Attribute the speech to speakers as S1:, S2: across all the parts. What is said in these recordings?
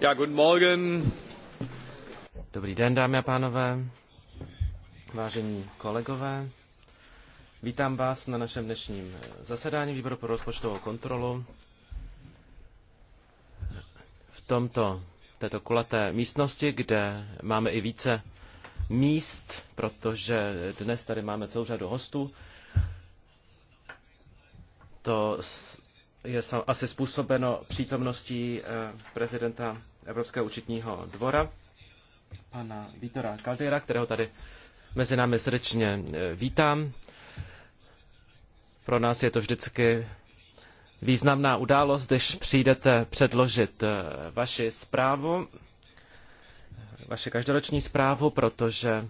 S1: Ja, guten Morgen.
S2: Dobrý den, dámy a pánové, vážení kolegové. Vítám vás na našem dnešním eh, zasedání výboru pro rozpočtovou kontrolu. V tomto, této kulaté místnosti, kde máme i více míst, protože dnes tady máme celou řadu hostů. To je asi způsobeno přítomností eh, prezidenta Evropského účetního dvora, pana Vítora Caldera, kterého tady mezi námi srdečně eh, vítám. Pro nás je to vždycky významná událost, když přijdete předložit eh, vaši zprávu, vaši každoroční zprávu, protože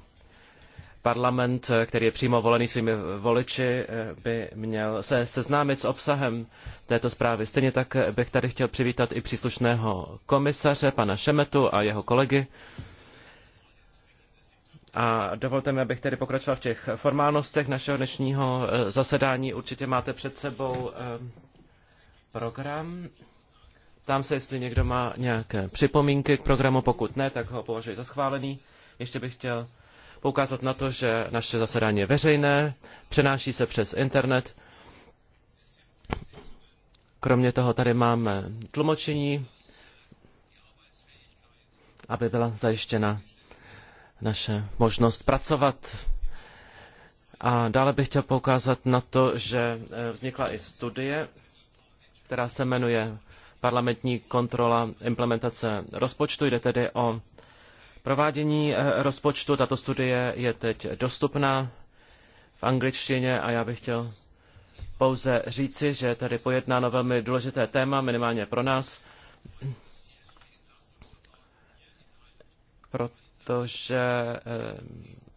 S2: parlament, eh, který je přímo volený svými voliči, eh, by měl se seznámit s obsahem této zprávy. Stejně tak eh, bych tady chtěl přivítat i příslušného komisaře, pana Šemetu a jeho kolegy. A dovolte mi, abych tedy pokračoval v těch formálnostech našeho dnešního zasedání. Určitě máte před sebou program. Tam se, jestli někdo má nějaké připomínky k programu, pokud ne, tak ho považuji za schválený. Ještě bych chtěl poukázat na to, že naše zasedání je veřejné, přenáší se přes internet. Kromě toho tady máme tlumočení, aby byla zajištěna naše možnost pracovat. A dále bych chtěl poukázat na to, že e, vznikla i studie, která se jmenuje Parlamentní kontrola implementace rozpočtu. Jde tedy o provádění eh, rozpočtu. Tato studie je teď dostupná v angličtině a já bych chtěl pouze říci, že tady pojednáno velmi důležité téma, minimálně pro nás, protože eh,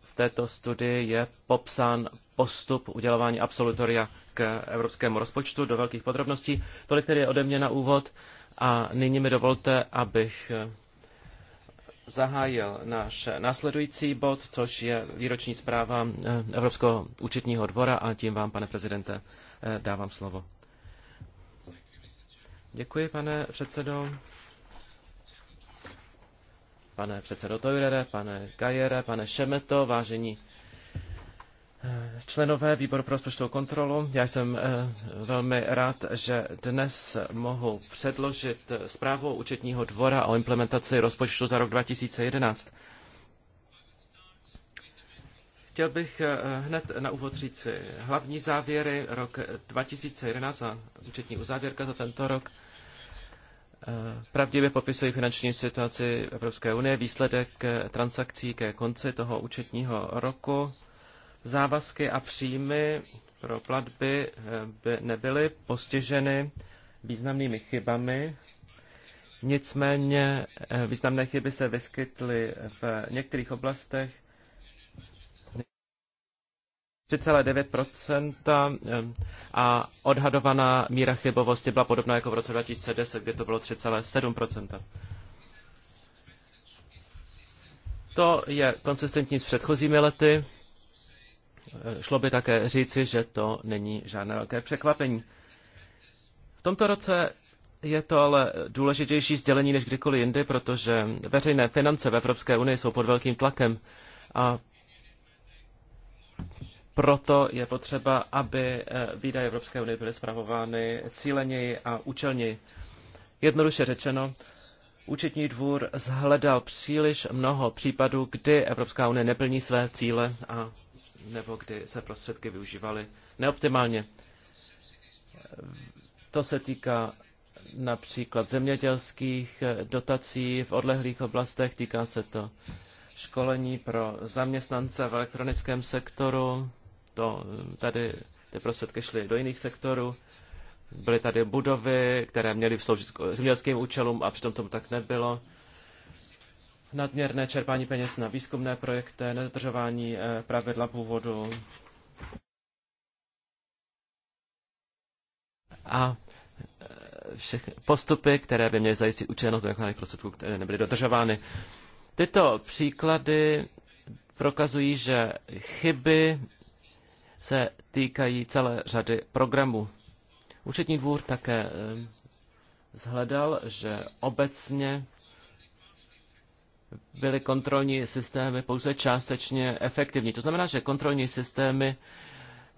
S2: v této studii je popsán postup udělování absolutoria k evropskému rozpočtu do velkých podrobností. Tolik tedy ode mě na úvod a nyní mi dovolte, abych eh, zahájil náš následující bod, což je výroční zpráva eh, Evropského účetního dvora a tím vám, pane prezidente, eh, dávám slovo. Děkuji, pane předsedo. Pane předsedo Tojrere, pane Gajere, pane Šemeto, vážení členové výboru pro rozpočtovou kontrolu. Já jsem eh, velmi rád, že dnes mohu předložit zprávu účetního dvora o implementaci rozpočtu za rok 2011. Chtěl bych eh, hned na úvod říci hlavní závěry rok 2011 a účetní uzávěrka za tento rok. Eh, pravdivě popisují finanční situaci Evropské unie, výsledek transakcí ke konci toho účetního roku závazky a příjmy pro platby eh, by nebyly postiženy významnými chybami. Nicméně eh, významné chyby se vyskytly v některých oblastech. 3,9 eh, a odhadovaná míra chybovosti byla podobná jako v roce 2010, kde to bylo 3,7 To je konsistentní s předchozími lety šlo by také říci, že to není žádné velké překvapení. V tomto roce je to ale důležitější sdělení než kdykoliv jindy, protože veřejné finance v Evropské unii jsou pod velkým tlakem a proto je potřeba, aby eh, výdaje Evropské unie byly zpravovány cíleněji a účelněji. Jednoduše řečeno, Účetní dvůr zhledal příliš mnoho případů, kdy Evropská unie neplní své cíle a nebo kdy se prostředky využívaly neoptimálně. To se týká například zemědělských dotací v odlehlých oblastech, týká se to školení pro zaměstnance v elektronickém sektoru, to eh, tady ty prostředky šly do jiných sektorů, byly tady budovy, které měly sloužit zemědělským účelům a přitom tomu tak nebylo nadměrné čerpání peněz na výzkumné projekty, nedodržování eh, pravidla původu. A eh, všechny postupy, které by měly zajistit účinnost vynakládaných prostředků, které nebyly dodržovány. Tyto příklady prokazují, že chyby se týkají celé řady programů. Účetní dvůr také eh, zhledal, že obecně byly kontrolní systémy pouze částečně efektivní. To znamená, že kontrolní systémy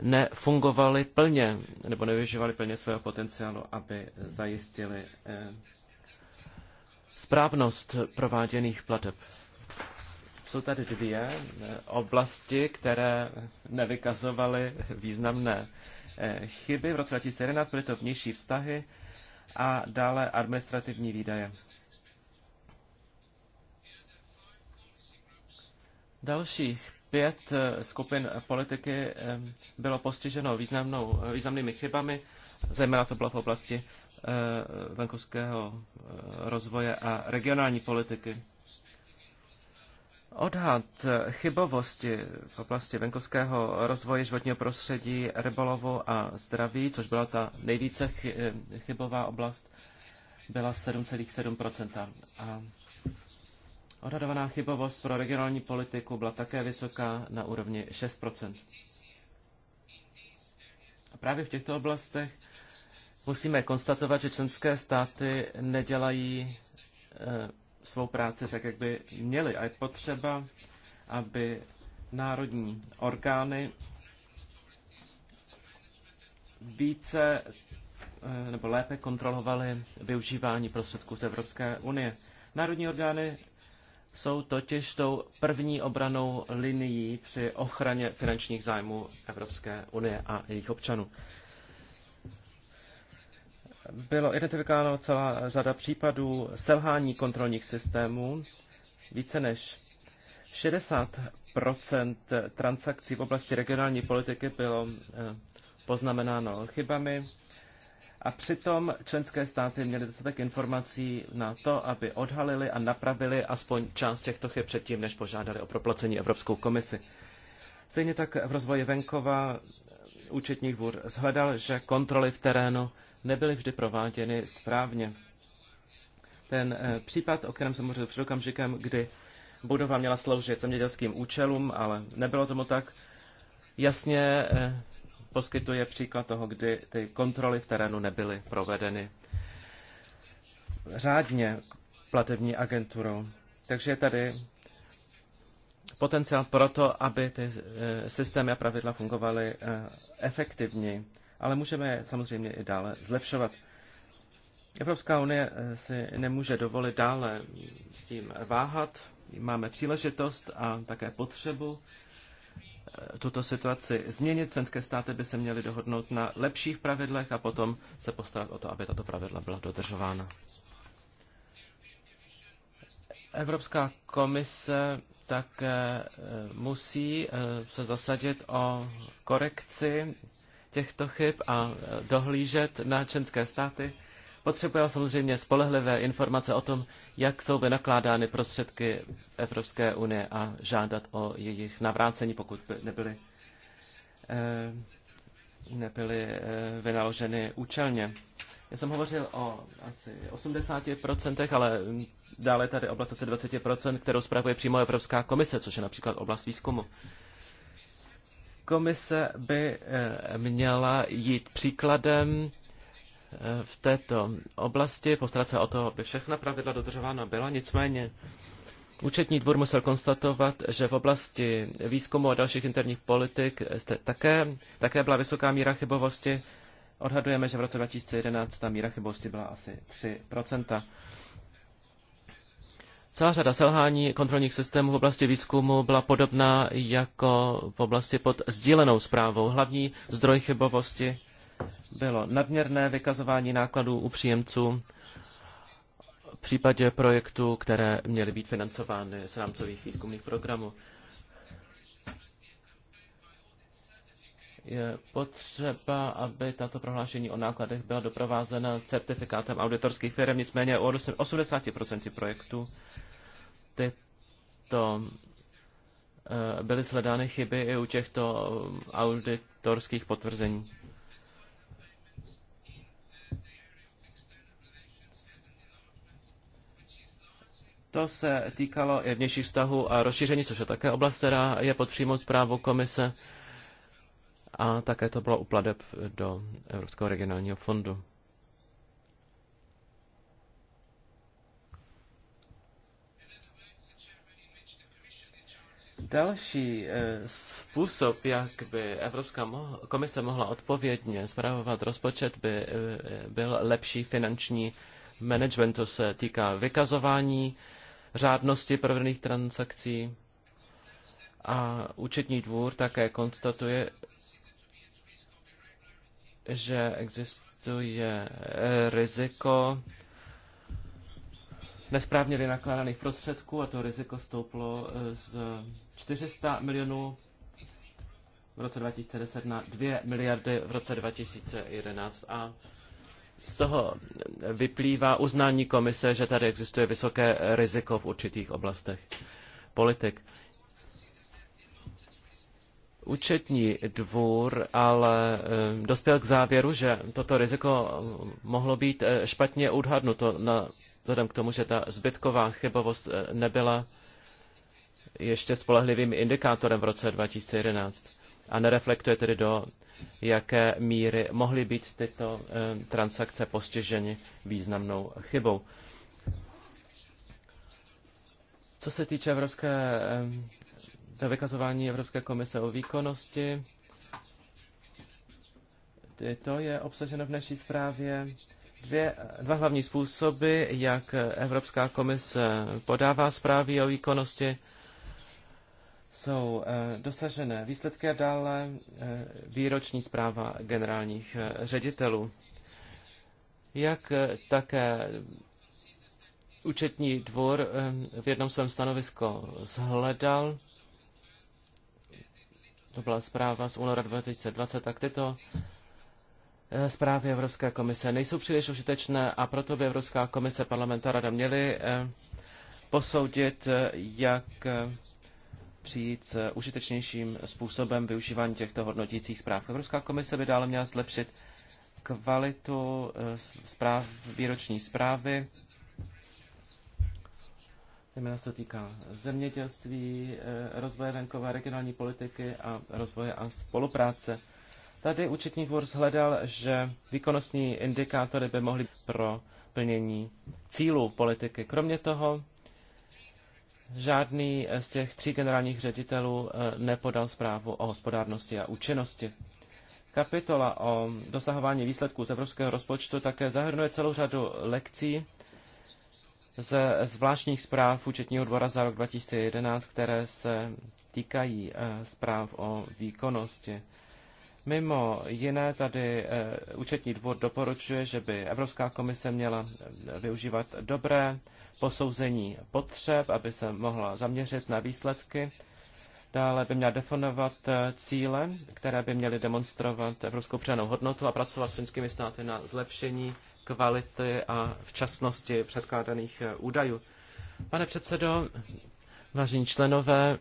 S2: nefungovaly plně nebo nevyžívaly plně svého potenciálu, aby zajistili eh, správnost prováděných plateb. Jsou tady dvě eh, oblasti, které nevykazovaly významné eh, chyby. V roce 2011 byly to vnější vztahy a dále administrativní výdaje. Dalších pět eh, skupin politiky eh, bylo postiženo významnou, eh, významnými chybami, zejména to bylo v oblasti venkovského rozvoje a regionální politiky. Odhad chybovosti v oblasti venkovského rozvoje životního prostředí, rybolovu a zdraví, což byla ta nejvíce chybová oblast, byla 7,7 A Odhadovaná chybovost pro regionální politiku byla také vysoká na úrovni 6 A právě v těchto oblastech musíme konstatovat, že členské státy nedělají e, svou práci tak, jak by měly. A je potřeba, aby národní orgány více e, nebo lépe kontrolovaly využívání prostředků z Evropské unie. Národní orgány jsou totiž tou první obranou linií při ochraně finančních zájmů Evropské unie a jejich občanů. Bylo identifikováno celá řada případů selhání kontrolních systémů. Více než 60 transakcí v oblasti regionální politiky bylo eh, poznamenáno chybami. A přitom členské státy měly dostatek informací na to, aby odhalili a napravili aspoň část těchto chyb předtím, než požádali o proplacení Evropskou komisi. Stejně tak v rozvoji venkova účetní dvůr zhledal, že kontroly v terénu nebyly vždy prováděny správně. Ten eh, případ, o kterém jsem mluvil před okamžikem, kdy budova měla sloužit zemědělským účelům, ale nebylo tomu tak, jasně eh, poskytuje příklad toho, kdy ty kontroly v terénu nebyly provedeny řádně platební agenturou. Takže je tady potenciál pro to, aby ty eh, systémy a pravidla fungovaly eh, efektivněji. Ale můžeme je samozřejmě i dále zlepšovat. Evropská unie eh, si nemůže dovolit dále s tím váhat. Máme příležitost a také potřebu tuto situaci změnit. Členské státy by se měly dohodnout na lepších pravidlech a potom se postarat o to, aby tato pravidla byla dodržována. Evropská komise tak eh, musí eh, se zasadit o korekci těchto chyb a eh, dohlížet na členské státy, Potřebujeme samozřejmě spolehlivé informace o tom, jak jsou vynakládány prostředky Evropské unie a žádat o jejich navrácení, pokud by nebyly, eh, nebyly eh, vynaloženy účelně. Já jsem hovořil o asi 80%, ale dále tady oblast asi 20%, kterou zpravuje přímo Evropská komise, což je například oblast výzkumu. Komise by eh, měla jít příkladem Eh, v této oblasti, postarat se o to, aby všechna pravidla dodržována byla, nicméně Účetní dvůr musel konstatovat, že v oblasti výzkumu a dalších interních politik jste také, také byla vysoká míra chybovosti. Odhadujeme, že v roce 2011 ta míra chybovosti byla asi 3 Celá řada selhání kontrolních systémů v oblasti výzkumu byla podobná jako v oblasti pod sdílenou zprávou. Hlavní zdroj chybovosti bylo nadměrné vykazování nákladů u příjemců v případě projektů, které měly být financovány z rámcových výzkumných programů. Je potřeba, aby tato prohlášení o nákladech byla doprovázena certifikátem auditorských firm, nicméně u 80% projektů tyto eh, byly sledány chyby i u těchto eh, auditorských potvrzení. To se týkalo i vnějších vztahů a rozšíření, což je také oblast, která je pod přímou zprávou komise. A také to bylo upladeb do Evropského regionálního fondu. Další eh, způsob, jak by Evropská komise mohla odpovědně zpravovat rozpočet, by eh, byl lepší finanční management. To se týká vykazování řádnosti provedených transakcí. A účetní dvůr také konstatuje, že existuje eh, riziko nesprávně vynakládaných prostředků a to riziko stouplo eh, z 400 milionů v roce 2010 na 2 miliardy v roce 2011 a z toho vyplývá uznání komise, že tady existuje vysoké riziko v určitých oblastech politik. Účetní dvůr ale eh, dospěl k závěru, že toto riziko mohlo být eh, špatně odhadnuto na, vzhledem k tomu, že ta zbytková chybovost eh, nebyla ještě spolehlivým indikátorem v roce 2011 a nereflektuje tedy do jaké míry mohly být tyto eh, transakce postiženy významnou chybou. Co se týče evropské, eh, vykazování Evropské komise o výkonnosti, to je obsaženo v naší zprávě. Dvě, dva hlavní způsoby, jak Evropská komise podává zprávy o výkonnosti jsou eh, dosažené výsledky a dále eh, výroční zpráva generálních eh, ředitelů. Jak také účetní dvor v jednom svém stanovisko zhledal, to byla zpráva z února 2020, tak tyto zprávy Evropské komise nejsou příliš užitečné a proto by Evropská komise, parlament rada měly posoudit, jak přijít s eh, užitečnějším způsobem využívání těchto hodnotících zpráv. Evropská komise by dále měla zlepšit kvalitu eh, zpráv, výroční zprávy. Zejména se to týká zemědělství, eh, rozvoje venkové regionální politiky a rozvoje a spolupráce. Tady účetní dvůr shledal, že výkonnostní indikátory by mohly pro plnění cílů politiky. Kromě toho Žádný z těch tří generálních ředitelů eh, nepodal zprávu o hospodárnosti a účinnosti. Kapitola o dosahování výsledků z evropského rozpočtu také zahrnuje celou řadu lekcí ze zvláštních zpráv účetního dvora za rok 2011, které se týkají eh, zpráv o výkonnosti. Mimo jiné tady eh, účetní dvůr doporučuje, že by Evropská komise měla eh, využívat dobré posouzení potřeb, aby se mohla zaměřit na výsledky. Dále by měla definovat eh, cíle, které by měly demonstrovat evropskou přenou hodnotu a pracovat s členskými státy na zlepšení kvality a včasnosti předkládaných údajů. Pane předsedo, vážení členové,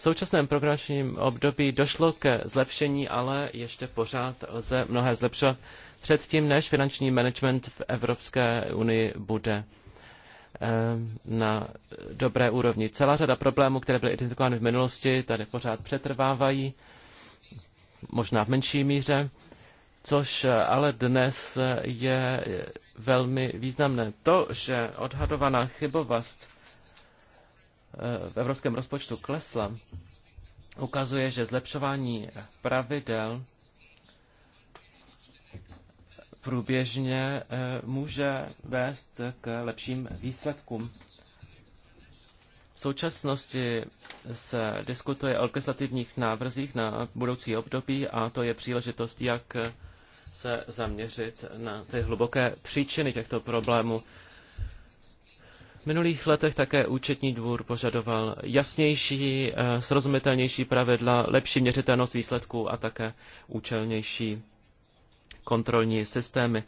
S2: v současném programovém období došlo ke zlepšení, ale ještě pořád lze mnohé zlepšovat předtím, než finanční management v Evropské unii bude eh, na dobré úrovni. Celá řada problémů, které byly identifikovány v minulosti, tady pořád přetrvávají, možná v menší míře, což ale dnes je velmi významné. To, že odhadovaná chybovost v evropském rozpočtu klesla, ukazuje, že zlepšování pravidel průběžně eh, může vést k lepším výsledkům. V současnosti se diskutuje o legislativních návrzích na budoucí období a to je příležitost, jak se zaměřit na ty hluboké příčiny těchto problémů. V minulých letech také účetní dvůr požadoval jasnější, eh, srozumitelnější pravidla, lepší měřitelnost výsledků a také účelnější kontrolní systémy.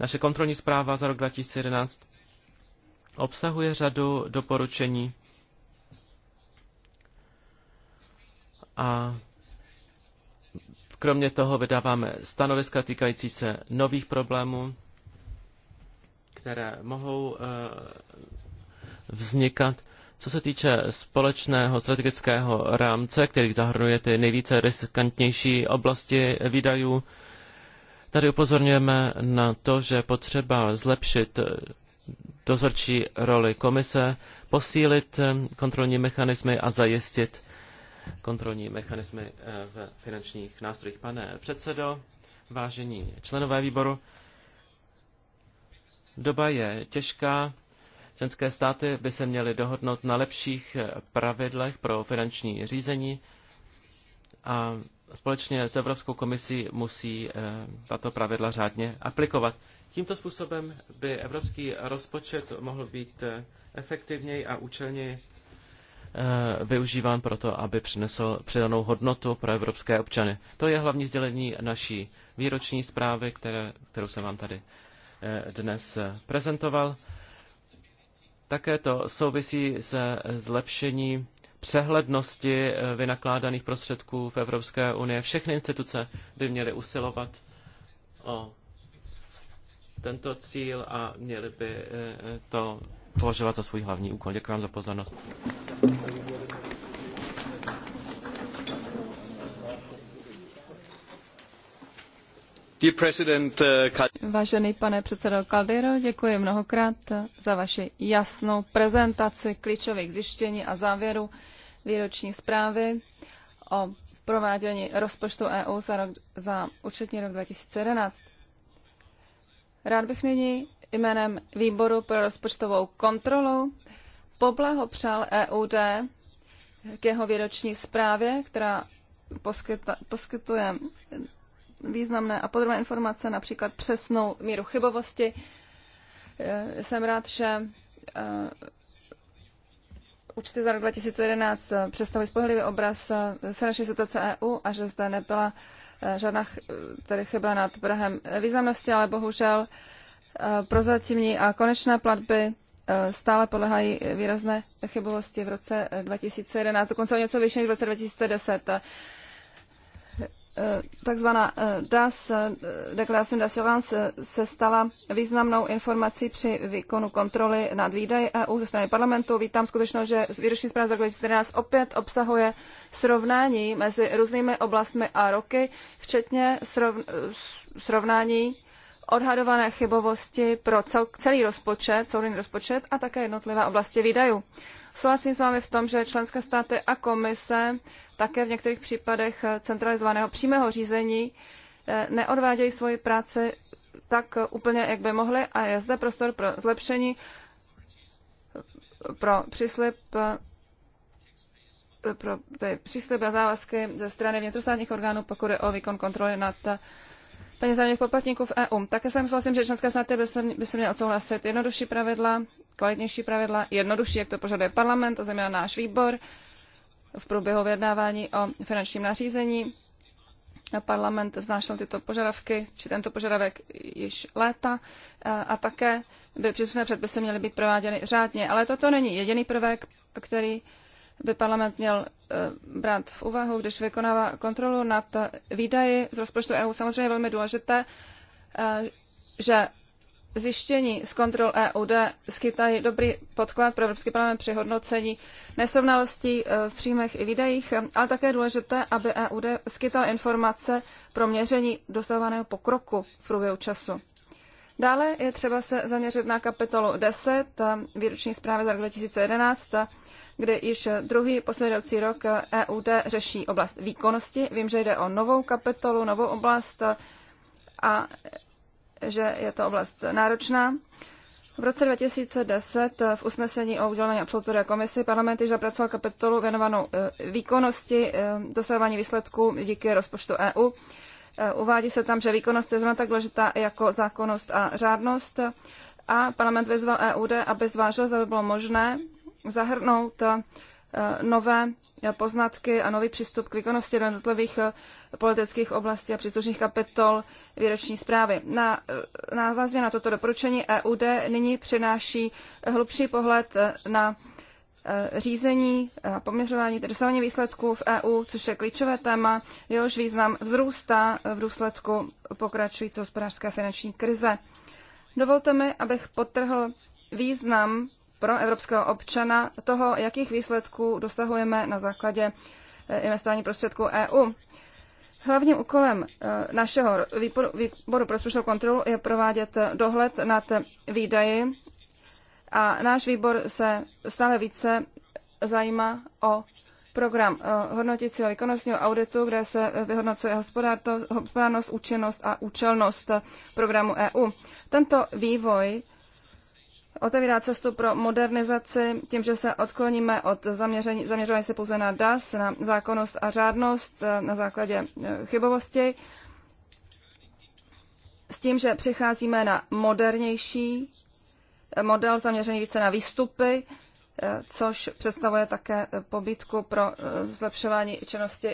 S2: Naše kontrolní zpráva za rok 2011 obsahuje řadu doporučení a kromě toho vydáváme stanoviska týkající se nových problémů, které mohou eh, vznikat. Co se týče společného strategického rámce, který zahrnuje ty nejvíce riskantnější oblasti výdajů, tady upozorňujeme na to, že potřeba zlepšit dozorčí roli komise, posílit eh, kontrolní mechanismy a zajistit kontrolní mechanismy eh, v finančních nástrojích. Pane předsedo, vážení členové výboru, doba je těžká, Členské státy by se měly dohodnout na lepších eh, pravidlech pro finanční řízení a společně s Evropskou komisí musí eh, tato pravidla řádně aplikovat. Tímto způsobem by evropský rozpočet mohl být eh, efektivněji a účelněji využíván proto, aby přinesl přidanou hodnotu pro evropské občany. To je hlavní sdělení naší výroční zprávy, které, kterou jsem vám tady dnes prezentoval. Také to souvisí se zlepšení přehlednosti eh, vynakládaných prostředků v Evropské unii. Všechny instituce by měly usilovat o tento cíl a měly by eh, eh, to považovat za svůj hlavní úkol. Děkuji vám za pozornost. Uh,
S3: Vážený pane předsedo Caldero, děkuji mnohokrát za vaši jasnou prezentaci klíčových zjištění a závěru výroční zprávy o provádění rozpočtu EU za, rok, za účetní rok 2011. Rád bych nyní jménem Výboru pro rozpočtovou kontrolu poblahopřál EUD k jeho výroční zprávě, která poskytuje významné a podrobné informace, například přesnou míru chybovosti. Eh, jsem rád, že eh, účty za rok 2011 eh, představují spolehlivý obraz finanční situace EU a že zde nebyla žádná tedy chyba nad brahem významnosti, ale bohužel prozatímní a konečné platby stále podlehají výrazné chybovosti v roce 2011, dokonce o něco vyšší než v roce 2010. Eh, takzvaná eh, DAS, eh, Declaration d'assurance, se stala významnou informací při výkonu kontroly nad výdaji EU ze strany parlamentu. Vítám skutečnost, že výroční zpráva z roku 2014 opět obsahuje srovnání mezi různými oblastmi a roky, včetně srovnání odhadované chybovosti pro cel, celý rozpočet, celý rozpočet a také jednotlivé oblasti výdajů. Souhlasím s vámi v tom, že členské státy a komise také v některých případech centralizovaného přímého řízení eh, neodvádějí svoji práci tak úplně, jak by mohly a je zde prostor pro zlepšení, pro příslip eh, pro ty přísliby a závazky ze strany vnitrostátních orgánů, pokud je o výkon kontroly nad eh, peněz daných poplatníků v EU. Také jsem souhlasím, že členské státy by se, by se měly odsouhlasit jednodušší pravidla, kvalitnější pravidla, jednodušší, jak to požaduje parlament a zejména náš výbor v průběhu vyjednávání o finančním nařízení. Parlament vznášel tyto požadavky, či tento požadavek již léta a také by příslušné předpisy měly být prováděny řádně. Ale toto není jediný prvek, který by parlament měl eh, brát v úvahu, když vykonává kontrolu nad výdaji z rozpočtu EU. Samozřejmě je velmi důležité, eh, že zjištění z kontrol EUD skytají dobrý podklad pro Evropský parlament při hodnocení nesrovnalostí eh, v příjmech i výdajích, ale také je důležité, aby EUD skytal informace pro měření dosahovaného pokroku v průběhu času. Dále je třeba se zaměřit na kapitolu 10 výroční zprávy za rok 2011, kde již druhý posledující rok EUD řeší oblast výkonnosti. Vím, že jde o novou kapitolu, novou oblast a že je to oblast náročná. V roce 2010 v usnesení o udělení absolutoria komisi parlament již zapracoval kapitolu věnovanou e, výkonnosti e, dosávání výsledků díky rozpočtu EU. E, uvádí se tam, že výkonnost je zrovna tak důležitá jako zákonnost a řádnost a parlament vyzval EUD, aby zvážil, zda by bylo možné zahrnout eh, nové eh, poznatky a nový přístup k výkonnosti do jednotlivých eh, politických oblastí a příslušných kapitol výroční zprávy. Na, návazně na toto doporučení EUD nyní přináší hlubší pohled na řízení a poměřování dosahování výsledků v EU, což je klíčové téma, jehož význam vzrůstá v důsledku pokračující hospodářské a finanční krize. Dovolte mi, abych potrhl význam pro evropského občana toho, jakých výsledků dosahujeme na základě eh, investování prostředků EU. Hlavním úkolem eh, našeho výboru, výboru pro rozpočtovou kontrolu je provádět eh, dohled nad výdaji a náš výbor se stále více zajímá o program hodnotícího výkonnostního auditu, kde se vyhodnocuje hospodárnost, účinnost a účelnost programu EU. Tento vývoj otevírá cestu pro modernizaci tím, že se odkloníme od zaměření, zaměřování se pouze na DAS, na zákonnost a řádnost eh, na základě eh, chybovosti, s tím, že přicházíme na modernější eh, model zaměřený více na výstupy, což představuje také pobytku pro eh, zlepšování činnosti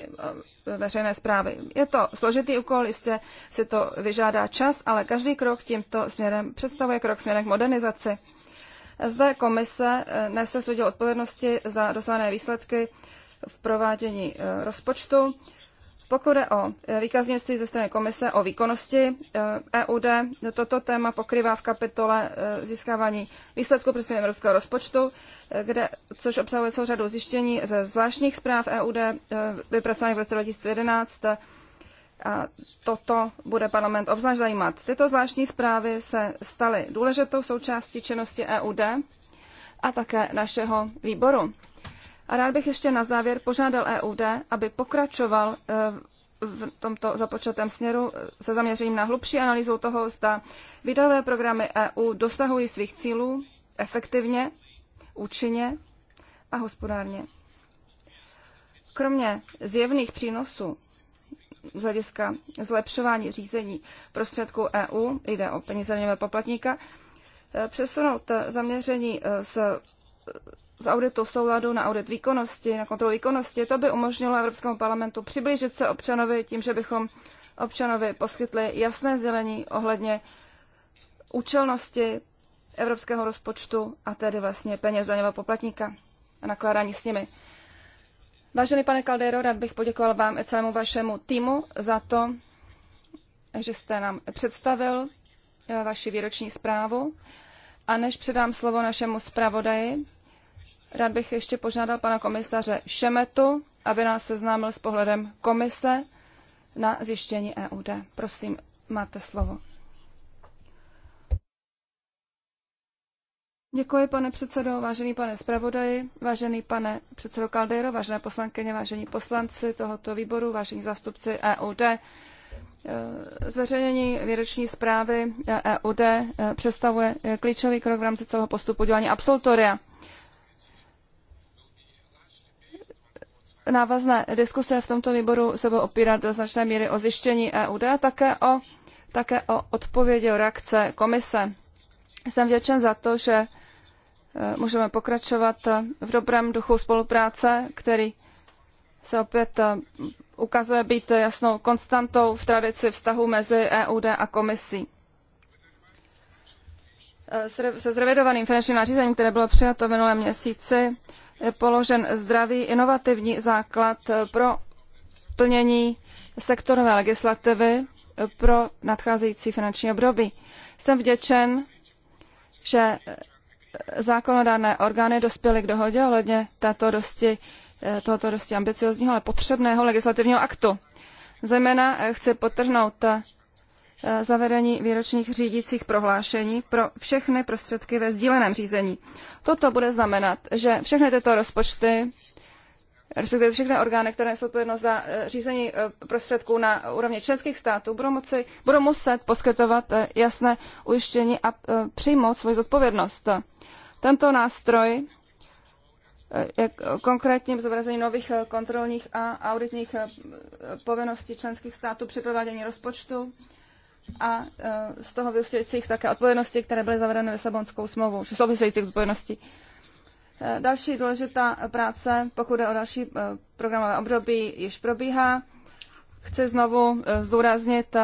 S3: eh, veřejné zprávy. Je to složitý úkol, jistě si to vyžádá čas, ale každý krok tímto směrem představuje krok směrem k modernizaci. Zde komise eh, nese svůj odpovědnosti za dosáhné výsledky v provádění rozpočtu. Pokud jde o e, výkaznictví ze strany komise o výkonnosti EUD, e toto téma pokrývá v kapitole e, získávání výsledků prostřednictvím evropského rozpočtu, kde, což obsahuje celou řadu zjištění ze zvláštních zpráv EUD vypracovaných v roce 2011. A toto bude parlament obzvlášť zajímat. Tyto zvláštní zprávy se staly důležitou součástí činnosti EUD a také našeho výboru. A rád bych ještě na závěr požádal EUD, aby pokračoval eh, v tomto započatém směru eh, se zaměřím na hlubší analýzu toho, zda výdajové programy EU dosahují svých cílů efektivně, účinně a hospodárně. Kromě zjevných přínosů z hlediska zlepšování řízení prostředků EU, jde o peníze daňového poplatníka, eh, přesunout zaměření z z auditu v souladu na audit výkonnosti, na kontrolu výkonnosti. To by umožnilo Evropskému parlamentu přiblížit se občanovi tím, že bychom občanovi poskytli jasné sdělení ohledně účelnosti evropského rozpočtu a tedy vlastně peněz daňového poplatníka a nakládání s nimi. Vážený pane Caldero, rád bych poděkoval vám i celému vašemu týmu za to, že jste nám představil eh, vaši výroční zprávu. A než předám slovo našemu zpravodaji, Rád bych ještě požádal pana komisaře Šemetu, aby nás seznámil s pohledem komise na zjištění EUD. Prosím, máte slovo. Děkuji, pane předsedo, vážený pane zpravodaji, vážený pane předsedo Kaldejro, vážené poslankyně, vážení poslanci tohoto výboru, vážení zástupci EUD. Zveřejnění výroční zprávy EUD eh, představuje eh, klíčový krok v rámci celého postupu dělání absolutoria. návazné diskuse v tomto výboru se budou opírat do značné míry o zjištění EU a také o, také o odpovědi, o reakce komise. Jsem vděčen za to, že eh, můžeme pokračovat eh, v dobrém duchu spolupráce, který se opět eh, ukazuje být jasnou konstantou v tradici vztahu mezi EUD a komisí. Se zrevidovaným finančním nařízením, které bylo přijato v minulém měsíci, položen zdravý inovativní základ pro plnění sektorové legislativy pro nadcházející finanční období. Jsem vděčen, že zákonodárné orgány dospěly k dohodě ohledně této dosti, tohoto dosti ambiciozního, ale potřebného legislativního aktu. Zejména chci potrhnout Eh, zavedení výročních řídících prohlášení pro všechny prostředky ve sdíleném řízení. Toto bude znamenat, že všechny tyto rozpočty respektive všechny orgány, které jsou odpovědné za eh, řízení eh, prostředků na úrovni členských států, budou, moci, budou muset poskytovat jasné ujištění a přijmout svoji zodpovědnost. Tento nástroj je konkrétním zobrazením nových kontrolních a auditních povinností členských států při provádění rozpočtu, a e, z toho vyústějících také odpovědností, které byly zavedeny Lisabonskou smlouvou, či souvisejících odpovědností. E, další důležitá práce, pokud je o další e, programové období, již probíhá. Chci znovu zdůraznit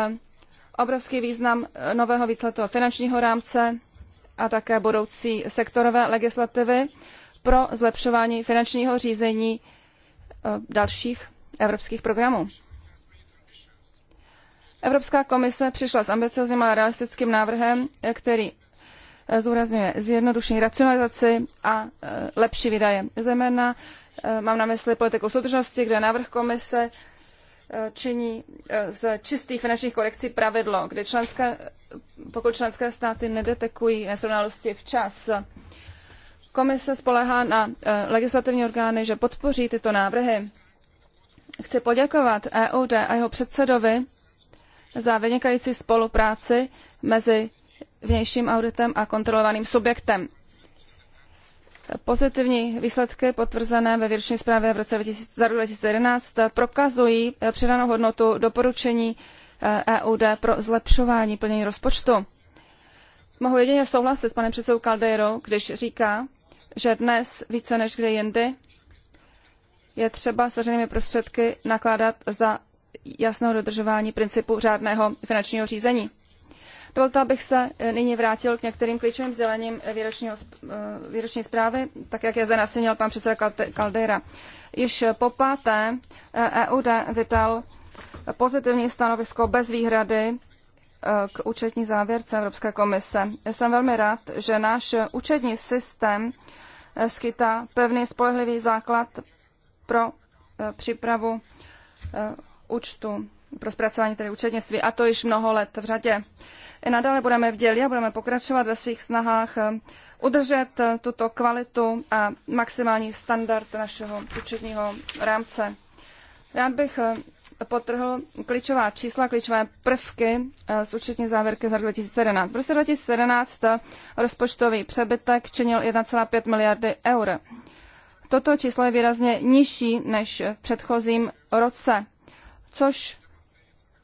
S3: obrovský význam nového výsledku finančního rámce a také budoucí sektorové legislativy pro zlepšování finančního řízení dalších evropských programů. Evropská komise přišla s ambiciozním a realistickým návrhem, který eh, zdůrazňuje zjednodušení racionalizaci a eh, lepší výdaje. Zejména eh, mám na mysli politiku soudržnosti, kde návrh komise činí z čistých finančních korekcí pravidlo, kdy členské, pokud členské státy nedetekují nesrovnalosti včas, komise spolehá na legislativní orgány, že podpoří tyto návrhy. Chci poděkovat EUD a jeho předsedovi za vynikající spolupráci mezi vnějším auditem a kontrolovaným subjektem. Pozitivní výsledky potvrzené ve výroční zprávě v roce 2000, za 2011 prokazují eh, přidanou hodnotu doporučení EUD eh, e pro zlepšování plnění rozpočtu. Mohu jedině souhlasit s panem předsedou Caldeirou, když říká, že dnes více než kdy jindy je třeba s veřejnými prostředky nakládat za jasného dodržování principu řádného finančního řízení. Dovolte, abych se eh, nyní vrátil k některým klíčovým sdělením výroční eh, zprávy, tak jak je zde nasinil pan předseda Caldera. Již po páté EUD eh, e vydal pozitivní stanovisko bez výhrady k účetní závěrce Evropské komise. Jsem velmi rád, že náš účetní systém skytá pevný spolehlivý základ pro přípravu účtu, pro zpracování tedy účetnictví, a to již mnoho let v řadě. I nadále budeme v a budeme pokračovat ve svých snahách eh, udržet eh, tuto kvalitu a maximální standard našeho účetního rámce. Rád bych eh, potrhl klíčová čísla, klíčové prvky z účetní závěrky za 2017. V roce 2017 rozpočtový přebytek činil 1,5 miliardy eur. Toto číslo je výrazně nižší než v předchozím roce což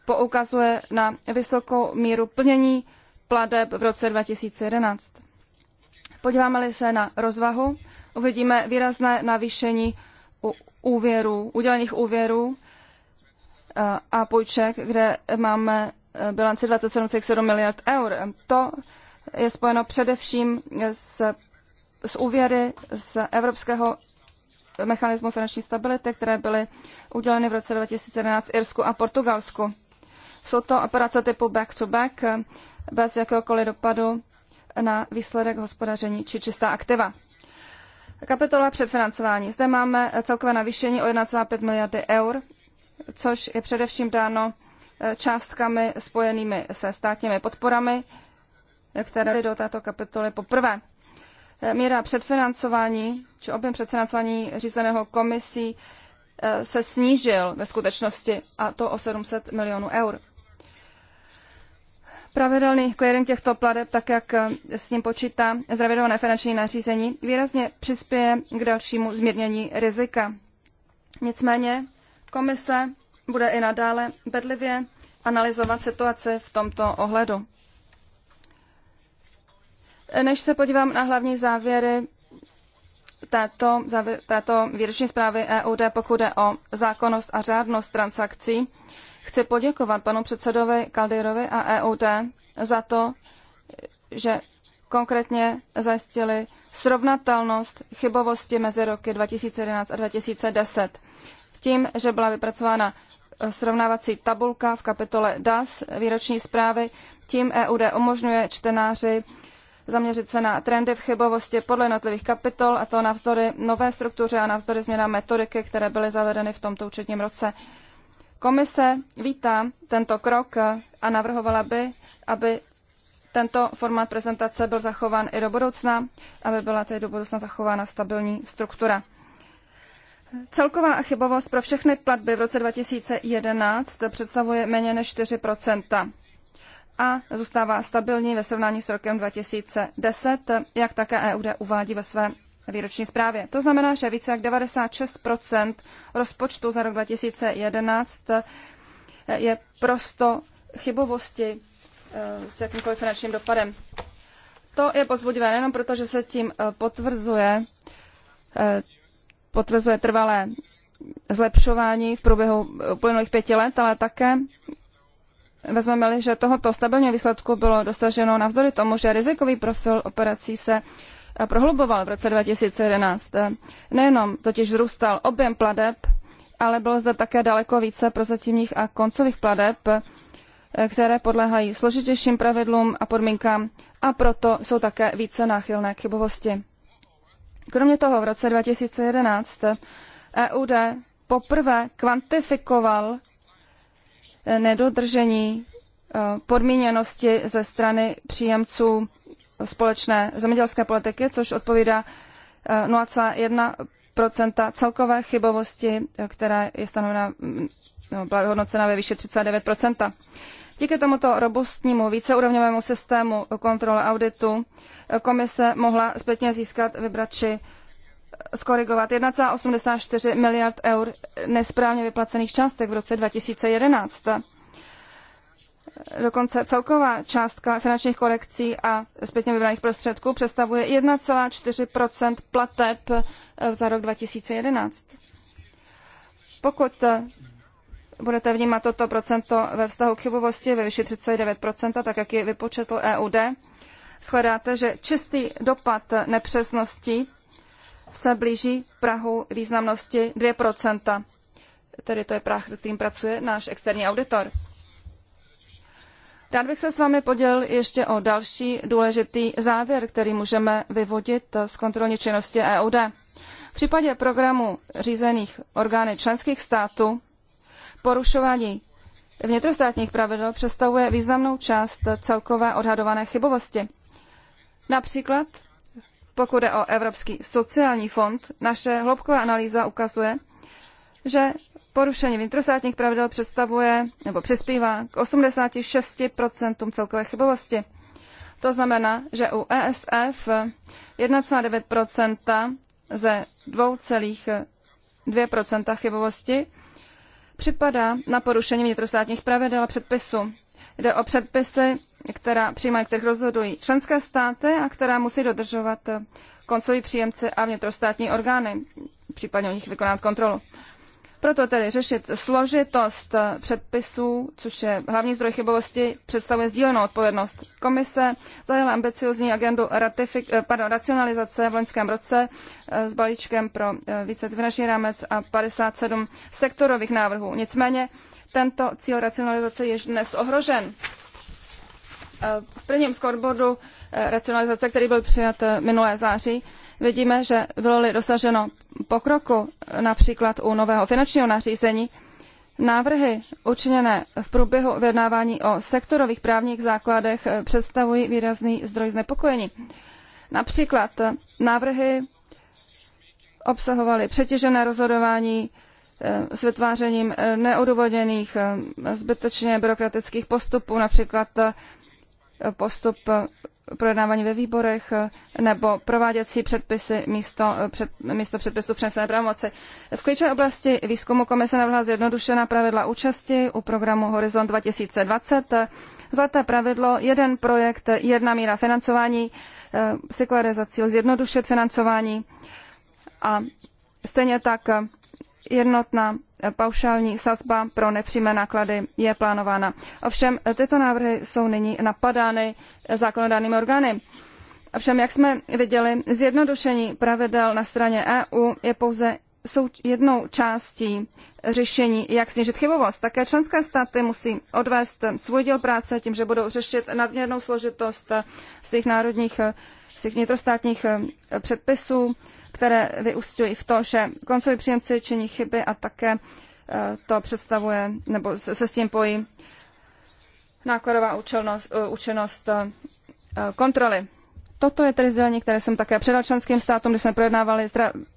S3: poukazuje na vysokou míru plnění pladeb v roce 2011. Podíváme-li se na rozvahu, uvidíme výrazné navýšení úvěrů, udělených úvěrů eh, a půjček, kde máme eh, bilanci 27,7 miliard eur. To je spojeno především s, s úvěry z Evropského mechanismu finanční stability, které byly uděleny v roce 2011 Irsku a Portugalsku. Jsou to operace typu back-to-back, -back, bez jakéhokoliv dopadu na výsledek hospodaření či čistá aktiva. Kapitola předfinancování. Zde máme celkové navýšení o 1,5 miliardy eur, což je především dáno eh, částkami spojenými se státními podporami, které byly do této kapitoly poprvé. Eh, míra předfinancování či objem předfinancování řízeného komisí eh, se snížil ve skutečnosti a to o 700 milionů eur. Pravidelný clearing těchto pladeb, tak jak eh, s ním počítá zravidované finanční nařízení, výrazně přispěje k dalšímu zmírnění rizika. Nicméně komise bude i nadále bedlivě analyzovat situaci v tomto ohledu. Než se podívám na hlavní závěry této, této výroční zprávy EUD, pokud je o zákonnost a řádnost transakcí, chci poděkovat panu předsedovi Kaldirovi a EUD za to, že konkrétně zajistili srovnatelnost chybovosti mezi roky 2011 a 2010. Tím, že byla vypracována srovnávací tabulka v kapitole DAS výroční zprávy, tím EUD umožňuje čtenáři zaměřit se na trendy v chybovosti podle jednotlivých kapitol, a to navzdory nové struktuře a navzdory změna metodiky, které byly zavedeny v tomto účetním roce. Komise vítá tento krok a navrhovala by, aby tento formát prezentace byl zachován i do budoucna, aby byla tedy do budoucna zachována stabilní struktura. Celková chybovost pro všechny platby v roce 2011 představuje méně než 4 a zůstává stabilní ve srovnání s rokem 2010, jak také EUD uvádí ve své výroční zprávě. To znamená, že více jak 96 rozpočtu za rok 2011 je prosto chybovosti eh, s jakýmkoliv finančním dopadem. To je pozbudivé jenom proto, že se tím eh, potvrzuje, eh, potvrzuje trvalé zlepšování v průběhu uplynulých pěti let, ale také Vezmeme-li, že tohoto stabilního výsledku bylo dosaženo navzdory tomu, že rizikový profil operací se prohluboval v roce 2011. Nejenom totiž vzrůstal objem pladeb, ale bylo zde také daleko více prozatímních a koncových pladeb, které podléhají složitějším pravidlům a podmínkám a proto jsou také více náchylné k chybovosti. Kromě toho v roce 2011 EUD poprvé kvantifikoval nedodržení eh, podmíněnosti ze strany příjemců společné zemědělské politiky, což odpovídá 0,1 eh, celkové chybovosti, eh, která je stanovena, mm, no, byla vyhodnocena ve výši 39 Díky tomuto robustnímu víceúrovňovému systému kontroly auditu komise mohla zpětně získat vybrači skorigovat 1,84 miliard eur nesprávně vyplacených částek v roce 2011. Dokonce celková částka finančních korekcí a zpětně vybraných prostředků představuje 1,4 plateb eh, za rok 2011. Pokud eh, budete vnímat toto procento ve vztahu k chybovosti ve výši 39 tak jak ji vypočetl EUD, shledáte, že čistý dopad nepřesností se blíží Prahu významnosti 2%. Tedy to je prah, se kterým pracuje náš externí auditor. Rád bych se s vámi podělil ještě o další důležitý závěr, který můžeme vyvodit z kontrolní činnosti EUD. V případě programu řízených orgány členských států porušování vnitrostátních pravidel představuje významnou část celkové odhadované chybovosti. Například pokud je o Evropský sociální fond, naše hloubková analýza ukazuje, že porušení vnitrostátních pravidel představuje nebo přispívá k 86% celkové chybovosti. To znamená, že u ESF 1,9% ze 2,2% chybovosti připadá na porušení vnitrostátních pravidel a předpisů. Jde o předpisy, která přijímají, kterých rozhodují členské státy a která musí dodržovat koncoví příjemci a vnitrostátní orgány, případně o nich vykonat kontrolu. Proto tedy řešit složitost předpisů, což je hlavní zdroj chybovosti, představuje sdílenou odpovědnost. Komise zajela ambiciozní agendu ratifik- eh, pardon, racionalizace v loňském roce eh, s balíčkem pro eh, více finanční rámec a 57 sektorových návrhů. Nicméně tento cíl racionalizace je dnes ohrožen. Eh, v prvním scoreboardu eh, racionalizace, který byl přijat eh, minulé září, vidíme, že bylo-li dosaženo pokroku například u nového finančního nařízení, Návrhy učiněné v průběhu vyjednávání o sektorových právních základech představují výrazný zdroj znepokojení. Například návrhy obsahovaly přetěžené rozhodování, Eh, s vytvářením eh, neodůvodněných eh, zbytečně byrokratických postupů, například postup projednávání ve výborech nebo prováděcí předpisy místo, před, místo předpisů přenesené pravomoci. V klíčové oblasti výzkumu komise navrhla zjednodušená pravidla účasti u programu Horizont 2020. Zlaté pravidlo, jeden projekt, jedna míra financování, si klade za cíl zjednodušit financování a stejně tak jednotná paušální sazba pro nepřímé náklady je plánována. Ovšem tyto návrhy jsou nyní napadány zákonodárnými orgány. Ovšem, jak jsme viděli, zjednodušení pravidel na straně EU je pouze jsou jednou částí řešení, jak snížit chybovost. Také členské státy musí odvést svůj díl práce tím, že budou řešit nadměrnou složitost svých národních, svých vnitrostátních předpisů, které vyústňují v to, že koncoví příjemci činí chyby a také eh, to představuje, nebo se, s tím pojí nákladová účelnost, eh, účinnost eh, kontroly. Toto je tedy sdělení, které jsem také předal členským státům, když jsme projednávali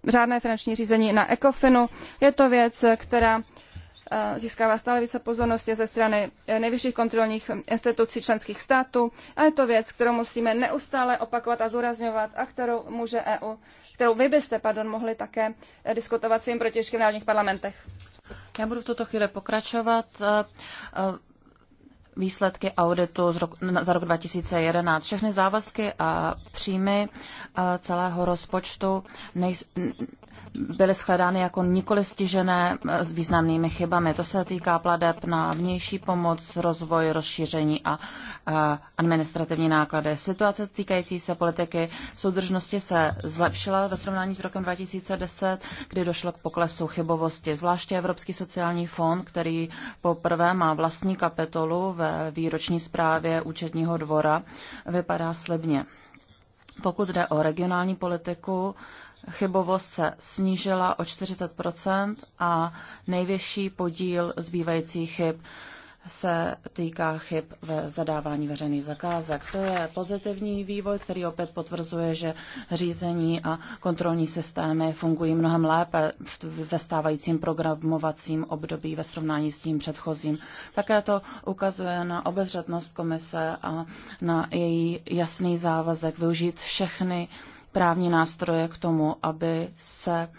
S3: řádné finanční řízení na ECOFINu. Je to věc, která získává stále více pozornosti ze strany eh, nejvyšších kontrolních institucí členských států a je to věc, kterou musíme neustále opakovat a zúrazňovat a kterou může EU, kterou vy byste pardon, mohli také eh, diskutovat svým protěžky v národních parlamentech.
S1: Já budu v tuto chvíli pokračovat eh, výsledky auditu z roku, za rok 2011. Všechny závazky a příjmy celého rozpočtu nejsou byly shledány jako nikoli stižené eh, s významnými chybami. To se týká pladeb na vnější pomoc, rozvoj, rozšíření a, eh, administrativní náklady. Situace týkající se politiky soudržnosti se zlepšila ve srovnání s rokem 2010, kdy došlo k poklesu chybovosti. Zvláště Evropský sociální fond, který poprvé má vlastní kapitolu ve výroční zprávě účetního dvora, vypadá slibně. Pokud jde o regionální politiku, chybovost se snížila o 40 a největší podíl zbývajících chyb se týká chyb ve zadávání veřejných zakázek. To je pozitivní vývoj, který opět potvrzuje, že řízení a kontrolní systémy fungují mnohem lépe ve stávajícím programovacím období ve srovnání s tím předchozím. Také to ukazuje na obezřetnost komise a na její jasný závazek využít všechny uh, právní nástroje k tomu, aby se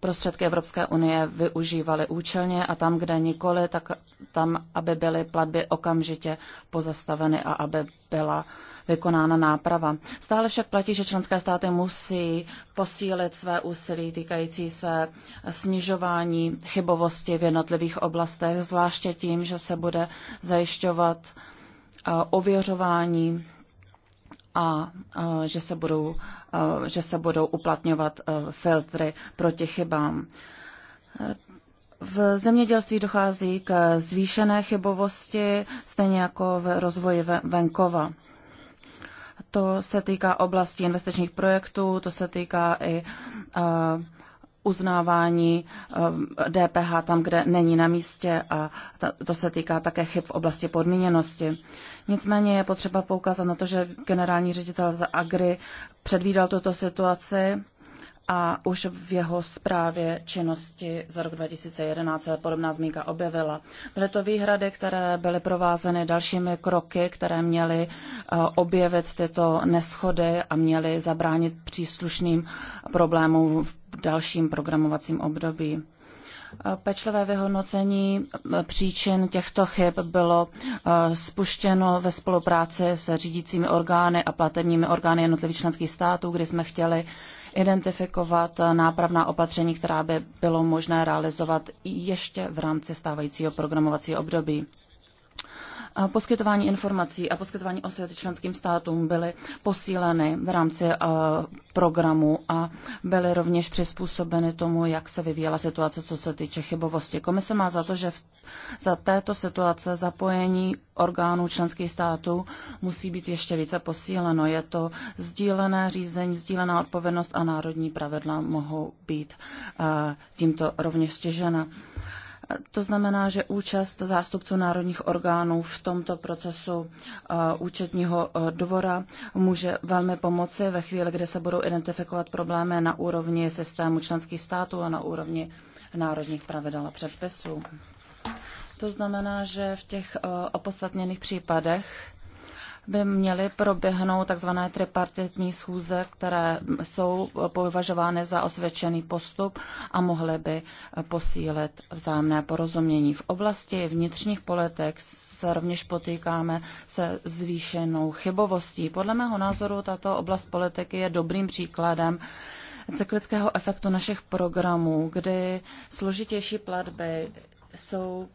S1: prostředky Evropské unie využívaly účelně a tam, kde nikoli, tak tam, aby byly platby okamžitě pozastaveny a aby byla vykonána náprava. Stále však platí, že členské státy musí posílit své úsilí týkající se snižování chybovosti v jednotlivých oblastech, zvláště tím, že se bude zajišťovat ověřování a že se budou, že se budou uplatňovat filtry proti chybám. V zemědělství dochází k zvýšené chybovosti, stejně jako v rozvoji venkova. To se týká oblasti investičních projektů, to se týká i uh, uznávání ehm, DPH tam, kde není na místě a to se týká také chyb v oblasti podmíněnosti. Nicméně je potřeba poukázat na to, že generální ředitel za Agri předvídal tuto situaci a už v jeho zprávě činnosti za rok 2011 se podobná zmínka objevila. Byly to výhrady, které byly provázeny dalšími kroky, které měly eh, objevit tyto neschody a měly zabránit příslušným problémům v dalším programovacím období. Eh, pečlivé vyhodnocení eh, příčin těchto chyb bylo spuštěno ve spolupráci se řídícími orgány a platebními orgány jednotlivých členských států, kdy jsme chtěli identifikovat nápravná opatření, která by bylo možné realizovat ještě v rámci stávajícího programovacího období. Poskytování informací a poskytování osvěty členským státům byly posíleny v rámci eh, programu a byly rovněž přizpůsobeny tomu, jak se vyvíjela situace, co se týče chybovosti. Komise má za to, že v, za této situace zapojení orgánů členských států musí být ještě více posíleno. Je to sdílené řízení, sdílená odpovědnost a národní pravidla mohou být eh, tímto rovněž stěžena. To znamená, že účast zástupců národních orgánů v tomto procesu eh, účetního eh, dvora může velmi pomoci ve chvíli, kdy se budou identifikovat problémy na úrovni systému členských států a na úrovni národních pravidel a předpisů. To znamená, že v těch eh, opodstatněných případech by měly proběhnout tzv. tripartitní schůze, které jsou považovány za osvědčený postup a mohly by posílit vzájemné porozumění. V oblasti vnitřních politik se rovněž potýkáme se zvýšenou chybovostí. Podle mého názoru tato oblast politiky je dobrým příkladem cyklického efektu našich programů, kdy složitější platby jsou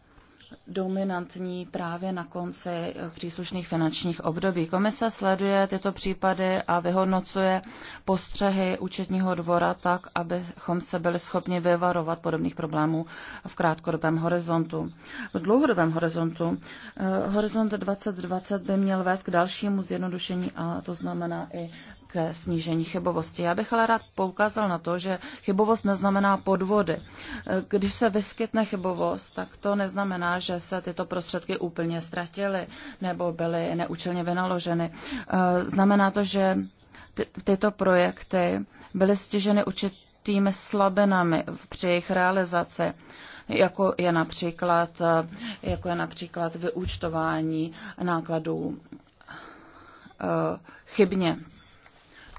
S1: dominantní právě na konci příslušných finančních období. Komise sleduje tyto případy a vyhodnocuje postřehy účetního dvora tak, abychom se byli schopni vyvarovat podobných problémů v krátkodobém horizontu. V dlouhodobém horizontu eh, horizont 2020 by měl vést k dalšímu zjednodušení a to znamená i ke snížení chybovosti. Já bych ale rád poukázal na to, že chybovost neznamená podvody. Když se vyskytne chybovost, tak to neznamená, že se tyto prostředky úplně ztratily nebo byly neúčelně vynaloženy. Eh, znamená to, že ty, tyto projekty byly stěženy určitými slabinami při jejich realizaci jako je například, eh, jako je například vyúčtování nákladů eh, chybně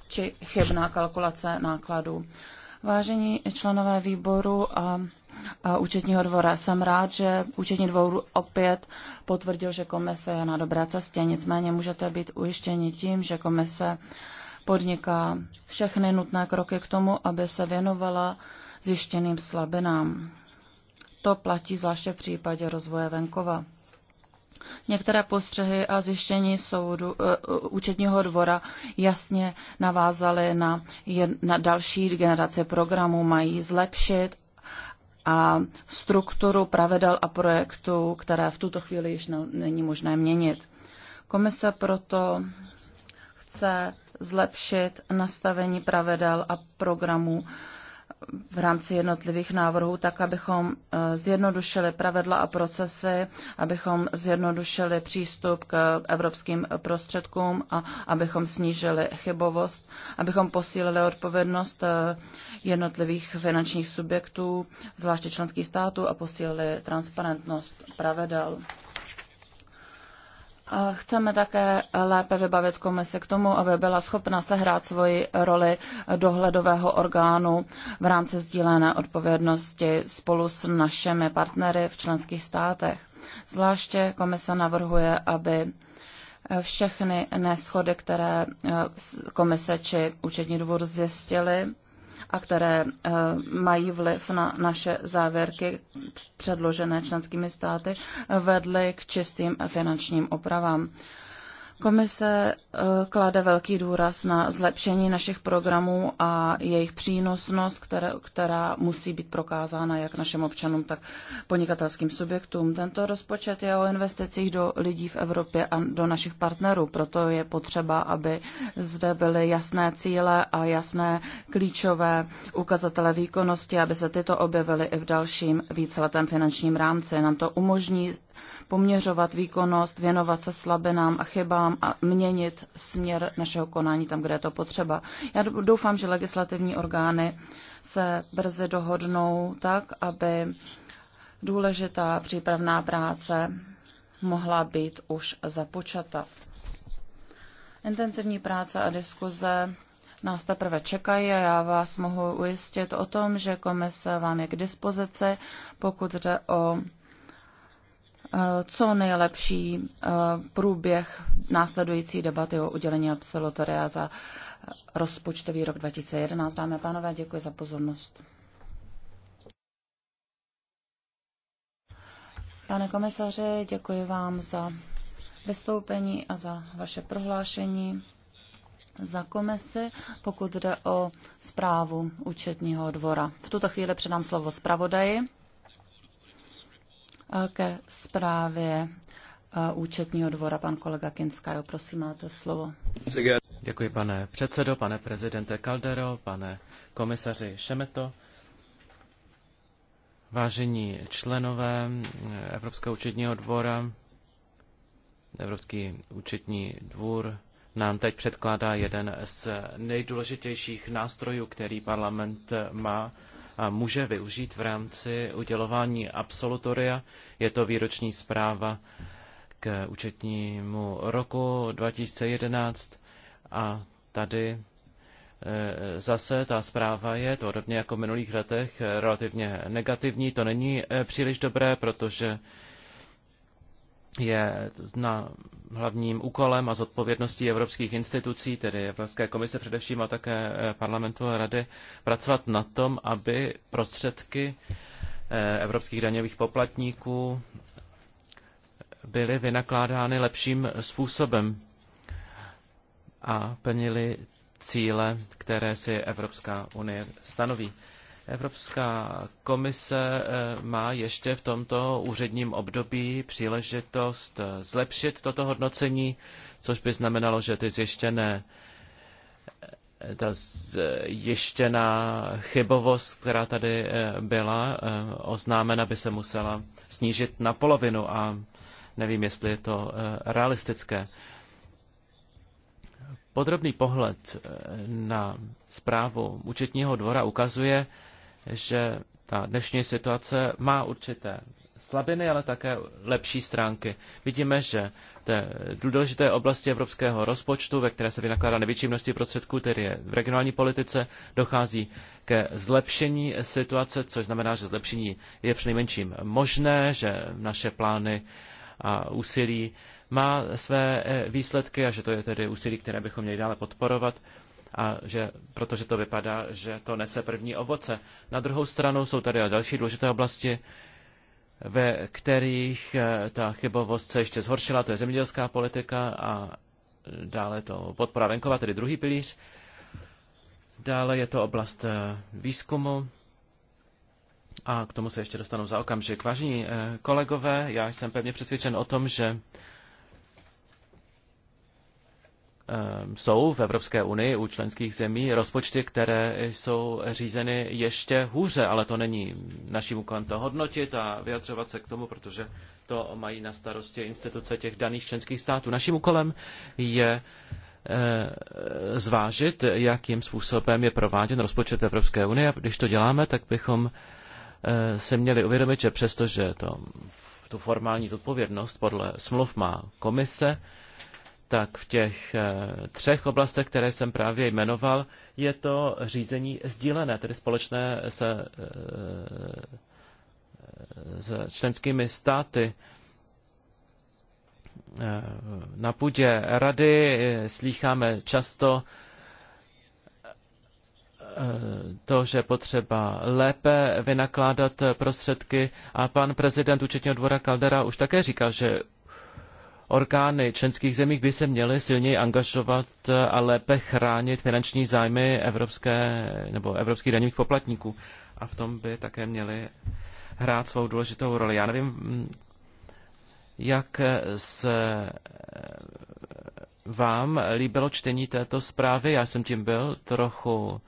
S1: či chybná kalkulace nákladů. Vážení členové výboru a, a účetního dvora, jsem rád, že účetní dvor opět potvrdil, že komise je na dobré cestě. Nicméně můžete být ujištěni tím, že komise podniká všechny nutné kroky k tomu, aby se věnovala zjištěným slabinám. To platí zvláště v případě rozvoje venkova. Některé postřehy a zjištění soudu, uh, účetního dvora jasně navázaly na, na další generace programů, mají zlepšit a strukturu pravidel a projektů, které v tuto chvíli již není možné měnit. Komise proto chce zlepšit nastavení pravidel a programů v rámci jednotlivých návrhů, tak abychom eh, zjednodušili pravidla a procesy, abychom zjednodušili přístup k evropským prostředkům a abychom snížili chybovost, abychom posílili odpovědnost eh, jednotlivých finančních subjektů, zvláště členských států a posílili transparentnost pravidel chceme také lépe vybavit komisi k tomu, aby byla schopna sehrát svoji roli dohledového orgánu v rámci sdílené odpovědnosti spolu s našimi partnery v členských státech. Zvláště komise navrhuje, aby všechny neschody, které eh, komise či účetní dvůr zjistili, a které eh, mají vliv na naše závěrky předložené členskými státy, eh, vedly k čistým finančním opravám. Komise eh, klade velký důraz na zlepšení našich programů a jejich přínosnost, která musí být prokázána jak našim občanům, tak podnikatelským subjektům. Tento rozpočet je o investicích do lidí v Evropě a do našich partnerů, proto je potřeba, aby zde byly jasné cíle a jasné klíčové ukazatele výkonnosti, aby se tyto objevily i v dalším víceletém finančním rámci. Nám to umožní poměřovat výkonnost, věnovat se slabinám a chybám a měnit směr našeho konání tam, kde je to potřeba. Já doufám, že legislativní orgány se brzy dohodnou tak, aby důležitá přípravná práce mohla být už započata. Intenzivní práce a diskuze nás teprve čekají a já vás mohu ujistit o tom, že komise vám je k dispozici, pokud jde o Eh, co nejlepší eh, průběh následující debaty o udělení absolutoria za eh, rozpočtový rok 2011. Dámy a pánové, děkuji za pozornost. Pane komisaři, děkuji vám za vystoupení a za vaše prohlášení za komisi, pokud jde o zprávu účetního dvora. V tuto chvíli předám slovo zpravodaji ke zprávě účetního dvora. Pan kolega Kinskaj, prosím, máte slovo.
S2: Děkuji, pane předsedo, pane prezidente Caldero, pane komisaři Šemeto. Vážení členové eh, Evropského účetního dvora, Evropský účetní dvůr nám teď předkládá jeden z nejdůležitějších nástrojů, který parlament má a může využít v rámci udělování absolutoria. Je to výroční zpráva k účetnímu roku 2011 a tady eh, Zase ta zpráva je, podobně jako v minulých letech, eh, relativně negativní. To není eh, příliš dobré, protože je na hlavním úkolem a zodpovědností evropských institucí, tedy Evropské komise především a také eh, parlamentu a rady, pracovat na tom, aby prostředky eh, evropských daňových poplatníků byly vynakládány lepším způsobem a plnili cíle, které si Evropská unie stanoví. Evropská komise eh, má ještě v tomto úředním období příležitost eh, zlepšit toto hodnocení, což by znamenalo, že ty zjištěné eh, ta zjištěná chybovost, která tady byla oznámena, by se musela snížit na polovinu a nevím, jestli je to realistické. Podrobný pohled na zprávu účetního dvora ukazuje, že ta dnešní situace má určité slabiny, ale také lepší stránky. Vidíme, že té důležité oblasti evropského rozpočtu, ve které se vynakládá největší množství prostředků, tedy je v regionální politice, dochází ke zlepšení situace, což znamená, že zlepšení je přinejmenším možné, že naše plány a úsilí má své výsledky a že to je tedy úsilí, které bychom měli dále podporovat a že, protože to vypadá, že to nese první ovoce. Na druhou stranu jsou tady další důležité oblasti, ve kterých eh, ta chybovost se ještě zhoršila, to je zemědělská politika a dále to podpora venkova, tedy druhý pilíř. Dále je to oblast eh, výzkumu a k tomu se ještě dostanu za okamžik. Vážení eh, kolegové, já jsem pevně přesvědčen o tom, že Ehm, jsou v Evropské unii u členských zemí rozpočty, které jsou řízeny ještě hůře, ale to není naším úkolem to hodnotit a vyjadřovat se k tomu, protože to mají na starosti instituce těch daných členských států. Naším úkolem je ehm, zvážit, jakým způsobem je prováděn rozpočet Evropské unie. A když to děláme, tak bychom ehm, se měli uvědomit, že přestože to, tu formální zodpovědnost podle smluv má komise, tak v těch eh, třech oblastech, které jsem právě jmenoval, je to řízení sdílené, tedy společné se, eh, se členskými státy. Eh, na půdě rady slýcháme často to, že potřeba lépe vynakládat prostředky a pan prezident účetního dvora Caldera už také říkal, že orgány členských zemí by se měly silněji angažovat eh, a lépe chránit finanční zájmy evropské, nebo evropských daňových poplatníků. A v tom by také měly hrát svou důležitou roli. Já nevím, hm, jak eh, se eh, vám líbilo čtení této zprávy. Já jsem tím byl trochu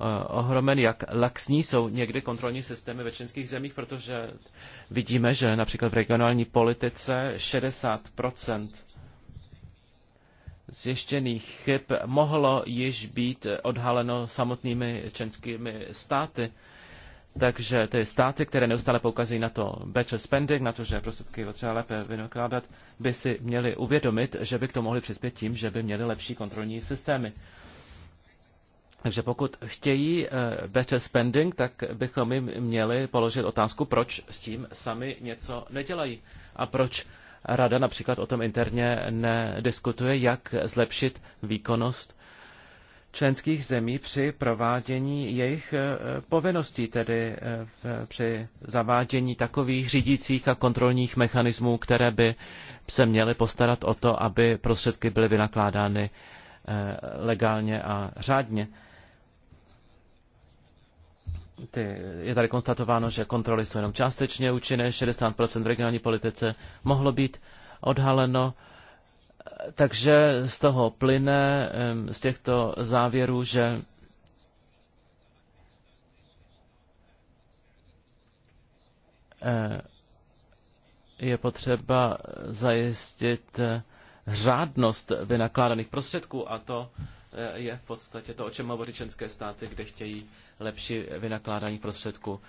S2: Eh, ohromen, jak laxní jsou někdy kontrolní systémy ve členských zemích, protože vidíme, že například v regionální politice 60 zjištěných chyb mohlo již být odhaleno samotnými členskými státy. Takže ty státy, které neustále poukazují na to better spending, na to, že prostředky je třeba lépe vynakládat, by si měly uvědomit, že by k tomu mohli přispět tím, že by měli lepší kontrolní systémy. Takže pokud chtějí eh, better spending, tak bychom jim měli položit otázku, proč s tím sami něco nedělají a proč rada například o tom interně nediskutuje, jak zlepšit výkonnost členských zemí při provádění jejich eh, povinností, tedy eh, při zavádění takových řídících a kontrolních mechanismů, které by se měly postarat o to, aby prostředky byly vynakládány legálně a řádně ty, je tady konstatováno, že kontroly jsou jenom částečně účinné, 60% v regionální politice mohlo být odhaleno, takže z toho plyne, z těchto závěrů, že eh, je potřeba zajistit eh, řádnost vynakládaných prostředků a to Eh, je v podstatě to, o čem hovoří členské státy, kde chtějí lepší vynakládání prostředků.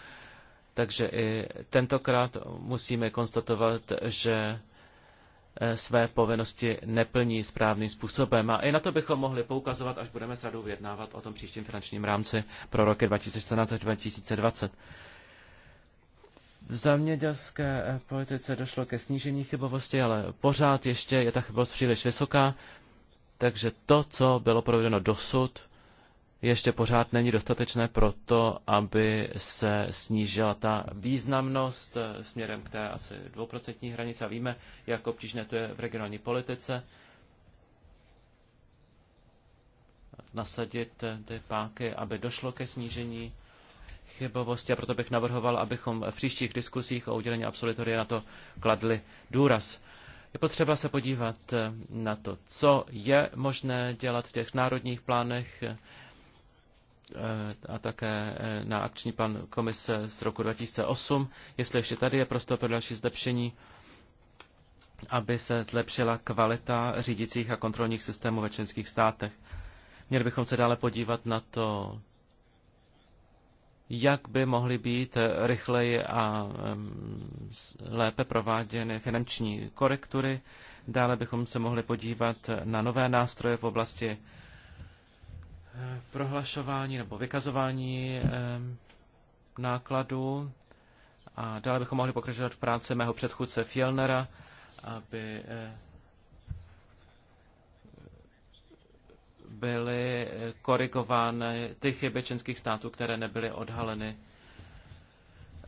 S2: Takže i tentokrát musíme konstatovat, že eh, své povinnosti neplní správným způsobem. A i na to bychom mohli poukazovat, až budeme s radou vyjednávat o tom příštím finančním rámci pro roky 2014 až 2020. V zemědělské eh, politice došlo ke snížení chybovosti, ale pořád ještě je ta chybovost příliš vysoká. Takže to, co bylo provedeno dosud, ještě pořád není dostatečné pro to, aby se snížila ta významnost eh, směrem k té asi dvouprocentní hranice. A víme, jak obtížné to je v regionální politice. Nasadit eh, ty páky, aby došlo ke snížení chybovosti a proto bych navrhoval, abychom v příštích diskusích o udělení absolutoria na to kladli důraz. Je potřeba se podívat eh, na to, co je možné dělat v těch národních plánech eh, a také eh, na akční plán komise z roku 2008, jestli ještě tady je prostor pro další zlepšení, aby se zlepšila kvalita řídicích a kontrolních systémů ve členských státech. Měli bychom se dále podívat na to, jak by mohly být rychleji a lépe prováděny finanční korektury. Dále bychom se mohli podívat na nové nástroje v oblasti eh, prohlašování nebo vykazování nákladů. A dále bychom mohli pokračovat v práci mého předchůdce Fjellnera, aby eh, byly eh, korigovány ty chyby čínských států, které nebyly odhaleny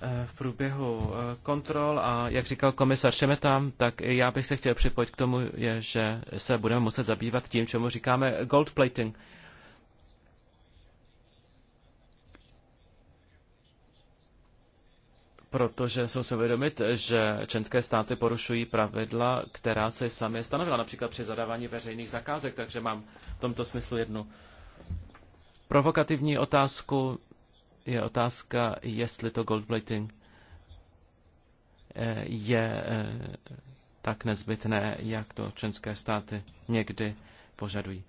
S2: eh, v průběhu eh, kontrol a jak říkal komisař Šemeta, tak já bych se chtěl připojit k tomu, že se budeme muset zabývat tím, čemu říkáme gold plating. protože jsou si uvědomit, že členské státy porušují pravidla, která se sami stanovila, například při zadávání veřejných zakázek, takže mám v tomto smyslu jednu provokativní otázku. Je otázka, jestli to goldplating eh, je eh, tak nezbytné, jak to členské státy někdy požadují.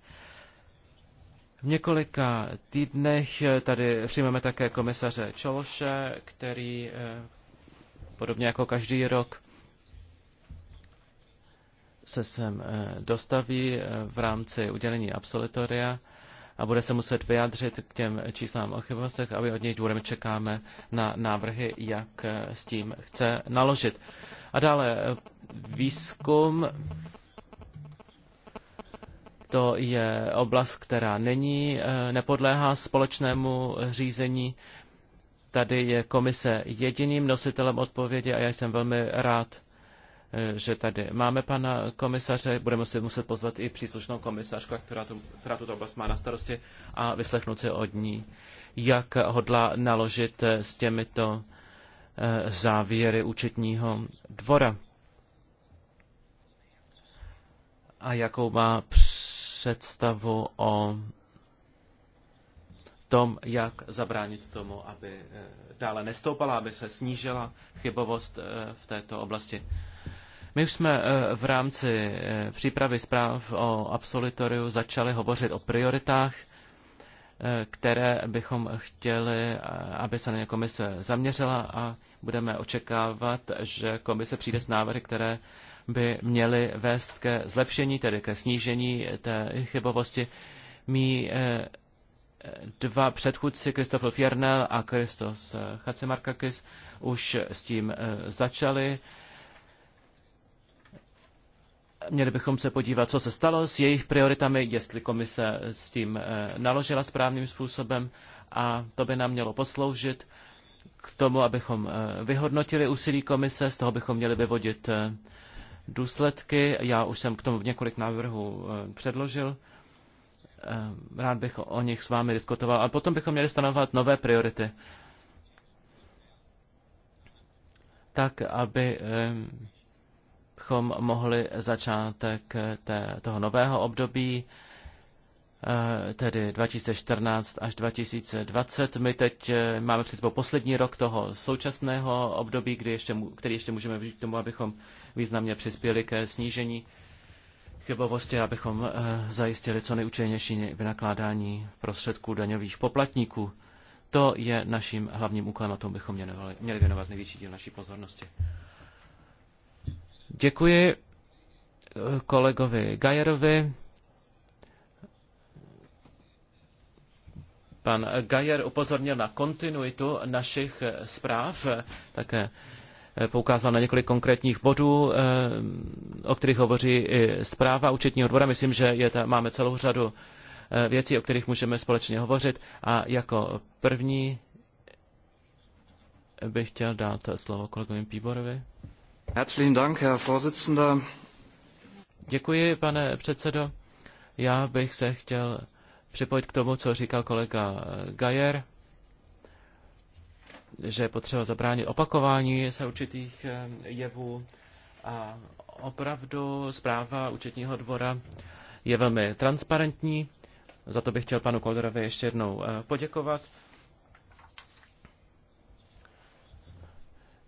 S2: V několika týdnech tady přijmeme také komisaře Čološe, který eh, podobně jako každý rok se sem eh, dostaví eh, v rámci udělení absolutoria a bude se muset vyjádřit k těm číslám o chybostech aby od něj důvodem čekáme na návrhy, jak s tím chce naložit. A dále výzkum to je oblast, která není, eh, nepodléhá společnému řízení. Tady je komise jediným nositelem odpovědi a já jsem velmi rád, eh, že tady máme pana komisaře, budeme si muset pozvat i příslušnou komisařku, která, tu, která tuto oblast má na starosti a vyslechnout si od ní, jak hodla naložit eh, s těmito závěry účetního dvora a jakou má představu o tom, jak zabránit tomu, aby eh, dále nestoupala, aby se snížila chybovost eh, v této oblasti. My už jsme eh, v rámci přípravy zpráv o absolutoriu začali hovořit o prioritách, které bychom chtěli, aby se na ně komise zaměřila a budeme očekávat, že komise přijde s návrhy, které by měly vést ke zlepšení, tedy ke snížení té chybovosti. Mí eh, dva předchůdci, Kristof Fiernel a Kristos eh, Chacemarkakis, už s tím eh, začali. Měli bychom se podívat, co se stalo s jejich prioritami, jestli komise s tím naložila správným způsobem a to by nám mělo posloužit k tomu, abychom vyhodnotili úsilí komise, z toho bychom měli vyvodit důsledky. Já už jsem k tomu několik návrhů eh, předložil. Eh, rád bych o nich s vámi diskutoval. A potom bychom měli stanovat nové priority. Tak, aby bychom ehm, mohli začátek eh, té, toho nového období, tedy 2014 až 2020. My teď máme před sebou poslední rok toho současného období, kdy ještě, který ještě můžeme využít k tomu, abychom významně přispěli ke snížení chybovosti, abychom eh, zajistili co nejúčinnější vynakládání prostředků daňových poplatníků. To je naším hlavním úkolem a tomu bychom měli, měli věnovat největší díl naší pozornosti. Děkuji eh, kolegovi Gajerovi. Pan Gajer upozornil na kontinuitu našich eh, zpráv, také Eh, poukázal na několik konkrétních bodů, eh, o kterých hovoří i zpráva účetního dvora. Myslím, že je ta, máme celou řadu eh, věcí, o kterých můžeme společně hovořit. A jako první bych chtěl dát slovo kolegovi Píborovi. Herzlichen Dank, Herr Vorsitzender. Děkuji, pane předsedo. Já bych se chtěl připojit k tomu, co říkal kolega Gajer že je potřeba zabránit opakování se určitých eh, jevů. A opravdu zpráva účetního dvora je velmi transparentní. Za to bych chtěl panu Kolderovi ještě jednou eh, poděkovat.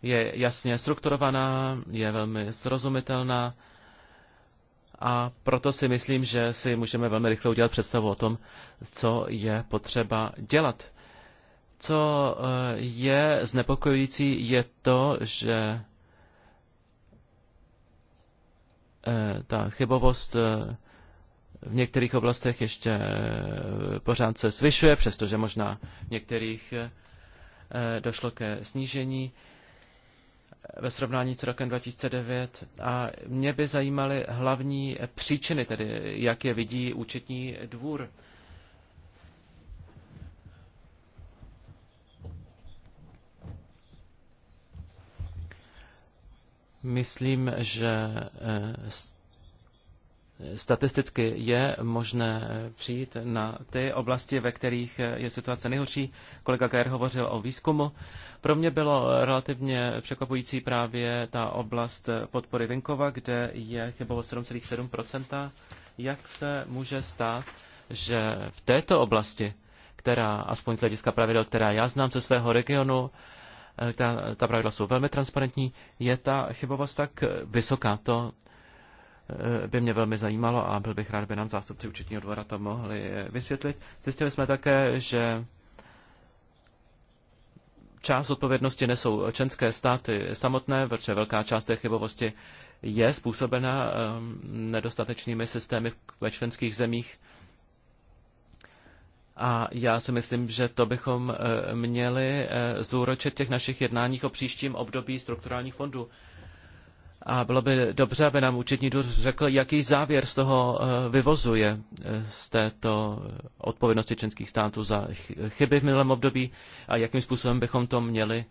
S2: Je jasně strukturovaná, je velmi srozumitelná a proto si myslím, že si můžeme velmi rychle udělat představu o tom, co je potřeba dělat co eh, je znepokojující, je to, že eh, ta chybovost eh, v některých oblastech ještě pořád se zvyšuje, přestože možná v některých došlo ke snížení ve srovnání s rokem 2009. A mě by zajímaly hlavní příčiny, tedy jak je vidí účetní dvůr Myslím, že eh, statisticky je možné přijít na ty oblasti, ve kterých je situace nejhorší. Kolega Gajer hovořil o výzkumu. Pro mě bylo relativně překvapující právě ta oblast podpory venkova, kde je chybovo 7,7%. Jak se může stát, že v této oblasti, která, aspoň z hlediska pravidel, která já znám ze svého regionu, Eh, která, ta pravidla jsou velmi transparentní, je ta chybovost tak vysoká? To eh, by mě velmi zajímalo a byl bych rád, by nám zástupci účetního dvora to mohli eh, vysvětlit. Zjistili jsme také, že část odpovědnosti nesou členské státy samotné, protože velká část té chybovosti je způsobena nedostatečnými systémy ve členských zemích. A já si myslím, že to bychom eh, měli eh, zúročit těch našich jednáních o příštím období strukturálních fondů. A bylo by dobře, aby nám účetní důř řekl, jaký závěr z toho eh, vyvozuje z této odpovědnosti členských států za chyby v minulém období a jakým způsobem bychom to měli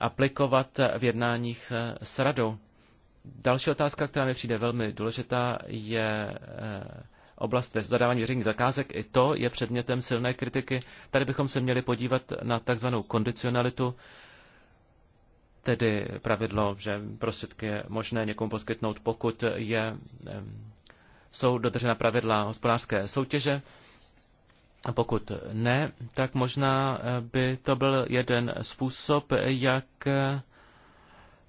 S2: aplikovat v jednáních s radou. Další otázka, která mi přijde velmi důležitá, je oblast zadávání veřejných zakázek, i to je předmětem silné kritiky. Tady bychom se měli podívat na takzvanou kondicionalitu, tedy pravidlo, že prostředky je možné někomu poskytnout, pokud je, jsou dodržena pravidla hospodářské soutěže. A pokud ne, tak možná eh, by to byl jeden způsob, jak eh,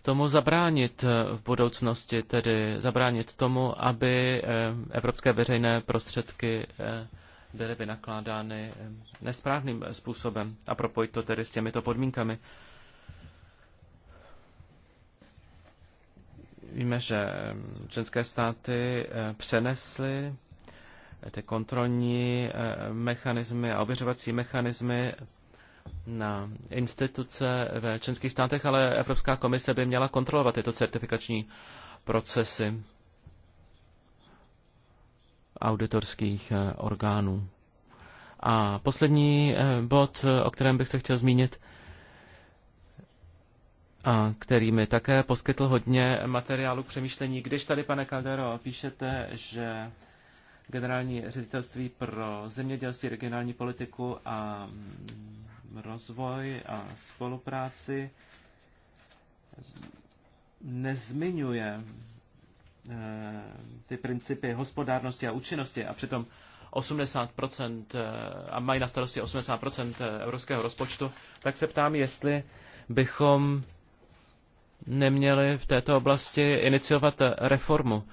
S2: tomu zabránit v budoucnosti, tedy zabránit tomu, aby eh, evropské veřejné prostředky eh, byly vynakládány eh, nesprávným způsobem a propojit to tedy s těmito podmínkami. Víme, že členské státy přenesly ty kontrolní mechanismy a ověřovací mechanismy na instituce ve členských státech, ale Evropská komise by měla kontrolovat tyto certifikační procesy auditorských eh, orgánů. A poslední eh, bod, eh, o kterém bych se chtěl zmínit, a který mi také poskytl hodně materiálu k přemýšlení. Když tady, pane Caldero, píšete, že generální ředitelství pro zemědělství, regionální politiku a mm, rozvoj a spolupráci nezmiňuje eh, ty principy hospodárnosti a účinnosti a přitom 80% eh, a mají na starosti 80% eh, evropského rozpočtu, tak se ptám, jestli bychom neměli v této oblasti iniciovat reformu.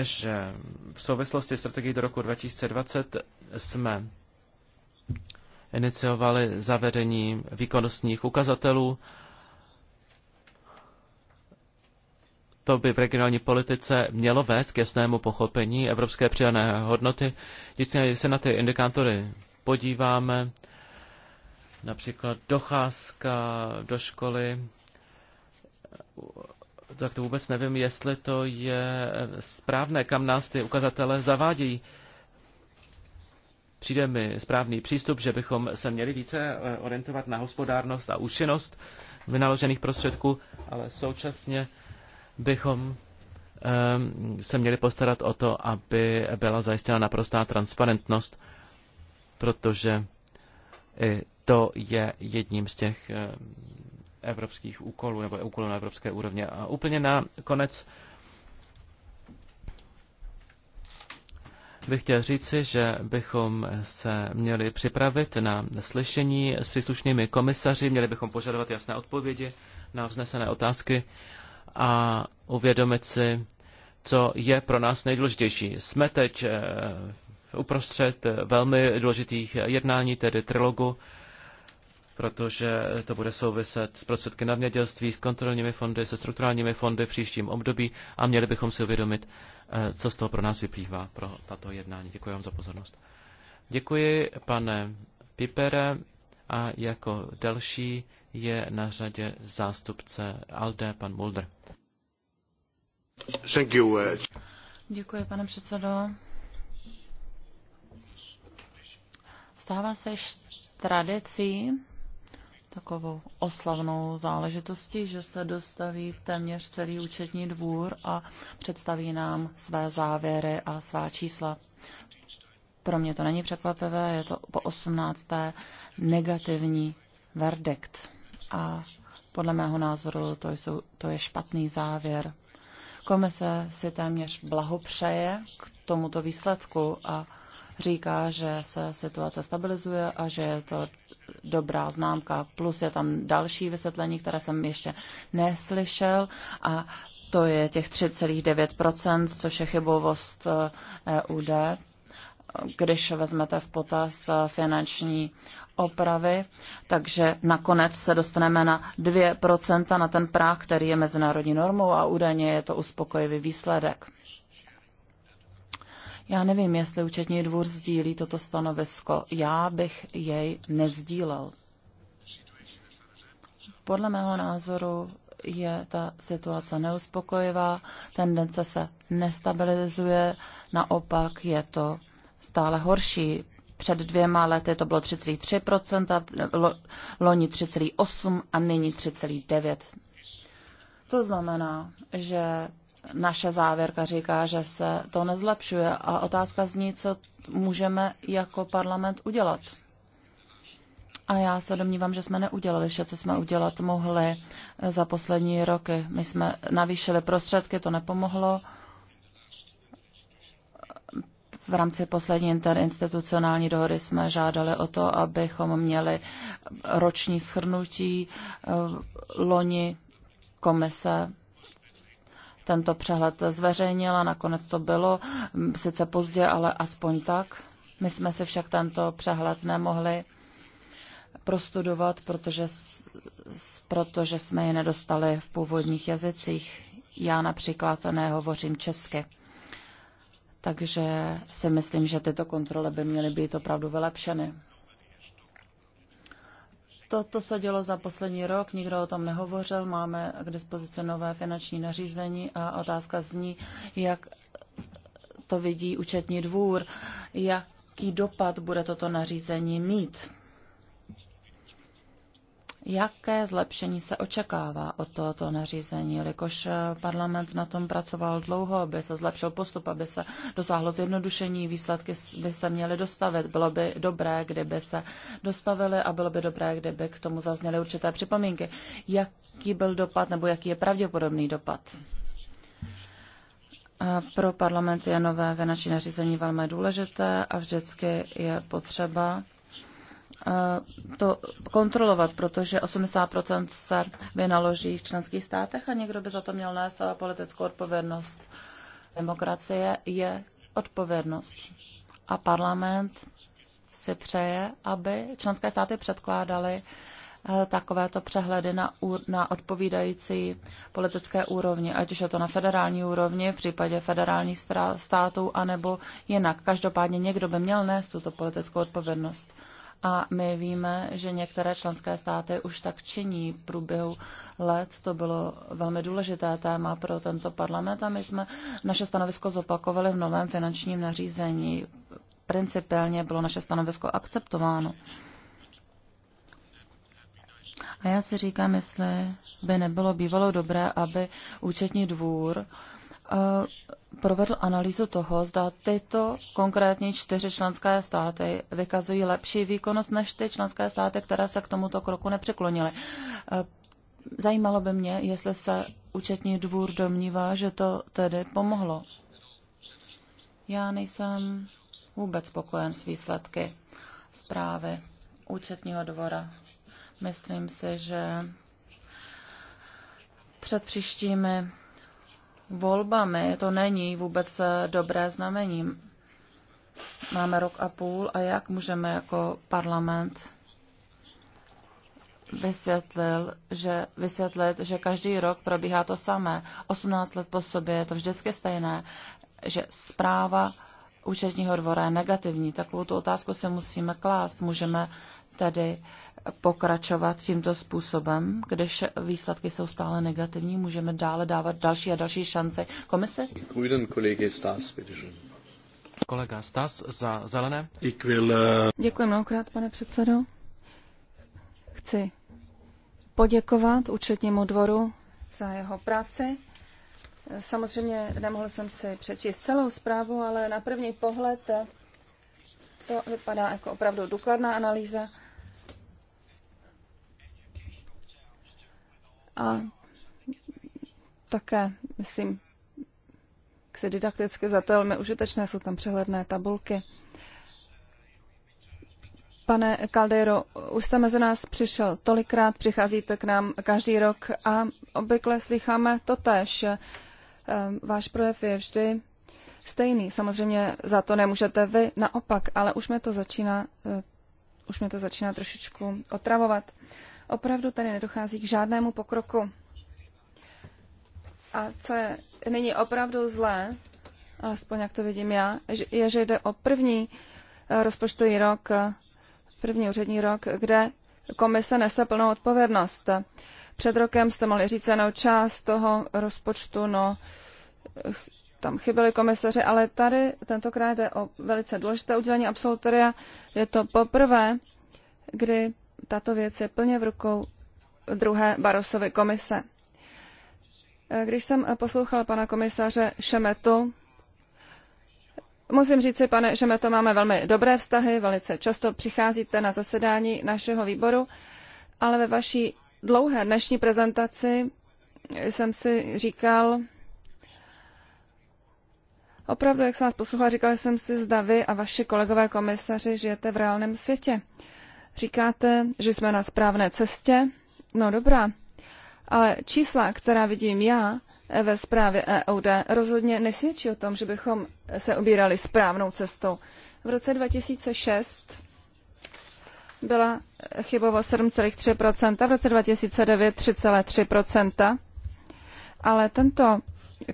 S2: Že v souvislosti s strategií do roku 2020 jsme iniciovali zavedení výkonnostních ukazatelů. To by v regionální politice mělo vést k jasnému pochopení evropské přidané hodnoty. Nicméně, když se na ty indikátory podíváme, například docházka do školy, tak to vůbec nevím, jestli to je správné, kam nás ty ukazatele zavádějí. Přijde mi správný přístup, že bychom se měli více eh, orientovat na hospodárnost a účinnost vynaložených prostředků, ale současně bychom ehm, se měli postarat o to, aby byla zajištěna naprostá transparentnost, protože to je jedním z těch ehm, evropských úkolů nebo úkolů na evropské úrovně. A úplně na konec bych chtěl říci, že bychom se měli připravit na slyšení s příslušnými komisaři, měli bychom požadovat jasné odpovědi na vznesené otázky a uvědomit si, co je pro nás nejdůležitější. Jsme teď eh, uprostřed velmi důležitých jednání, tedy trilogu, protože to bude souviset s prostředky nadmědělství, s kontrolními fondy, se strukturálními fondy v příštím období a měli bychom si uvědomit, Eh, co z toho pro nás vyplývá pro tato jednání. Děkuji vám za pozornost. Děkuji, pane Pipere. A jako další je na řadě zástupce ALDE, pan Mulder.
S1: Thank you. Eh. Děkuji, pane předsedo. Stává se tradicí, takovou oslavnou záležitostí, že se dostaví téměř celý účetní dvůr a představí nám své závěry a svá čísla. Pro mě to není překvapivé, je to po 18. negativní verdikt. A podle mého názoru to, jsou, to je špatný závěr. Komise si téměř blahopřeje k tomuto výsledku a říká, že se situace stabilizuje a že je to dobrá známka. Plus je tam další vysvětlení, které jsem ještě neslyšel a to je těch 3,9%, což je chybovost EUD, eh, e když vezmete v potaz eh, finanční opravy, takže nakonec se dostaneme na 2% na ten práh, který je mezinárodní normou a údajně je to uspokojivý výsledek. Já nevím, jestli účetní dvůr sdílí toto stanovisko. Já bych jej nezdílel. Podle mého názoru je ta situace neuspokojivá, tendence se nestabilizuje, naopak je to stále horší. Před dvěma lety to bylo 3,3%, loni 3,8% a nyní 3,9%. To znamená, že naše závěrka říká, že se to nezlepšuje a otázka zní, co můžeme jako parlament udělat. A já se domnívám, že jsme neudělali vše, co jsme udělat mohli za poslední roky. My jsme navýšili prostředky, to nepomohlo. V rámci poslední interinstitucionální dohody jsme žádali o to, abychom měli roční schrnutí eh, loni komise tento přehled zveřejnila. Nakonec to bylo mm, sice pozdě, ale aspoň tak. My jsme si však tento přehled nemohli prostudovat, protože, protože jsme je nedostali v původních jazycích. Já například nehovořím česky. Takže si myslím, že tyto kontroly by měly být opravdu vylepšeny. To to se dělo za poslední rok, nikdo o tom nehovořil, máme k dispozici nové finanční nařízení a otázka zní, jak to vidí účetní dvůr, jaký dopad bude toto nařízení mít. Jaké zlepšení se očekává od tohoto nařízení, jelikož eh, parlament na tom pracoval dlouho, aby se zlepšil postup, aby se dosáhlo zjednodušení, výsledky by se měly dostavit. Bylo by dobré, kdyby se dostavili a bylo by dobré, kdyby k tomu zazněly určité připomínky. Jaký byl dopad nebo jaký je pravděpodobný dopad? Pro parlament je nové finanční nařízení velmi důležité a vždycky je potřeba Eh, to kontrolovat, protože 80% se vynaloží v členských státech a někdo by za to měl nést politickou odpovědnost. Demokracie je odpovědnost. A parlament si přeje, aby členské státy předkládaly eh, takovéto přehledy na, na odpovídající politické úrovni, ať už je to na federální úrovni, v případě federálních států, anebo jinak. Každopádně někdo by měl nést tuto politickou odpovědnost. A my víme, že některé členské státy už tak činí v průběhu let. To bylo velmi důležité téma pro tento parlament a my jsme naše stanovisko zopakovali v novém finančním nařízení. Principiálně bylo naše stanovisko akceptováno. A já si říkám, jestli by nebylo bývalo dobré, aby účetní dvůr uh, Eh, provedl analýzu toho, zda tyto konkrétní čtyři členské státy vykazují lepší výkonnost než ty členské státy, které se k tomuto kroku nepřiklonily. Eh, zajímalo by mě, jestli se účetní dvůr domnívá, že to tedy pomohlo. Já nejsem vůbec spokojen s výsledky zprávy účetního dvora. Myslím si, že před příštími volbami. To není vůbec eh, dobré znamení. Máme rok a půl a jak můžeme jako parlament vysvětlil, že, vysvětlit, že každý rok probíhá to samé. 18 let po sobě je to vždycky stejné, že zpráva účetního dvora je negativní. Takovou tu otázku si musíme klást. Můžeme tedy pokračovat tímto způsobem, když výsledky jsou stále negativní, můžeme dále dávat další a další šance komise?
S2: Kolega Stas za zelené. Eh,
S1: Děkuji mnohokrát, pane předsedo. Chci
S3: poděkovat účetnímu dvoru za jeho práci. Samozřejmě nemohl jsem si přečíst celou zprávu, ale na první pohled to vypadá jako opravdu důkladná analýza a také, myslím, jak se didakticky za to velmi užitečné, jsou tam přehledné tabulky. Pane Caldero, už jste mezi nás přišel tolikrát, přicházíte k nám každý rok a obvykle slycháme to tež. E, váš projev je vždy stejný. Samozřejmě za to nemůžete vy, naopak, ale už mě to začíná, e, už mě to začíná trošičku otravovat. Opravdu tady nedochází k žádnému pokroku. A co je nyní opravdu zlé, alespoň jak to vidím já, je, že jde o první eh, rozpočtový rok, první úřední rok, kde komise nese plnou odpovědnost. Před rokem jste mohli říct jenom část toho rozpočtu, no eh, tam chyběli komisaři, ale tady tentokrát jde o velice důležité udělení absolutoria. Je to poprvé, kdy tato věc je plně v rukou druhé Barosovy komise. E, když jsem poslouchal pana komisaře Šemetu, musím říci, pane Šemeto, máme velmi dobré vztahy, velice často přicházíte na zasedání našeho výboru, ale ve vaší dlouhé dnešní prezentaci jsem si říkal, opravdu, jak jsem vás poslouchala, říkal jsem si, zda vy a vaši kolegové komisaři žijete v reálném světě. Říkáte, že jsme na správné cestě. No dobrá, ale čísla, která vidím já ve zprávě EOD rozhodně nesvědčí o tom, že bychom se ubírali správnou cestou. V roce 2006 byla chybovo 7,3%, v roce 2009 3,3%, ale tento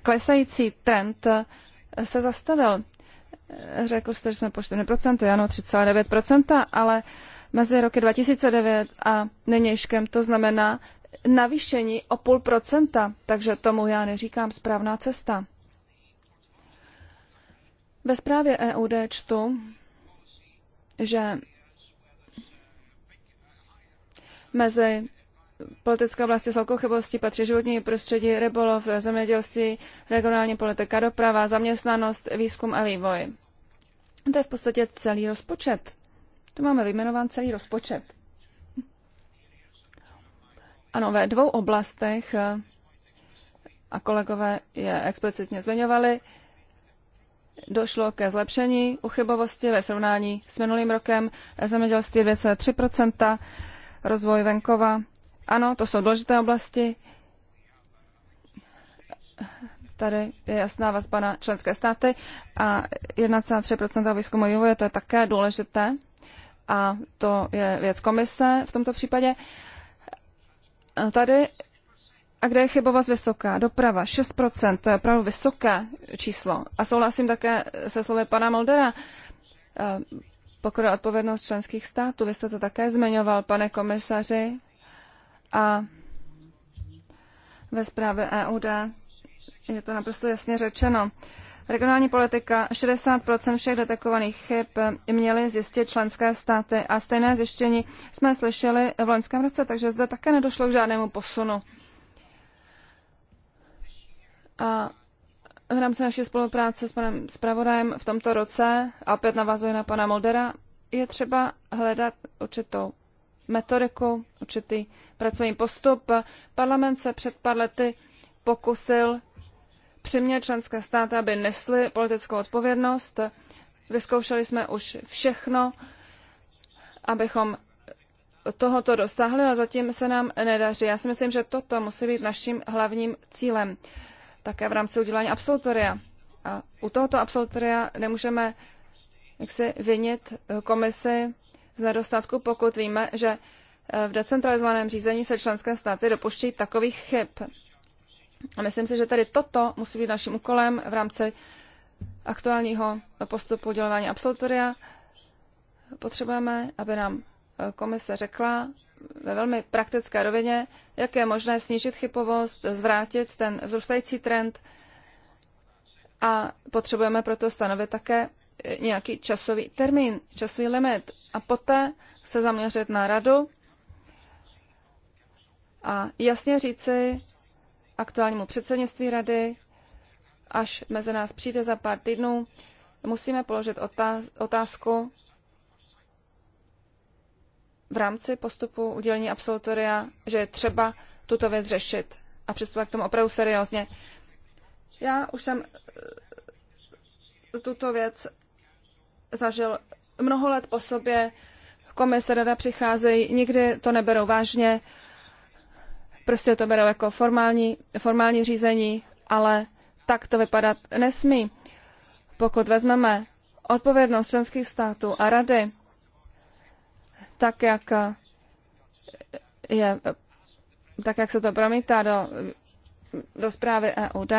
S3: klesající trend se zastavil. Řekl jste, že jsme po 4%, ano, 3,9%, ale mezi roky 2009 a nynějškem, to znamená navýšení o půl procenta, takže tomu já neříkám správná cesta. Ve zprávě EUD čtu, že mezi politické oblasti s velkou chybostí patří životní prostředí, rybolov, zemědělství, regionální politika, doprava, zaměstnanost, výzkum a vývoj. To je v podstatě celý rozpočet. To máme vyjmenován celý rozpočet. Ano, ve dvou oblastech, eh, a kolegové je explicitně zmiňovali, došlo ke zlepšení uchybovosti ve srovnání s minulým rokem. Zemědělství 2,3 rozvoj venkova. Ano, to jsou důležité oblasti. Tady je jasná vazba na členské státy a 1,3 výzkumu vývoje, to je také důležité a to je věc komise v tomto případě. Tady, a kde je chybovost vysoká? Doprava 6%, to je opravdu vysoké číslo. A souhlasím také se slovy pana Moldera, pokud je odpovědnost členských států. Vy jste to také zmiňoval, pane komisaři. A ve zprávě EUD je to naprosto jasně řečeno. Uh, Regionální politika 60 všech detekovaných chyb měly zjistit členské státy a stejné zjištění jsme slyšeli v loňském roce, takže zde také nedošlo k žádnému posunu. A v rámci naší spolupráce s panem zpravodajem v tomto roce, a opět navazuji na pana Moldera, je třeba hledat určitou metodiku, určitý pracovní postup. Parlament se před pár lety pokusil přiměl členské státy, aby nesly politickou odpovědnost. Vyzkoušeli jsme už všechno, abychom tohoto dosáhli, ale zatím se nám nedaří. Já si myslím, že toto musí být naším hlavním cílem, také v rámci udělání absolutoria. A u tohoto absolutoria nemůžeme jak si vinit komisi z nedostatku, pokud víme, že v decentralizovaném řízení se členské státy dopuští takových chyb. A myslím si, že tady toto musí být naším úkolem v rámci aktuálního postupu udělování absolutoria. Potřebujeme, aby nám eh, komise řekla ve velmi praktické rovině, jak je možné snížit chybovost, zvrátit ten vzrůstající trend a potřebujeme proto stanovit také eh, nějaký časový termín, časový limit a poté se zaměřit na radu a jasně říci, aktuálnímu předsednictví rady, až mezi nás přijde za pár týdnů, musíme položit otázku v rámci postupu udělení absolutoria, že je třeba tuto věc řešit a přistupovat k tomu opravdu seriózně. Já už jsem eh, tuto věc zažil mnoho let po sobě. Komise rada přicházejí, nikdy to neberou vážně prostě to berou jako formální, formální řízení, ale tak to vypadat nesmí. Pokud vezmeme odpovědnost členských států a rady, tak jak, je, tak jak se to promítá do, do zprávy EUD,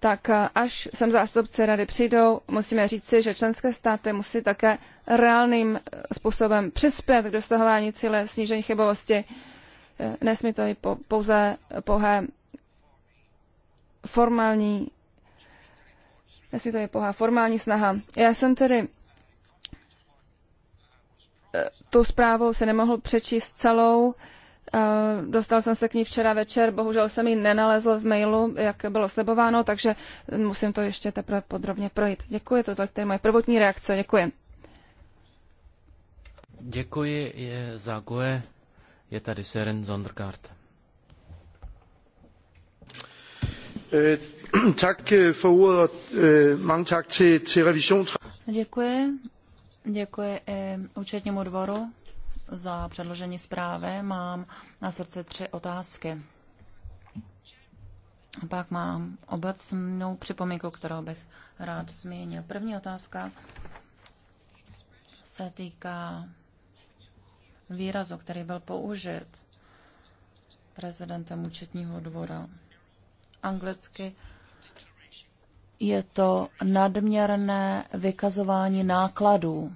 S3: tak až sem zástupci rady přijdou, musíme říci, že členské státy musí také reálným způsobem přispět k dosahování cíle snížení chybovosti Eh, nesmí to být pouze pohé formální nesmí to být pohá formální snaha. Já jsem tedy eh, tu zprávu se nemohl přečíst celou. Eh, dostal jsem se k ní včera večer, bohužel jsem ji nenalezl v mailu, jak bylo slibováno, takže musím to ještě teprve podrobně projít. Děkuji, to je moje prvotní reakce. Děkuji.
S2: Děkuji za GUE je tady Seren Zondergaard. Øh, tak øh, for ordet, øh, mange tak til, til
S1: Děkuji. Děkuji i účetnímu dvoru za předložení zprávy. Mám na srdce tři otázky. A pak mám obecnou připomínku, kterou bych rád zmínil. První otázka se týká výrazu, který byl použit prezidentem účetního dvora. Anglicky je to nadměrné vykazování nákladů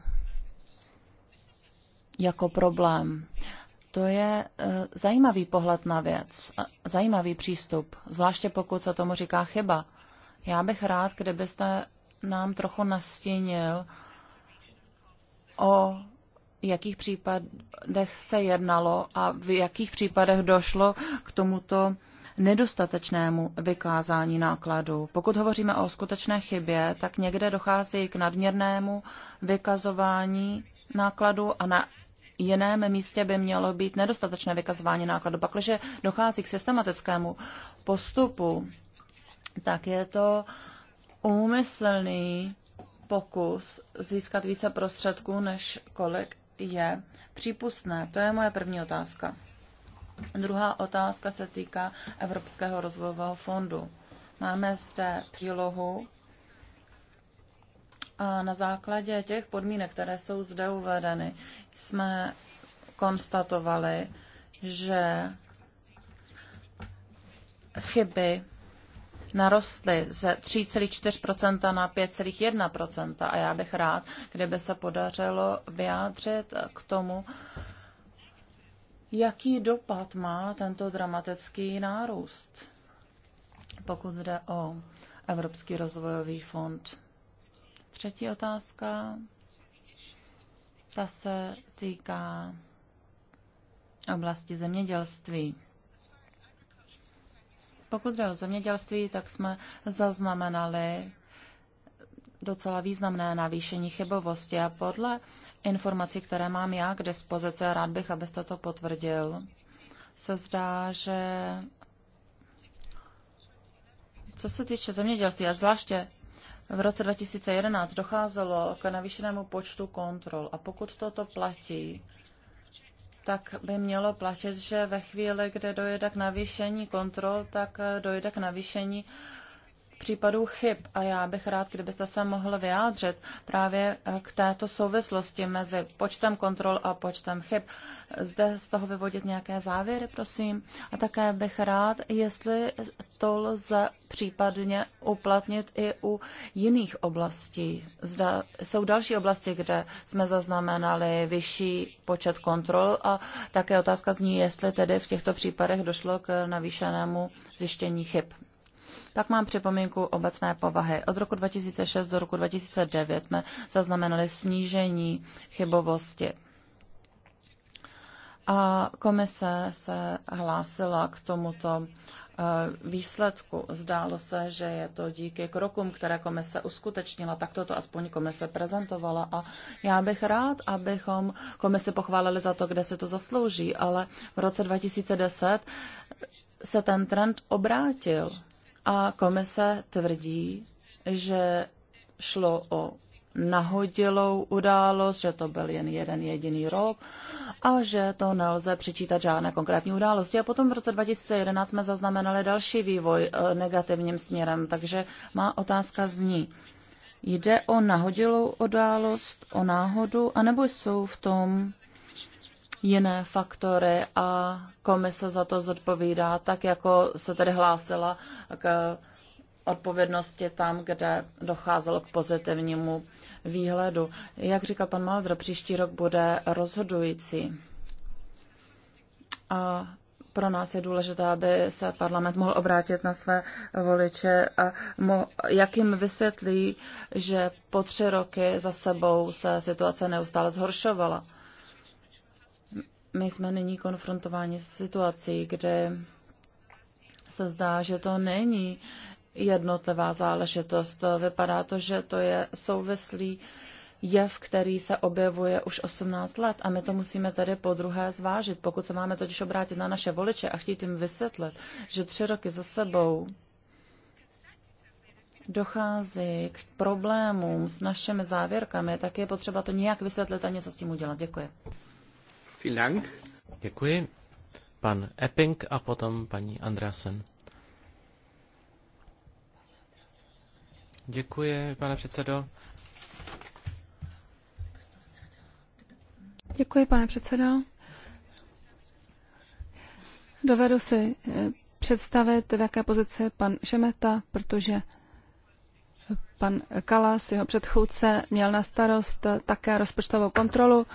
S1: jako problém. To je eh, zajímavý pohled na věc, zajímavý přístup, zvláště pokud se tomu říká chyba. Já bych rád, kdybyste nám trochu nastínil, o jakých případech se jednalo a v jakých případech došlo k tomuto nedostatečnému vykázání nákladu? Pokud hovoříme o skutečné chybě, tak někde dochází k nadměrnému vykazování nákladu a na jiném místě by mělo být nedostatečné vykazování nákladu. Pak, když dochází k systematickému postupu, tak je to úmyslný pokus získat více prostředků, než kolik je přípustné? To je moje první otázka. Druhá otázka se týká Evropského rozvojového fondu. Máme zde přílohu a na základě těch podmínek, které jsou zde uvedeny, jsme konstatovali, že chyby narostly ze 3,4% na 5,1%. A já bych rád, kdyby se podařilo vyjádřit k tomu, jaký dopad má tento dramatický nárůst, pokud jde o Evropský rozvojový fond. Třetí otázka, ta se týká oblasti zemědělství. Pokud jde o zemědělství, tak jsme zaznamenali docela významné navýšení chybovosti a podle informací, které mám já k dispozici, a rád bych, abyste to potvrdil, se zdá, že co se týče zemědělství, a zvláště v roce 2011 docházelo k navýšenému počtu kontrol. A pokud toto platí, tak by mělo platit, že ve chvíli, kde dojde k navýšení kontrol, tak dojde k navýšení případů chyb a já bych rád, kdybyste se mohl vyjádřit právě eh, k této souvislosti mezi počtem kontrol a počtem chyb. Zde z toho vyvodit nějaké závěry, prosím. A také bych rád, jestli to lze případně uplatnit i u jiných oblastí. Zda jsou další oblasti, kde jsme zaznamenali vyšší počet kontrol a také otázka zní, jestli tedy v těchto případech došlo k navýšenému zjištění chyb. Pak mám připomínku obecné povahy. Od roku 2006 do roku 2009 jsme zaznamenali snížení chybovosti. A komise se hlásila k tomuto eh, výsledku. Zdálo se, že je to díky krokům, které komise uskutečnila, tak toto aspoň komise prezentovala a já bych rád, abychom komise pochválili za to, kde se to zaslouží, ale v roce 2010 se ten trend obrátil. A komise tvrdí, že šlo o nahodilou událost, že to byl jen jeden jediný rok a že to nelze přičítat žádné konkrétní události. A potom v roce 2011 jsme zaznamenali další vývoj eh, negativním směrem, takže má otázka zní. Jde o nahodilou událost, o náhodu, anebo jsou v tom jiné faktory a komise za to zodpovídá, tak jako se tedy hlásila k odpovědnosti tam, kde docházelo k pozitivnímu výhledu. Jak říkal pan Maldr, příští rok bude rozhodující. A pro nás je důležité, aby se parlament mohl obrátit na své voliče a mo, jak jim vysvětlí, že po tři roky za sebou se situace neustále zhoršovala my jsme nyní konfrontováni s situací, kde se zdá, že to není jednotlivá záležitost. Vypadá to, že to je souvislý jev, který se objevuje už 18 let a my to musíme tedy po druhé zvážit. Pokud se máme totiž obrátit na naše voliče a chtít jim vysvětlit, že tři roky za sebou dochází k problémům s našimi závěrkami, tak je potřeba to nějak vysvětlit a něco s tím udělat. Děkuji.
S2: Vielen Děkuji. Pan Epping a potom paní Andrasen. Děkuji, pane předsedo.
S3: Děkuji, pane předsedo. Dovedu si eh, představit, v jaké pozici pan Šemeta, protože pan Kalas, jeho předchůdce, měl na starost také rozpočtovou kontrolu.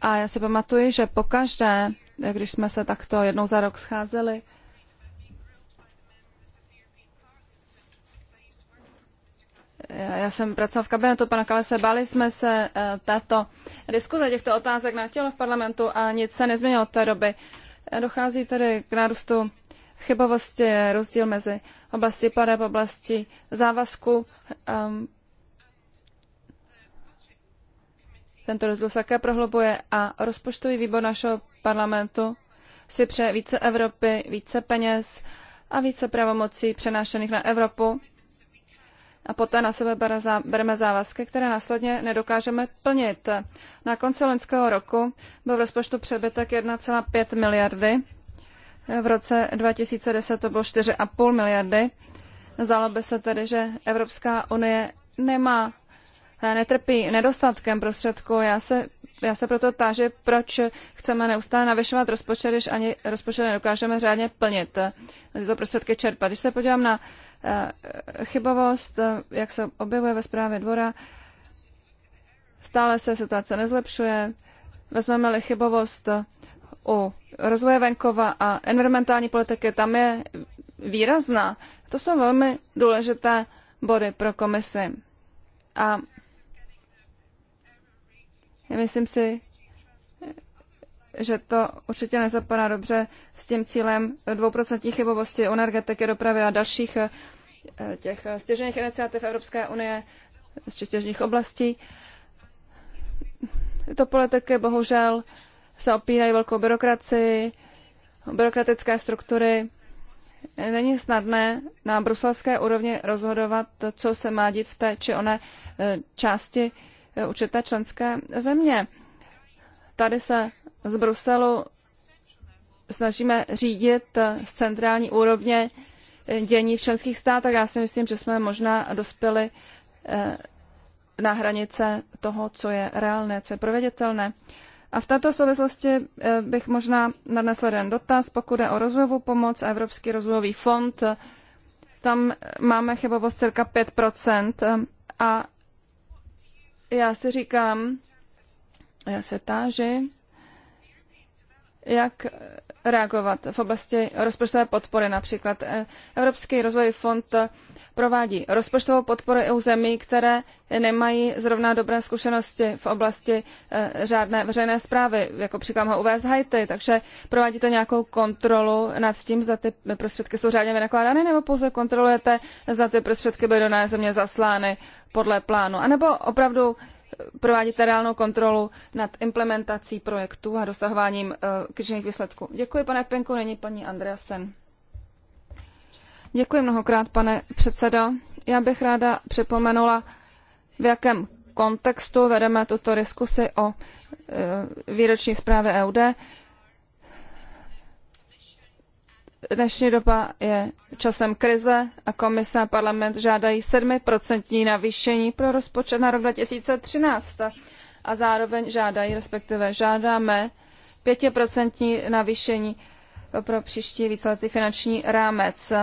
S3: A já si pamatuji, že pokaždé, když jsme se takto jednou za rok scházeli, Já jsem pracoval v kabinetu pana Kalese, báli jsme se eh, této diskuze těchto otázek na tělo v parlamentu a nic se nezměnilo od té doby. Eh, dochází tedy k nárůstu chybovosti, rozdíl mezi oblasti a oblasti závazku. Ehm, tento rozdíl se také prohlubuje a rozpočtový výbor našeho parlamentu si přeje více Evropy, více peněz a více pravomocí přenášených na Evropu a poté na sebe bereme závazky, které následně nedokážeme plnit. Na konci loňského roku byl v rozpočtu přebytek 1,5 miliardy, v roce 2010 to bylo 4,5 miliardy. Zdálo by se tedy, že Evropská unie nemá netrpí nedostatkem prostředků. Já se, já se proto táži, proč chceme neustále navyšovat rozpočet, když ani rozpočet nedokážeme řádně plnit, tyto prostředky čerpat. Když se podívám na eh, chybovost, eh, jak se objevuje ve zprávě dvora, stále se situace nezlepšuje. Vezmeme-li chybovost u rozvoje venkova a environmentální politiky, tam je výrazná. To jsou velmi důležité body pro komisi. A Myslím si, že to určitě nezapadá dobře s tím cílem 2% chybovosti u energetiky, dopravy a dalších eh, těch eh, stěžených iniciativ Evropské unie z čistěžních oblastí. Tyto politiky bohužel se opírají velkou byrokracii, byrokratické struktury. Není snadné na bruselské úrovni rozhodovat, co se má dít v té či oné eh, části Eh, určité členské země. Tady se z Bruselu snažíme řídit z centrální úrovně eh, dění v členských státech. Já si myslím, že jsme možná dospěli eh, na hranice toho, co je reálné, co je proveditelné. A v této souvislosti bych možná nadnesl jeden dotaz, pokud je o rozvojovou pomoc a Evropský rozvojový fond. Tam máme chybovost cirka 5 a já si říkám, já se táži, jak reagovat v oblasti rozpočtové podpory. Například eh, Evropský rozvojový fond eh, provádí rozpočtovou podporu i u zemí, které nemají zrovna dobré zkušenosti v oblasti eh, řádné veřejné zprávy, jako příklad ho uvést Haiti, takže provádíte nějakou kontrolu nad tím, zda ty prostředky jsou řádně vynakládány, nebo pouze kontrolujete, zda ty prostředky byly do země zaslány podle plánu, anebo opravdu provádět reálnou kontrolu nad implementací projektu a dosahováním eh, kýžených výsledků. Děkuji, pane Penko, není paní Andreasen. Děkuji mnohokrát, pane předsedo. Já bych ráda připomenula, v jakém kontextu vedeme tuto diskusi o eh, výroční zprávě EUD. Dnešní doba je časem krize a komise a parlament žádají 7% navýšení pro rozpočet na rok 2013 a zároveň žádají, respektive žádáme 5% navýšení pro příští víceletý finanční rámec. Eh,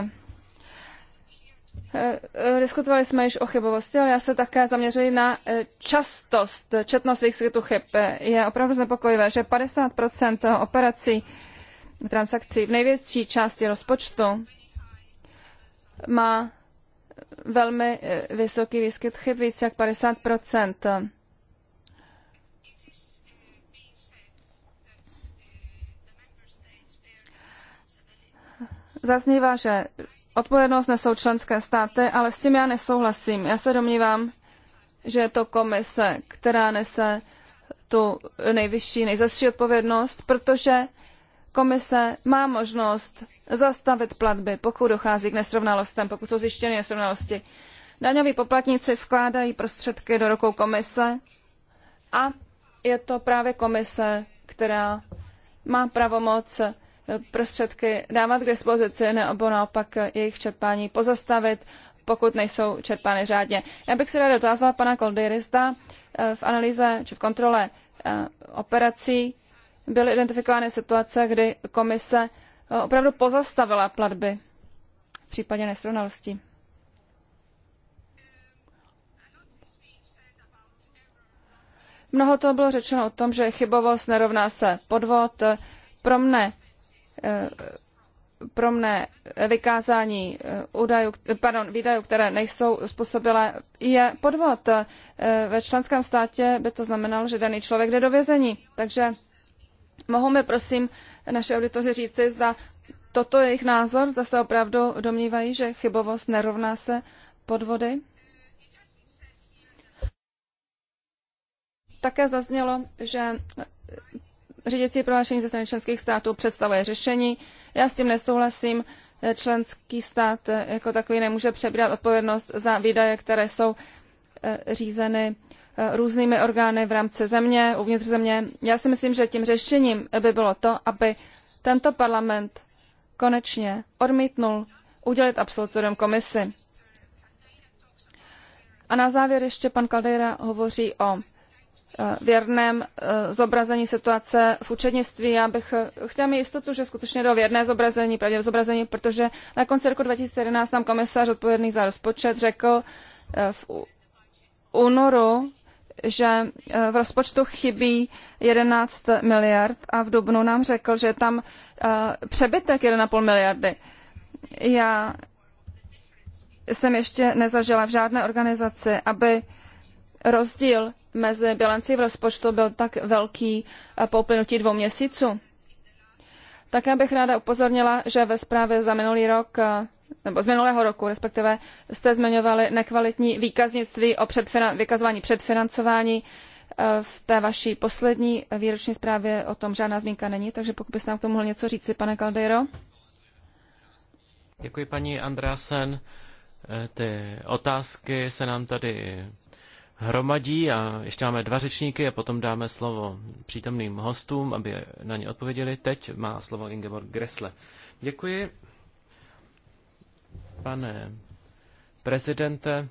S3: eh, diskutovali jsme již o chybovosti, ale já se také zaměřuji na eh, častost, četnost výskytu chyb. Je opravdu znepokojivé, že 50 operací transakcí v největší části rozpočtu má velmi eh, vysoký výskyt chyb, více jak 50 Zaznívá, že odpovědnost nesou členské státy, ale s tím já nesouhlasím. Já se domnívám, že je to komise, která nese tu nejvyšší, nejzastší odpovědnost, protože komise má možnost zastavit platby, pokud dochází k nesrovnalostem, pokud jsou zjištěny nesrovnalosti. Daňoví poplatníci vkládají prostředky do rukou komise a je to právě komise, která má pravomoc prostředky dávat k dispozici nebo naopak jejich čerpání pozastavit, pokud nejsou čerpány řádně. Já bych se ráda dotázala pana Koldyry, zda eh, v analýze či v kontrole eh, operací byly identifikovány situace, kdy komise eh, opravdu pozastavila platby v případě nesrovnalostí. Mnoho toho bylo řečeno o tom, že chybovost nerovná se podvod. Pro mne, eh, pro mne vykázání eh, údajů, pardon, výdajů, které nejsou způsobilé, je podvod. Ve členském státě by to znamenalo, že daný člověk jde do vězení. Takže mohou mi prosím naše auditoři říci, zda toto je jejich názor, zda se opravdu domnívají, že chybovost nerovná se podvody? Také zaznělo, že řídící prohlášení ze strany členských států představuje řešení. Já s tím nesouhlasím. Členský stát jako takový nemůže přebírat odpovědnost za výdaje, které jsou eh, řízeny Eh, různými orgány v rámci země, uvnitř země. Já si myslím, že tím řešením by bylo to, aby tento parlament konečně odmítnul udělit absolutorium komisi. A na závěr ještě pan Caldeira hovoří o eh, věrném eh, zobrazení situace v učednictví. Já bych chtěla mít jistotu, že skutečně do věrné zobrazení, pravdě zobrazení, protože na konci roku 2011 nám komisař odpovědný za rozpočet řekl v únoru že eh, v rozpočtu chybí 11 miliard a v Dubnu nám řekl, že je tam eh, přebytek 1,5 miliardy. Já jsem ještě nezažila v žádné organizaci, aby rozdíl mezi bilancí v rozpočtu byl tak velký eh, po uplynutí dvou měsíců. Také bych ráda upozornila, že ve zprávě za minulý rok nebo z minulého roku, respektive jste zmiňovali nekvalitní výkaznictví o předfinan- vykazování předfinancování. E, v té vaší poslední výroční zprávě o tom žádná zmínka není, takže pokud byste nám k tomu mohl něco říci, pane Caldeiro.
S2: Děkuji, paní Andrásen. E, ty otázky se nám tady hromadí a ještě máme dva řečníky a potom dáme slovo přítomným hostům, aby na ně odpověděli. Teď má slovo Ingeborg Gressle. Děkuji pane prezidente.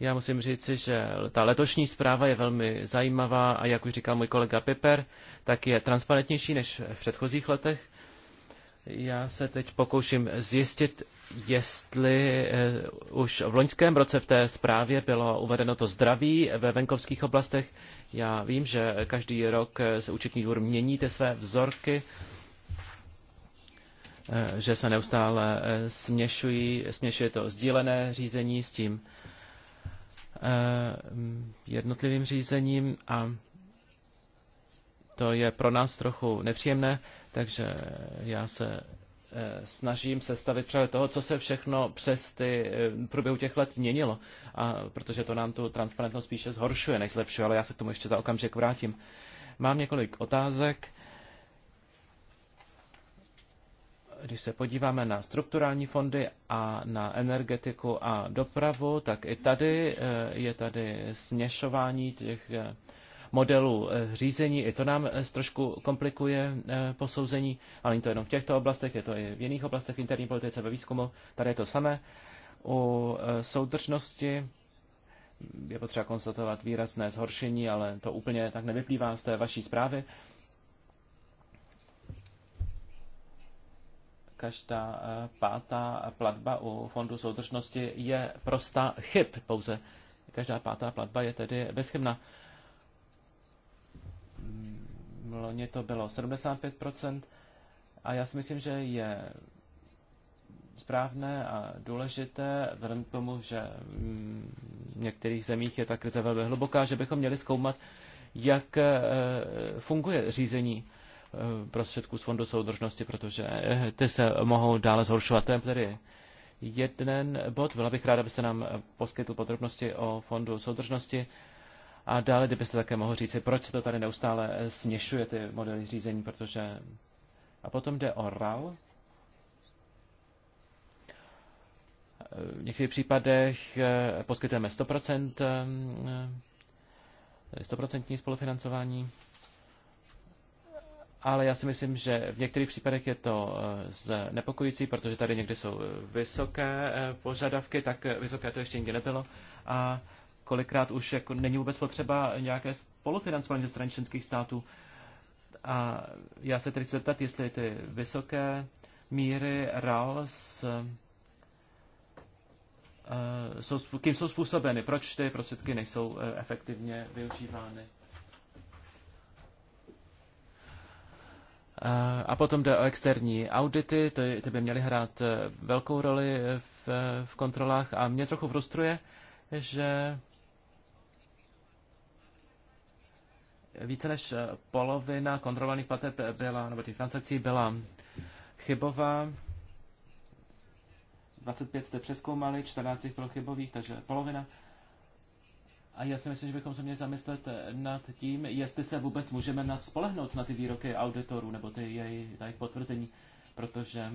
S2: Já musím říci, že ta letošní zpráva je velmi zajímavá a jak už říkal můj kolega Piper, tak je transparentnější než v předchozích letech. Já se teď pokouším zjistit, jestli eh, už v loňském roce v té zprávě bylo uvedeno to zdraví ve venkovských oblastech. Já vím, že každý rok eh, se účetní dvůr mění ty své vzorky Eh, že se neustále eh, směšují, směšuje to sdílené řízení s tím eh, jednotlivým řízením a to je pro nás trochu nepříjemné, takže já se snažím sestavit přehled toho, co se všechno přes ty průběhu těch let měnilo, a protože to nám tu transparentnost spíše zhoršuje, než zlepšuje, ale já se k tomu ještě za okamžik vrátím. Mám několik otázek když se podíváme na strukturální fondy a na energetiku a dopravu, tak i tady eh, je tady směšování těch eh, modelů eh, řízení. I to nám trošku komplikuje posouzení, ale není to jenom v těchto oblastech, je to i v jiných oblastech v interní politice, ve výzkumu. Tady je to samé. U soudržnosti je potřeba konstatovat výrazné zhoršení, ale to úplně tak nevyplývá z té vaší zprávy. Každá eh, pátá platba u Fondu soudržnosti je prostá chyb. Pouze každá pátá platba je tedy bezchybná. Mm, loni to bylo 75% a já si myslím, že je správné a důležité, vzhledem k tomu, že mm, v některých zemích je ta krize velmi hluboká, že bychom měli zkoumat, jak eh, funguje řízení Eh, prostředků z Fondu soudržnosti, protože eh, ty se mohou dále zhoršovat. To je tedy jeden bod. Byla bych ráda, abyste nám eh, poskytl podrobnosti o Fondu soudržnosti. A dále, kdybyste také mohl říci, proč se to tady neustále směšuje, ty modely řízení, protože... A potom jde o RAL. V některých případech poskytujeme 100%, 100% spolufinancování ale já si myslím, že v některých případech je to eh, znepokojící, protože tady někdy jsou eh, vysoké eh, požadavky, tak vysoké to ještě nikdy nebylo. A kolikrát už jako není vůbec potřeba nějaké spolufinancování ze strany členských států. A já se tedy chci zeptat, jestli ty vysoké míry RALS jsou, kým jsou způsobeny, proč ty prostředky nejsou efektivně využívány. A potom jde o externí audity, ty, ty by měly hrát eh, velkou roli v, eh, v kontrolách a mě trochu frustruje, že více než eh, polovina kontrolovaných plateb byla, nebo těch transakcí byla chybová. 25 jste přeskoumali, 14 bylo chybových, takže polovina. A já si myslím, že bychom se měli zamyslet nad tím, jestli se vůbec můžeme spolehnout na ty výroky auditorů nebo ty jejich, jejich potvrzení, protože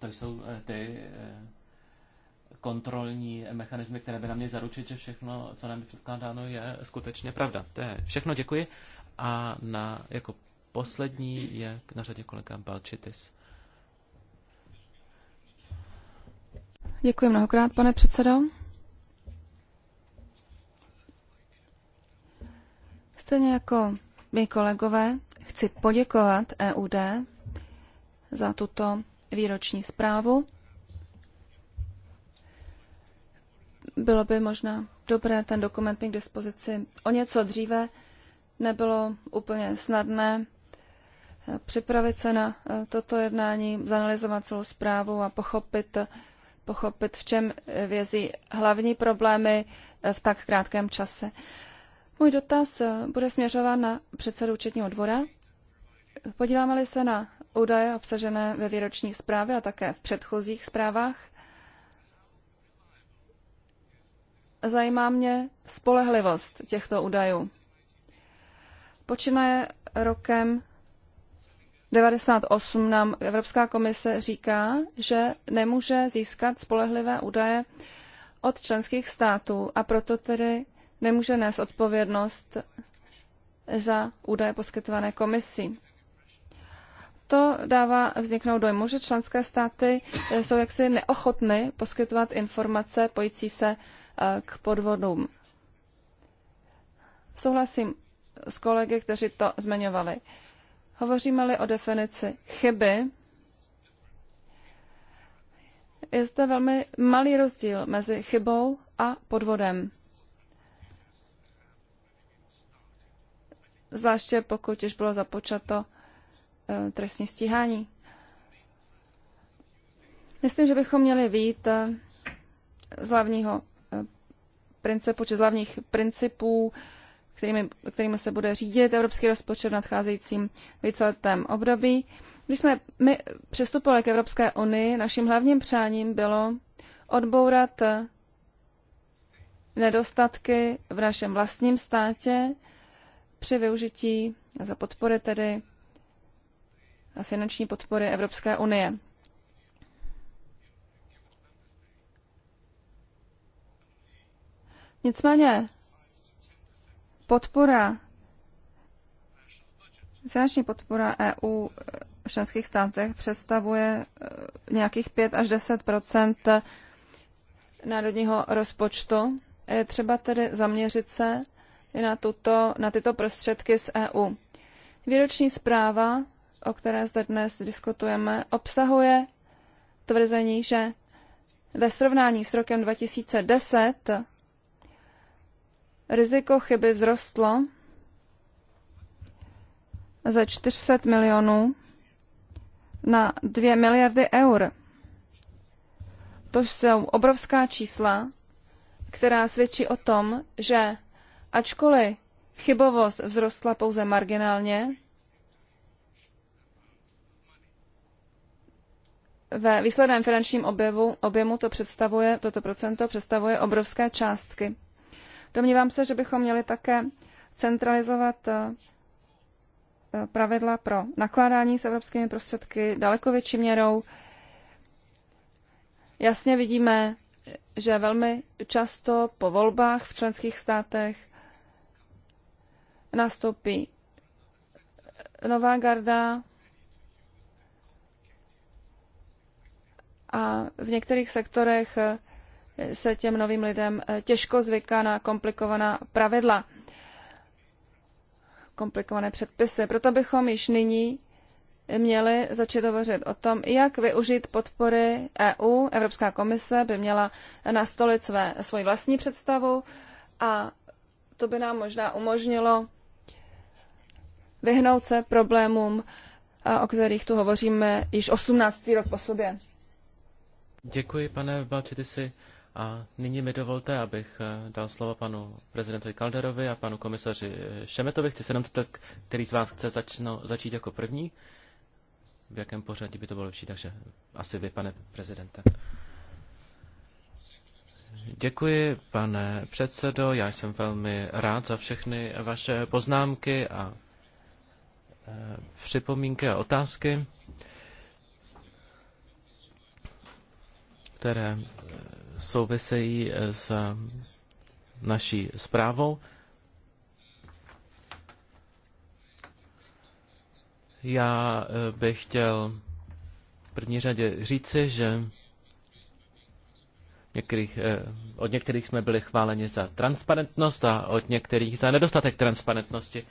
S2: to jsou eh, ty eh, kontrolní mechanismy, které by nám měly zaručit, že všechno, co nám je předkládáno, je skutečně pravda. To je všechno, děkuji. A na, jako poslední je na řadě kolega Balčitis.
S3: Děkuji mnohokrát, pane předsedo. Stejně jako my kolegové, chci poděkovat EUD za tuto výroční zprávu. Bylo by možná dobré ten dokument mít k dispozici o něco dříve. Nebylo úplně snadné eh, připravit se na eh, toto jednání, zanalizovat celou zprávu a pochopit, pochopit v čem eh, vězí hlavní problémy v tak krátkém čase. Můj dotaz eh, bude směřován na předsedu četního dvora. Podíváme-li se na údaje obsažené ve výroční zprávě a také v předchozích zprávách, zajímá mě spolehlivost těchto údajů. Počínaje rokem 98 nám Evropská komise říká, že nemůže získat spolehlivé údaje od členských států a proto tedy nemůže nést odpovědnost za údaje poskytované komisí. To dává vzniknout dojmu, že členské státy eh, jsou jaksi neochotny poskytovat informace pojící se eh, k podvodům. Souhlasím s kolegy, kteří to zmiňovali. Hovoříme-li o definici chyby, je zde velmi malý rozdíl mezi chybou a podvodem. zvláště pokud už bylo započato eh, trestní stíhání. Myslím, že bychom měli vít eh, z hlavního eh, principu, či z hlavních principů, kterými, kterými se bude řídit evropský rozpočet v nadcházejícím víceletém období. Když jsme my přistupovali k Evropské unii, naším hlavním přáním bylo odbourat nedostatky v našem vlastním státě, při využití za podpory tedy a finanční podpory Evropské unie. Nicméně podpora, finanční podpora EU v členských státech představuje eh, nějakých 5 až 10 národního rozpočtu. Je třeba tedy zaměřit se na, tuto, na tyto prostředky z EU. Výroční zpráva, o které zde dnes diskutujeme, obsahuje tvrzení, že ve srovnání s rokem 2010 riziko chyby vzrostlo ze 400 milionů na 2 miliardy eur. To jsou obrovská čísla, která svědčí o tom, že Ačkoliv chybovost vzrostla pouze marginálně, ve výsledném finančním objevu, objemu to představuje, toto procento představuje obrovské částky. Domnívám se, že bychom měli také centralizovat eh, pravidla pro nakládání s evropskými prostředky daleko větší měrou. Jasně vidíme, že velmi často po volbách v členských státech nastoupí nová garda a v některých sektorech se těm novým lidem těžko zvyká na komplikovaná pravidla, komplikované předpisy. Proto bychom již nyní měli začít hovořit o tom, jak využít podpory EU. Evropská komise by měla nastolit své, svoji vlastní představu a to by nám možná umožnilo vyhnout se problémům, o kterých tu hovoříme již 18. rok po sobě.
S2: Děkuji, pane Balčitisi. A nyní mi dovolte, abych eh, dal slovo panu prezidentovi Kalderovi a panu komisaři eh, Šemetovi. Chci se nám tak, který z vás chce začno, začít jako první. V jakém pořadí by to bylo lepší, takže asi vy, pane prezidente. Děkuji, pane předsedo. Já jsem velmi rád za všechny vaše poznámky a připomínky a otázky, které eh, souvisejí eh, s naší zprávou. Já eh, bych chtěl v první řadě říci, že některých, od některých jsme byli chváleni za transparentnost a od některých za nedostatek transparentnosti.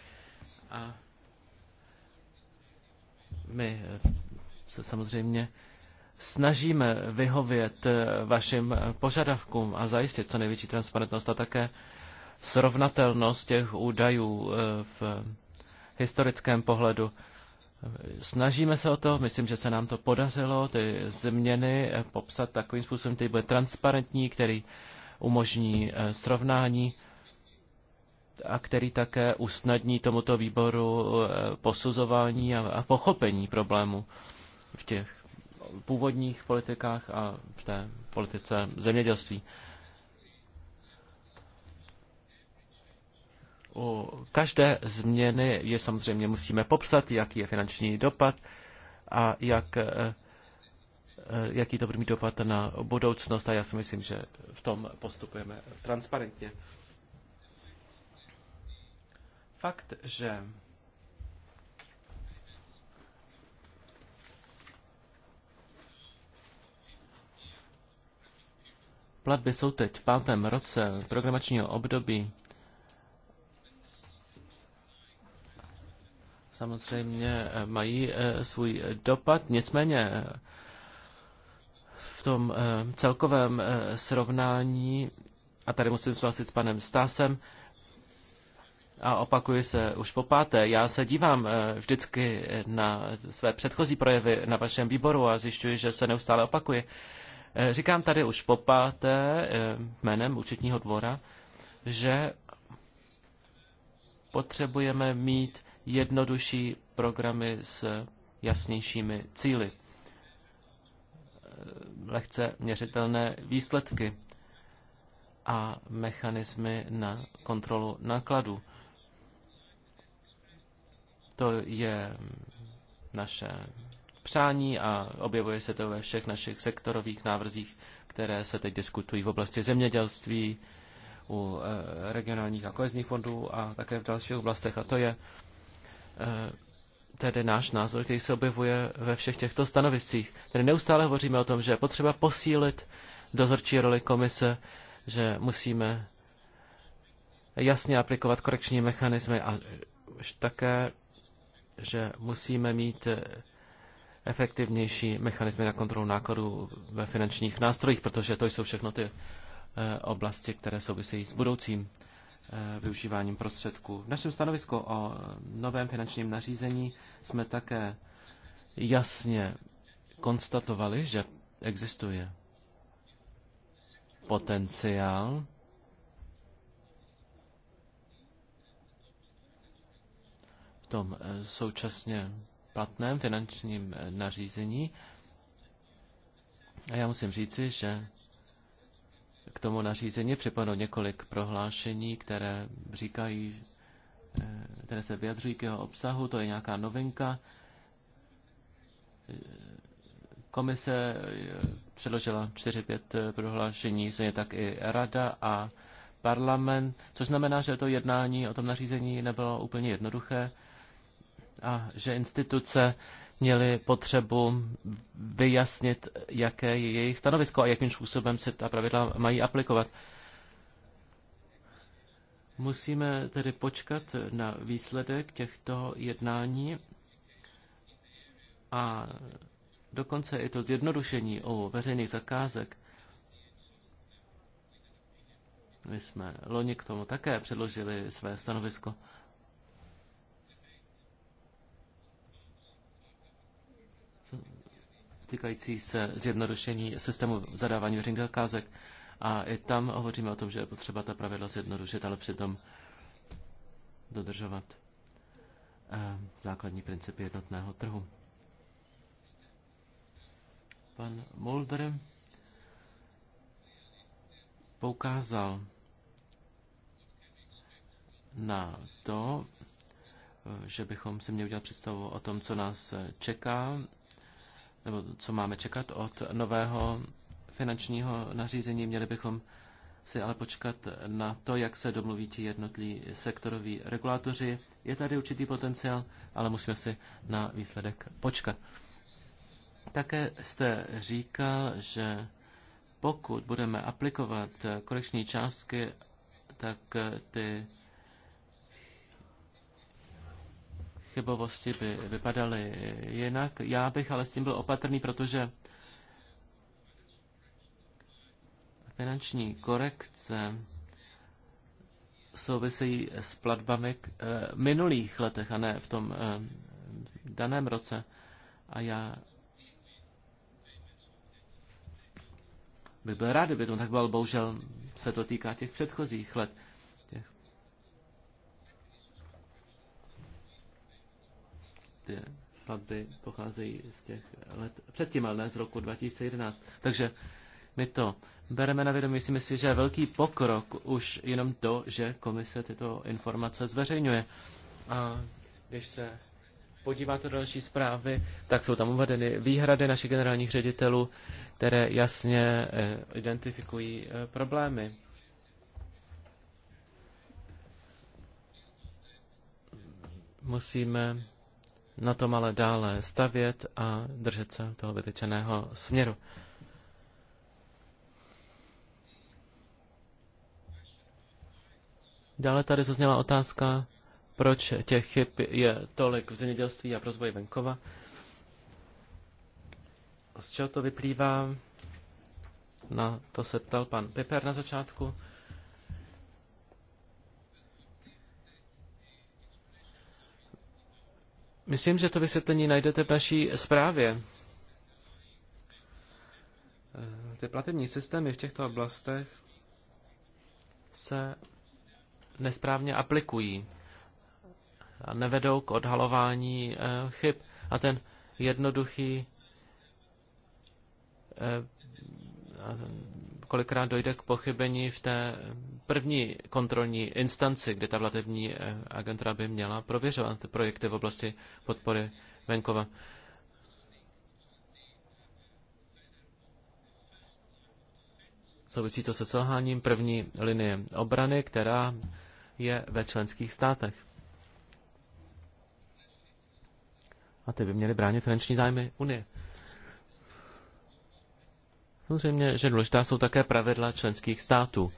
S2: A my eh, se samozřejmě snažíme vyhovět eh, vašim eh, požadavkům a zajistit co největší transparentnost a také srovnatelnost těch údajů v historickém pohledu. Snažíme se o to, myslím, že se nám to podařilo, ty změny popsat takovým způsobem, který bude transparentní, který umožní srovnání a který také usnadní tomuto výboru eh, posuzování a, a pochopení problému v těch původních politikách a v té politice zemědělství. U každé změny je samozřejmě musíme popsat, jaký je finanční dopad a jak, eh, eh, jaký to bude mít dopad na budoucnost a já si myslím, že v tom postupujeme transparentně. Fakt, že platby jsou teď v pátém roce programačního období, samozřejmě eh, mají eh, svůj dopad, nicméně eh, v tom celkovém srovnání, a tady musím souhlasit s panem Stásem, a opakuji se už po páté, já se dívám eh, vždycky na své předchozí projevy na vašem výboru a zjišťuji, že se neustále opakuje. Eh, říkám tady už po páté eh, jménem účetního dvora, že potřebujeme mít jednodušší programy s jasnějšími cíly, lehce měřitelné výsledky a mechanismy na kontrolu nákladů. To je naše přání a objevuje se to ve všech našich sektorových návrzích, které se teď diskutují v oblasti zemědělství, u eh, regionálních a kohezních fondů a také v dalších oblastech. A to je eh, tedy náš názor, který se objevuje ve všech těchto stanoviscích. Tedy neustále hovoříme o tom, že je potřeba posílit dozorčí roli komise, že musíme jasně aplikovat korekční mechanismy a také že musíme mít efektivnější mechanismy na kontrolu nákladů ve finančních nástrojích, protože to jsou všechno ty eh, oblasti, které souvisejí s budoucím eh, využíváním prostředků. V našem stanovisku o eh, novém finančním nařízení jsme také jasně konstatovali, že existuje potenciál tom eh, současně platném finančním eh, nařízení. A já musím říci, že k tomu nařízení připadlo několik prohlášení, které říkají, eh, které se vyjadřují k jeho obsahu, to je nějaká novinka. Komise předložila 4-5 prohlášení, je tak i rada a parlament, což znamená, že to jednání o tom nařízení nebylo úplně jednoduché a že instituce měly potřebu vyjasnit, jaké je jejich stanovisko a jakým způsobem se ta pravidla mají aplikovat. Musíme tedy počkat na výsledek těchto jednání a dokonce i to zjednodušení o veřejných zakázek. My jsme loni k tomu také předložili své stanovisko. týkající se zjednodušení systému zadávání veřejných zakázek. A i tam hovoříme o tom, že je potřeba ta pravidla zjednodušit, ale přitom dodržovat eh, základní principy jednotného trhu. Pan Mulder poukázal na to, eh, že bychom si měli udělat představu o tom, co nás čeká nebo co máme čekat od nového finančního nařízení. Měli bychom si ale počkat na to, jak se domluví ti jednotlí sektoroví regulátoři. Je tady určitý potenciál, ale musíme si na výsledek počkat. Také jste říkal, že pokud budeme aplikovat korekční částky, tak ty chybovosti by vypadaly jinak. Já bych ale s tím byl opatrný, protože finanční korekce souvisejí s platbami k eh, minulých letech a ne v tom eh, daném roce. A já bych byl rád, kdyby to tak bylo, bohužel se to týká těch předchozích let. prostě platby pocházejí z těch let předtím, ale ne z roku 2011. Takže my to bereme na vědomí. Myslím si, že je velký pokrok už jenom to, že komise tyto informace zveřejňuje. A když se podíváte do další zprávy, tak jsou tam uvedeny výhrady našich generálních ředitelů, které jasně eh, identifikují eh, problémy. Musíme na tom ale dále stavět a držet se toho vytyčeného směru. Dále tady zazněla otázka, proč těch chyb je tolik v zemědělství a v rozvoji venkova. Z čeho to vyplývá? Na to se ptal pan Piper na začátku. Myslím, že to vysvětlení najdete v naší zprávě. Eh, ty platební systémy v těchto oblastech se nesprávně aplikují a nevedou k odhalování eh, chyb. A ten jednoduchý eh, kolikrát dojde k pochybení v té první kontrolní instanci, kde ta platební agentura by měla prověřovat projekty v oblasti podpory venkova. Souvisí to se selháním první linie obrany, která je ve členských státech. A ty by měly bránit finanční zájmy Unie. Samozřejmě, že důležitá jsou také pravidla členských států.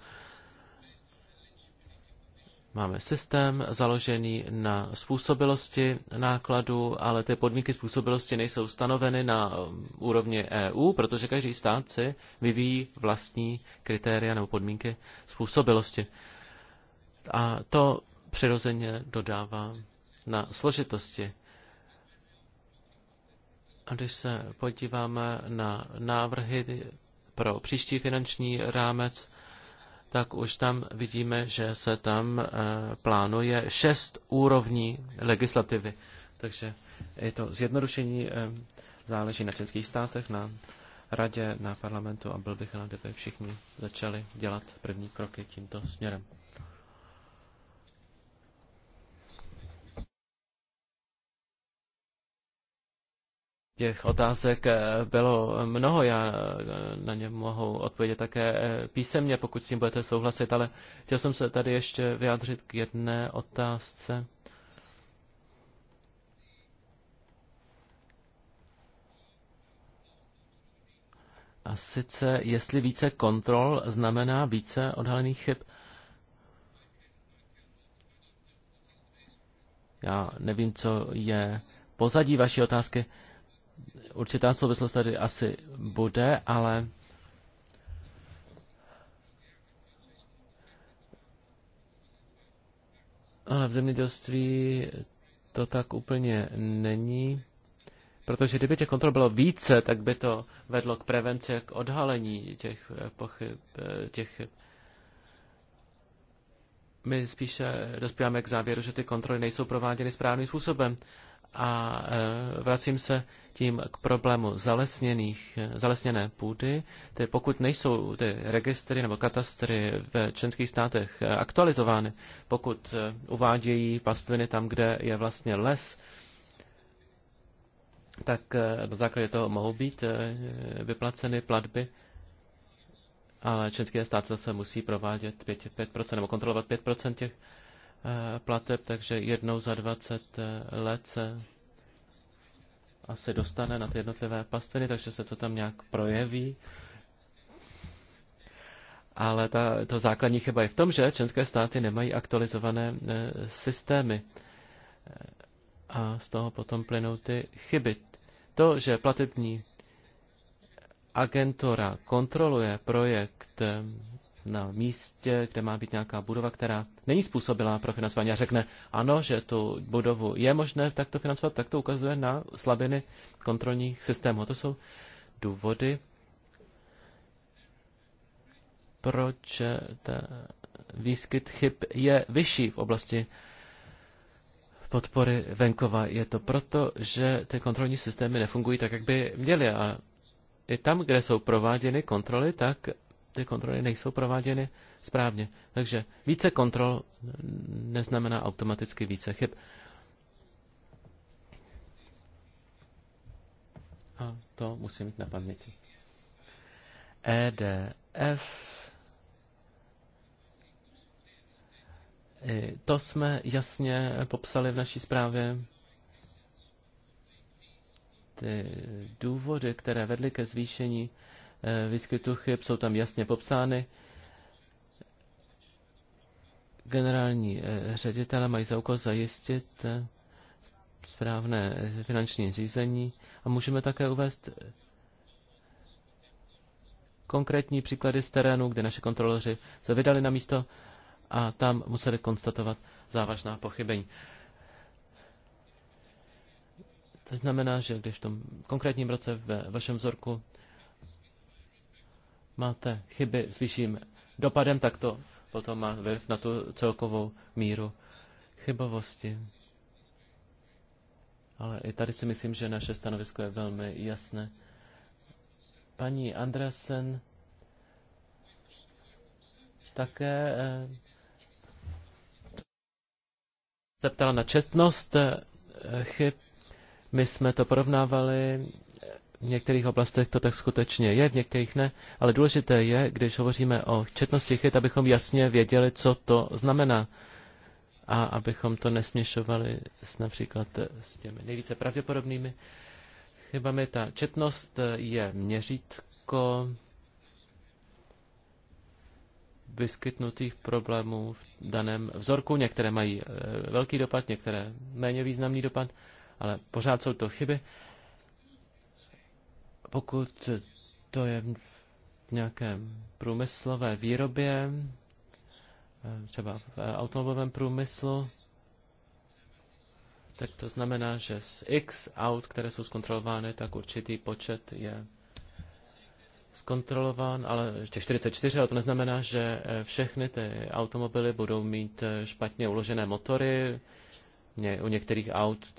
S2: Máme systém založený na způsobilosti nákladu, ale ty podmínky způsobilosti nejsou stanoveny na um, úrovni EU, protože každý stát si vyvíjí vlastní kritéria nebo podmínky způsobilosti. A to přirozeně dodává na složitosti. A když se podíváme na návrhy pro příští finanční rámec, tak už tam vidíme, že se tam eh, plánuje šest úrovní legislativy. Takže je to zjednodušení, eh, záleží na českých státech, na radě, na parlamentu a byl bych rád, kdyby všichni začali dělat první kroky tímto směrem. Těch otázek eh, bylo mnoho, já eh, na ně mohu odpovědět také eh, písemně, pokud s tím budete souhlasit, ale chtěl jsem se tady ještě vyjádřit k jedné otázce. A sice, jestli více kontrol znamená více odhalených chyb. Já nevím, co je pozadí vaší otázky určitá souvislost tady asi bude, ale ale v zemědělství to tak úplně není. Protože kdyby těch kontrol bylo více, tak by to vedlo k prevenci, k odhalení těch eh, pochyb, eh, těch my spíše dospíváme k závěru, že ty kontroly nejsou prováděny správným způsobem. A e, vracím se tím k problému zalesněných, e, zalesněné půdy. Tedy pokud nejsou ty registry nebo katastry v členských státech e, aktualizovány, pokud uvádějí pastviny tam, kde je vlastně les, tak na základě toho mohou být vyplaceny platby, ale členské státy zase musí provádět 5, 5% nebo kontrolovat 5% těch Eh, plateb, takže jednou za 20 eh, let se asi dostane na ty jednotlivé pastviny, takže se to tam nějak projeví. Ale ta, to základní chyba je v tom, že členské státy nemají aktualizované eh, systémy. A z toho potom plynou ty chyby. To, že platební agentura kontroluje projekt na místě, kde má být nějaká budova, která není způsobila pro financování a řekne ano, že tu budovu je možné takto financovat, tak to ukazuje na slabiny kontrolních systémů. To jsou důvody, proč ta výskyt chyb je vyšší v oblasti podpory venkova. Je to proto, že ty kontrolní systémy nefungují tak, jak by měly. A i tam, kde jsou prováděny kontroly, tak ty kontroly nejsou prováděny správně. Takže více kontrol neznamená automaticky více chyb. A to musím mít na paměti. EDF. To jsme jasně popsali v naší zprávě. Ty důvody, které vedly ke zvýšení Eh, výskytu chyb, jsou tam jasně popsány. Generální eh, ředitele mají za úkol zajistit eh, správné finanční řízení a můžeme také uvést konkrétní příklady z terénu, kde naše kontroloři se vydali na místo a tam museli konstatovat závažná pochybení. To znamená, že když v tom konkrétním roce ve vašem vzorku máte chyby s vyšším dopadem, tak to potom má vliv na tu celkovou míru chybovosti. Ale i tady si myslím, že naše stanovisko je velmi jasné. Paní Andresen také eh, se ptala na četnost eh, chyb. My jsme to porovnávali v některých oblastech to tak skutečně je, v některých ne, ale důležité je, když hovoříme o četnosti chyt, abychom jasně věděli, co to znamená a abychom to nesměšovali s například s těmi nejvíce pravděpodobnými chybami. Ta četnost je měřítko vyskytnutých problémů v daném vzorku. Některé mají eh, velký dopad, některé méně významný dopad, ale pořád jsou to chyby pokud to je v nějaké průmyslové výrobě, eh, třeba v eh, automobilovém průmyslu, tak to znamená, že z x aut, které jsou zkontrolovány, tak určitý počet je zkontrolován, ale těch 44, ale to neznamená, že eh, všechny ty automobily budou mít špatně uložené motory. U některých aut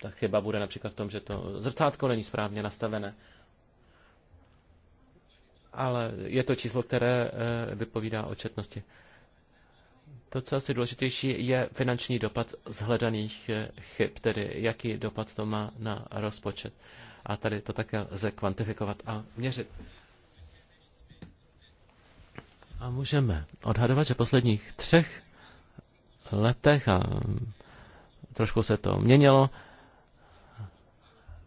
S2: ta chyba bude například v tom, že to zrcátko není správně nastavené. Ale je to číslo, které eh, vypovídá o četnosti. To, co asi důležitější, je finanční dopad hledaných eh, chyb, tedy jaký dopad to má na rozpočet. A tady to také lze kvantifikovat a měřit. A můžeme odhadovat, že posledních třech letech, a mm, trošku se to měnilo,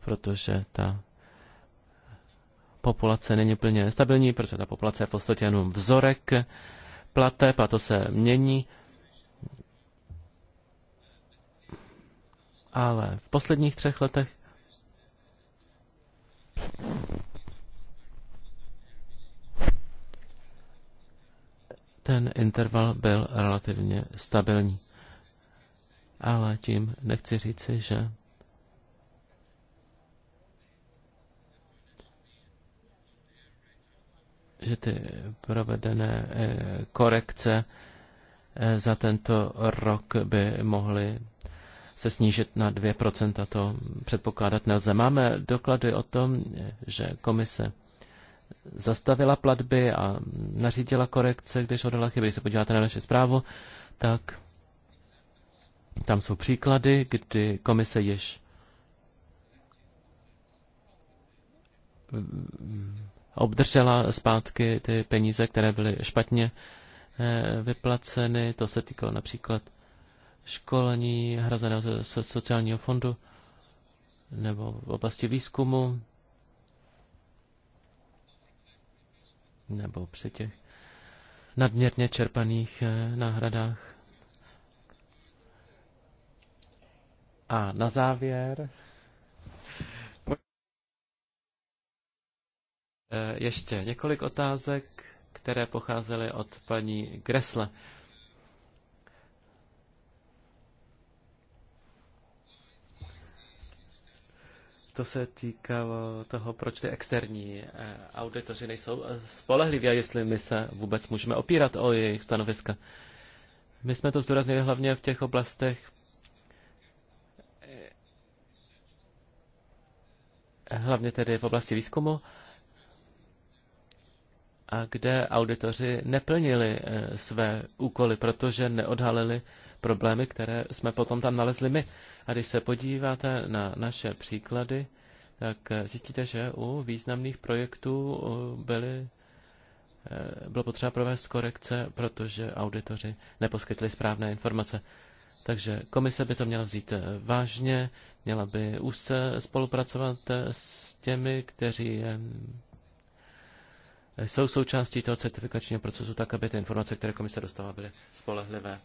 S2: protože ta populace není plně stabilní, protože ta populace je v podstatě jenom vzorek plateb a to se mění. Ale v posledních třech letech ten interval byl relativně stabilní. Ale tím nechci říci, že že ty provedené eh, korekce eh, za tento rok by mohly se snížit na 2%, to předpokládat nelze. Máme doklady o tom, eh, že komise zastavila platby a nařídila korekce, když odala chyby. Když se podíváte na naši zprávu, tak tam jsou příklady, kdy komise již obdržela zpátky ty peníze, které byly špatně eh, vyplaceny. To se týkalo například školení hrazeného ze sociálního fondu nebo v oblasti výzkumu nebo při těch nadměrně čerpaných eh, náhradách. A na závěr Eh, ještě několik otázek, které pocházely od paní Gresle. To se týkalo toho, proč ty externí eh, auditoři nejsou eh, spolehliví a jestli my se vůbec můžeme opírat o jejich stanoviska. My jsme to zdůraznili hlavně v těch oblastech, hlavně tedy v oblasti výzkumu, a kde auditoři neplnili eh, své úkoly, protože neodhalili problémy, které jsme potom tam nalezli my. A když se podíváte na naše příklady, tak eh, zjistíte, že u významných projektů eh, byly, bylo potřeba provést korekce, protože auditoři neposkytli správné informace. Takže komise by to měla vzít vážně, měla by úzce spolupracovat s těmi, kteří Eh, jsou součástí toho certifikačního procesu tak, aby ty informace, které komise dostala, byly spolehlivé.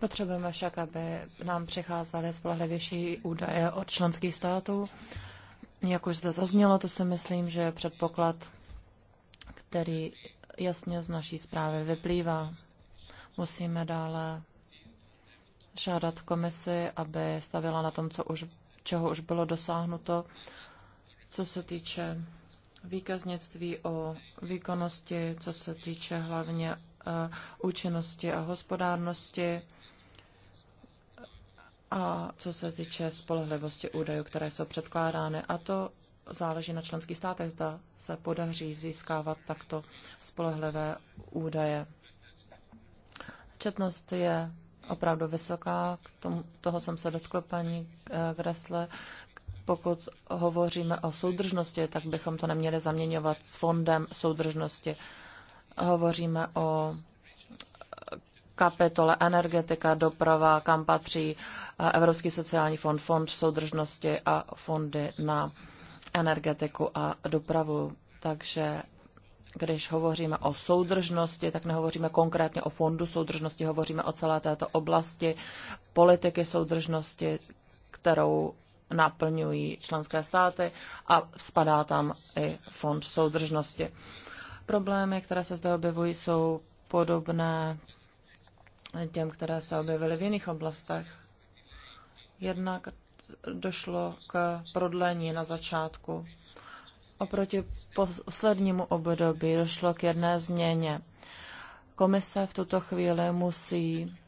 S1: Potřebujeme však, aby nám přicházely spolehlivější údaje od členských států. Jak už zde zaznělo, to si myslím, že je předpoklad, který jasně z naší zprávy vyplývá. Musíme dále žádat komisi, aby stavila na tom, co už, čeho už bylo dosáhnuto, co se týče výkaznictví o výkonnosti, co se týče hlavně eh, účinnosti a hospodárnosti a co se týče spolehlivosti údajů, které jsou předkládány. A to záleží na členských státech, zda se podaří získávat takto spolehlivé údaje. Četnost je opravdu vysoká, k tomu, toho jsem se dotkl paní eh, Gressle, pokud hovoříme o soudržnosti, tak bychom to neměli zaměňovat s fondem soudržnosti. Hovoříme o kapitole energetika, doprava, kam patří Evropský sociální fond, fond soudržnosti a fondy na energetiku a dopravu. Takže když hovoříme o soudržnosti, tak nehovoříme konkrétně o fondu soudržnosti, hovoříme o celé této oblasti politiky soudržnosti, kterou naplňují členské státy a spadá tam i fond soudržnosti. Problémy, které se zde objevují, jsou podobné těm, které se objevily v jiných oblastech. Jednak došlo k prodlení na začátku. Oproti poslednímu období došlo k jedné změně. Komise v tuto chvíli musí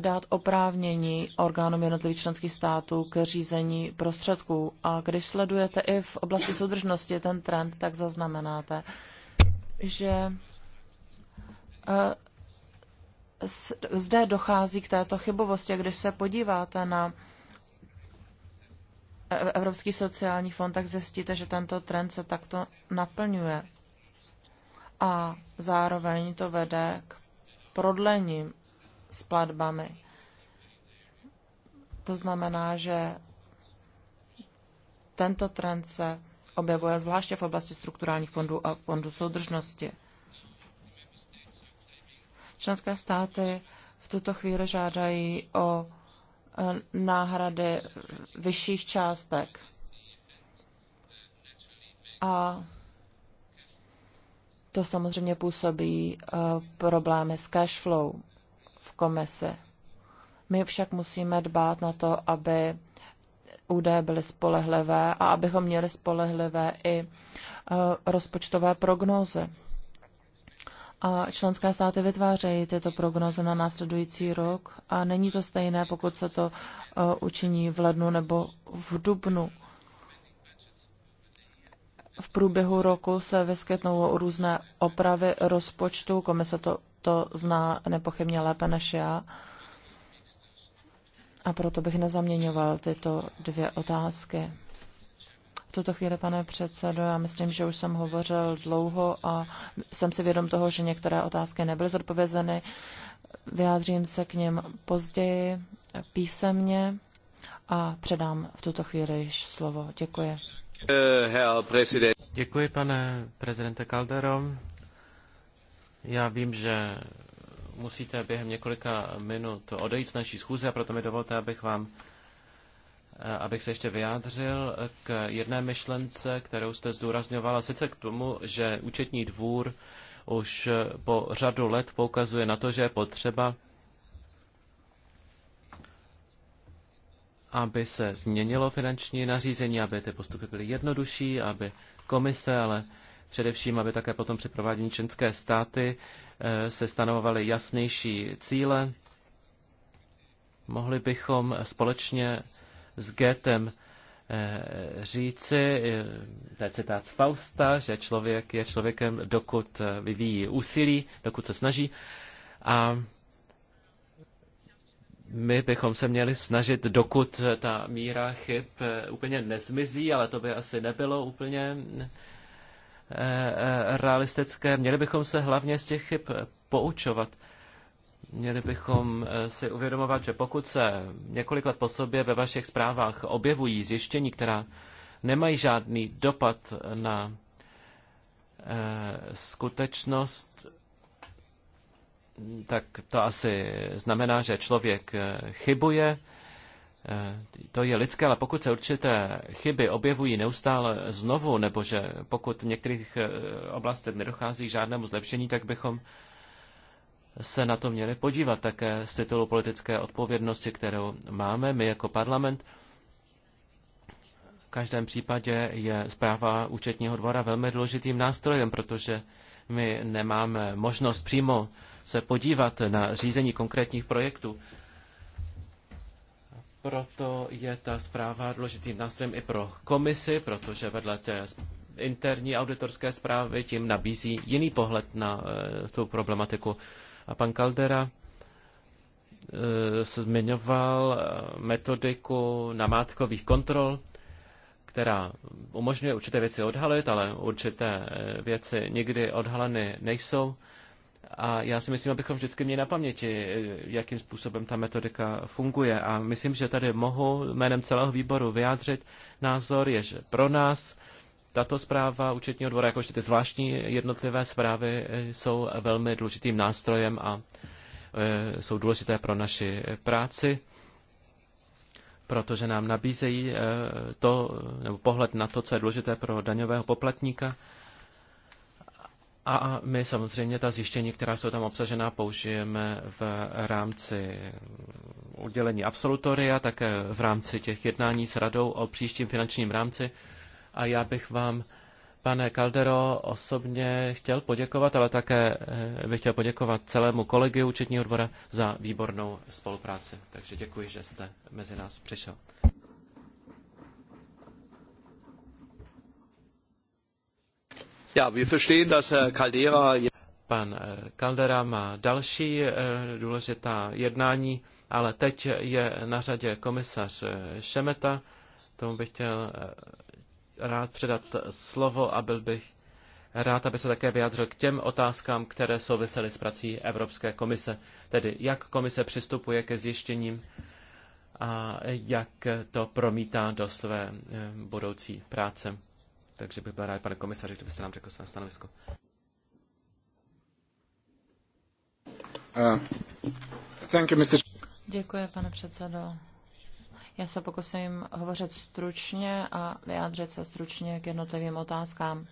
S1: dát oprávnění orgánům jednotlivých členských států k řízení prostředků. A když sledujete i v oblasti soudržnosti ten trend, tak zaznamenáte, že eh, zde dochází k této chybovosti. Když se podíváte na eh, Evropský sociální fond, tak zjistíte, že tento trend se takto naplňuje. A zároveň to vede k prodlením s platbami. To znamená, že tento trend se objevuje zvláště v oblasti strukturálních fondů a fondů soudržnosti. Členské státy v tuto chvíli žádají o eh, náhrady vyšších částek. A to samozřejmě působí eh, problémy s cash flow v komisi. My však musíme dbát na to, aby údaje byly spolehlivé a abychom měli spolehlivé i e, rozpočtové prognózy. A členské státy vytvářejí tyto prognozy na následující rok a není to stejné, pokud se to e, učiní v lednu nebo v dubnu. V průběhu roku se vyskytnou různé opravy rozpočtu, komise to to zná nepochybně lépe než já. A proto bych nezaměňoval tyto dvě otázky. V tuto chvíli, pane předsedo, já myslím, že už jsem hovořil dlouho a jsem si vědom toho, že některé otázky nebyly zodpovězeny. Vyjádřím se k něm později písemně a předám v tuto chvíli již slovo. Děkuji.
S2: Eh, Děkuji, pane prezidente Calderon. Já vím, že musíte během několika minut odejít z naší schůze a proto mi dovolte, abych vám eh, abych se ještě vyjádřil k jedné myšlence, kterou jste zdůrazňovala, sice k tomu, že účetní dvůr už po řadu let poukazuje na to, že je potřeba, aby se změnilo finanční nařízení, aby ty postupy byly jednodušší, aby komise, ale především, aby také potom při provádění členské státy eh, se stanovovaly jasnější cíle. Mohli bychom společně s Getem eh, říci, eh, to je citát z Fausta, že člověk je člověkem, dokud vyvíjí úsilí, dokud se snaží. A my bychom se měli snažit, dokud ta míra chyb úplně nezmizí, ale to by asi nebylo úplně realistické. Měli bychom se hlavně z těch chyb poučovat. Měli bychom eh, si uvědomovat, že pokud se několik let po sobě ve vašich zprávách objevují zjištění, která nemají žádný dopad na eh, skutečnost, tak to asi znamená, že člověk eh, chybuje. Eh, to je lidské, ale pokud se určité chyby objevují neustále znovu, nebo že pokud v některých eh, oblastech nedochází žádnému zlepšení, tak bychom se na to měli podívat také z titulu politické odpovědnosti, kterou máme my jako parlament. V každém případě je zpráva účetního dvora velmi důležitým nástrojem, protože my nemáme možnost přímo se podívat na řízení konkrétních projektů. Proto je ta zpráva důležitým nástrojem i pro komisi, protože vedle té interní auditorské zprávy tím nabízí jiný pohled na eh, tu problematiku. A pan Caldera eh, zmiňoval eh, metodiku namátkových kontrol, která umožňuje určité věci odhalit, ale určité věci nikdy odhaleny nejsou. A já si myslím, abychom vždycky měli na paměti, eh, jakým způsobem ta metodika funguje. A myslím, že tady mohu jménem celého výboru vyjádřit názor, je, že pro nás tato zpráva účetního dvora, jakož ty zvláštní jednotlivé zprávy, eh, jsou velmi důležitým nástrojem a eh, jsou důležité pro naši práci, protože nám nabízejí to, nebo pohled na to, co je důležité pro daňového poplatníka a my samozřejmě ta zjištění, která jsou tam obsažená, použijeme v rámci udělení absolutoria, také v rámci těch jednání s radou o příštím finančním rámci. A já bych vám, pane Caldero, osobně chtěl poděkovat, ale také eh, bych chtěl poděkovat celému kolegiu účetního dvora za výbornou spolupráci. Takže děkuji, že jste mezi nás přišel. Äh, Pan eh, Caldera má další eh, důležitá jednání, ale teď je na řadě komisař eh, Šemeta. Tomu bych chtěl rád předat slovo a byl bych rád, aby se také vyjádřil k těm otázkám, které souvisely s prací Evropské komise, tedy jak komise přistupuje ke zjištěním a jak to promítá do své budoucí práce. Takže bych byl rád, pane komisaři, kdybyste nám řekl své stanovisko. Uh,
S1: thank you, Mr. Děkuji, pane předsedo. Já se pokusím hovořit stručně a vyjádřit se stručně k jednotlivým otázkám.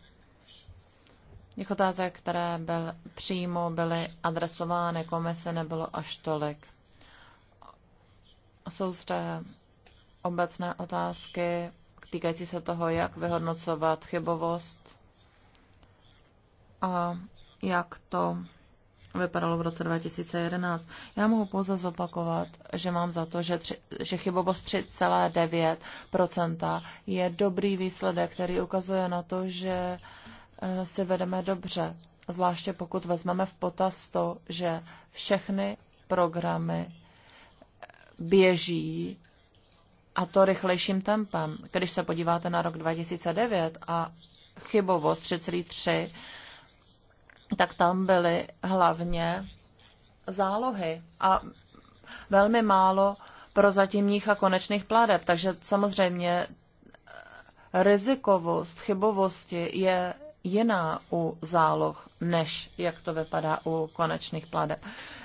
S1: Těch otázek, které byl, přímo byly adresovány komise, nebylo až tolik. Jsou zde obecné otázky týkající se toho, jak vyhodnocovat chybovost a jak to vypadalo v roce 2011. Já mohu pouze zopakovat, že mám za to, že, tři, že chybovost 3,9% je dobrý výsledek, který ukazuje na to, že eh, si vedeme dobře. Zvláště pokud vezmeme v potaz to, že všechny programy běží a to rychlejším tempem. Když se podíváte na rok 2009 a chybovost 3,3, tak tam byly hlavně zálohy a velmi málo prozatímních a konečných pládeb. Takže samozřejmě rizikovost chybovosti je jiná u záloh, než jak to vypadá u konečných pladeb.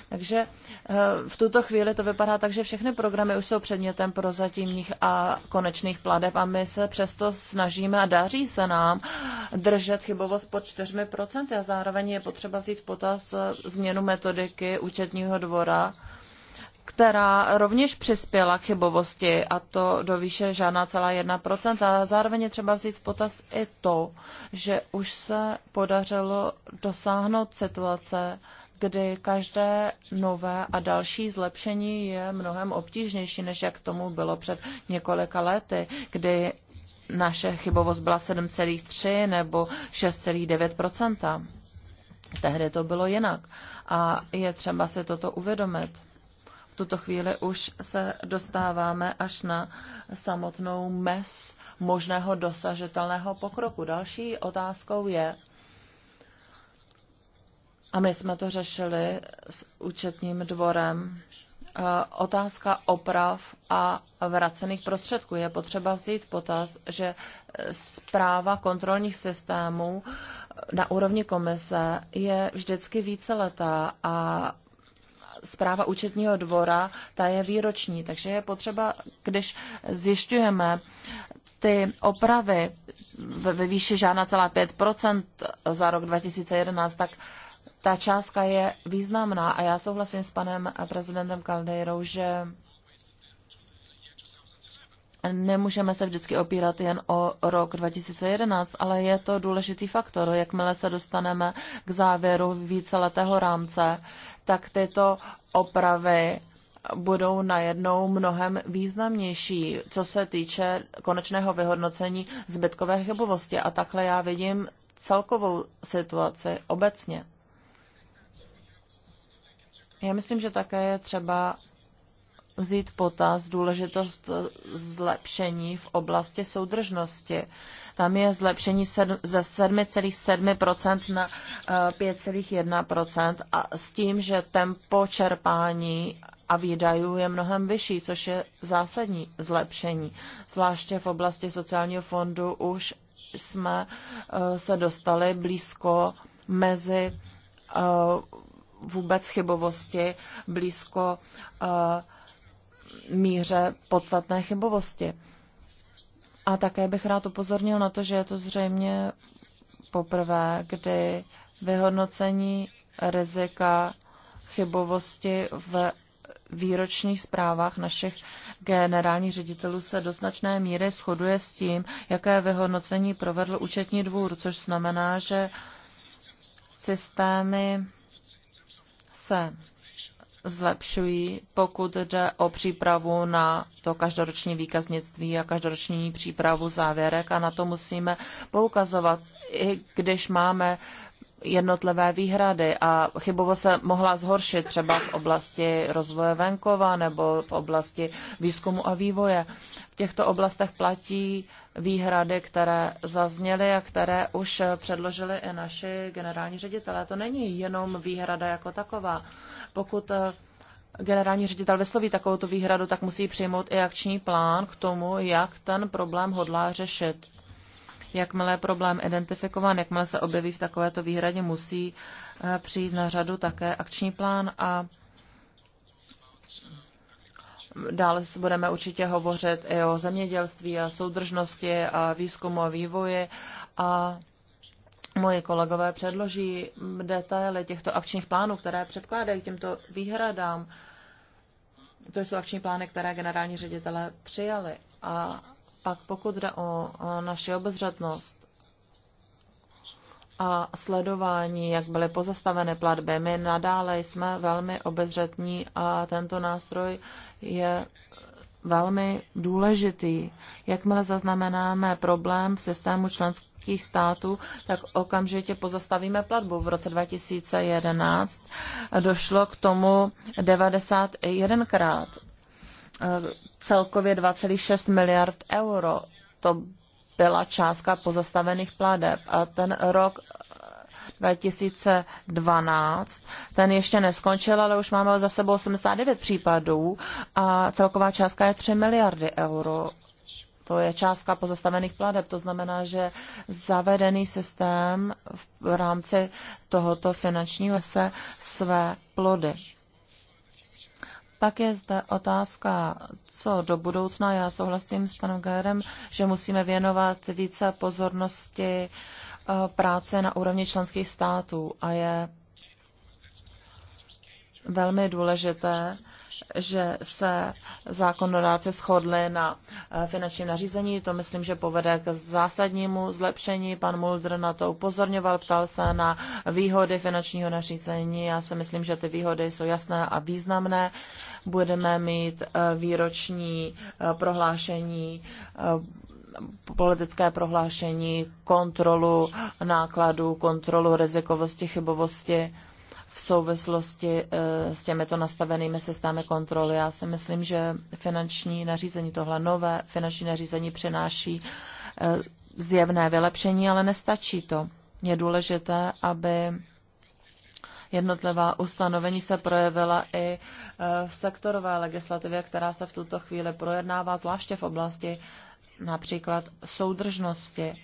S1: Takže eh, v tuto chvíli to vypadá tak, že všechny programy už jsou předmětem prozatímních a konečných pladeb a my se přesto snažíme a daří se nám držet chybovost pod 4% a zároveň je potřeba vzít potaz eh, změnu metodiky účetního dvora, která rovněž přispěla k chybovosti, a to do výše žádná celá 1%. A zároveň je třeba vzít v potaz i to, že už se podařilo dosáhnout situace, kdy každé nové a další zlepšení je mnohem obtížnější, než jak tomu bylo před několika lety, kdy naše chybovost byla 7,3 nebo 6,9 Tehdy to bylo jinak. A je třeba si toto uvědomit tuto chvíli už se dostáváme až na samotnou mes možného dosažitelného pokroku. Další otázkou je, a my jsme to řešili s účetním dvorem, eh, otázka oprav a vracených prostředků. Je potřeba vzít potaz, že zpráva kontrolních systémů na úrovni komise je vždycky víceletá a zpráva účetního dvora, ta je výroční, takže je potřeba, když zjišťujeme ty opravy ve výši žádná celá 5% za rok 2011, tak ta částka je významná a já souhlasím s panem prezidentem Caldeirou, že nemůžeme se vždycky opírat jen o rok 2011, ale je to důležitý faktor. Jakmile se dostaneme k závěru víceletého rámce, tak tyto opravy budou najednou mnohem významnější, co se týče konečného vyhodnocení zbytkové chybovosti. A takhle já vidím celkovou situaci obecně. Já myslím, že také je třeba vzít potaz důležitost zlepšení v oblasti soudržnosti. Tam je zlepšení ze 7,7% na 5,1% eh, a s tím, že tempo čerpání a výdajů je mnohem vyšší, což je zásadní zlepšení. Zvláště v oblasti sociálního fondu už jsme eh, se dostali blízko mezi eh, vůbec chybovosti, blízko uh, míře podstatné chybovosti. A také bych rád upozornil na to, že je to zřejmě poprvé, kdy vyhodnocení rizika chybovosti v výročních zprávách našich generálních ředitelů se do značné míry shoduje s tím, jaké vyhodnocení provedl účetní dvůr, což znamená, že systémy se zlepšují, pokud jde o přípravu na to každoroční výkaznictví a každoroční přípravu závěrek a na to musíme poukazovat, i když máme uh, jednotlivé výhrady a chybovost se mohla zhoršit třeba v oblasti rozvoje venkova nebo v oblasti výzkumu a vývoje. V těchto oblastech platí výhrady, které zazněly a které už předložili i naši generální ředitelé. To není jenom výhrada jako taková. Pokud eh, generální ředitel vysloví takovouto výhradu, tak musí přijmout i akční plán k tomu, jak ten problém hodlá řešit. Jakmile je problém identifikován, jakmile se objeví v takovéto výhradě, musí eh, přijít na řadu také akční plán a Dále budeme určitě hovořit i o zemědělství a soudržnosti a výzkumu a vývoji a moji kolegové předloží detaily těchto akčních plánů, které předkládají těmto výhradám. To jsou akční plány, které generální ředitele přijali a pak pokud jde o, naši obezřetnost a sledování, jak byly pozastaveny platby, my nadále jsme velmi obezřetní a tento nástroj je velmi důležitý. Jakmile zaznamenáme problém v systému členských států, tak okamžitě pozastavíme platbu. V roce 2011 došlo k tomu 91krát celkově 2,6 miliard euro. To byla částka pozastavených pladeb. A ten rok 2012. Eh, ten ještě neskončil, ale už máme za sebou 89 případů a celková částka je 3 miliardy euro. To je částka pozastavených pladeb. To znamená, že zavedený systém v rámci tohoto finančního se své plody. Pak je zde otázka, co do budoucna. Já souhlasím s panem Gérem, že musíme věnovat více pozornosti eh, práce na úrovni členských států a je velmi důležité, že se zákonodáce shodli na eh, finančním nařízení. To myslím, že povede k zásadnímu zlepšení. Pan Mulder na to upozorňoval, ptal se na výhody finančního nařízení. Já si myslím, že ty výhody jsou jasné a významné. Budeme mít eh, výroční eh, prohlášení politické prohlášení, kontrolu nákladů, kontrolu rizikovosti, chybovosti v souvislosti eh, s těmito nastavenými systémy kontroly. Já si myslím, že finanční nařízení, tohle nové finanční nařízení přináší eh, zjevné vylepšení, ale nestačí to. Je důležité, aby jednotlivá ustanovení se projevila i eh, v sektorové legislativě, která se v tuto chvíli projednává, zvláště v oblasti například soudržnosti.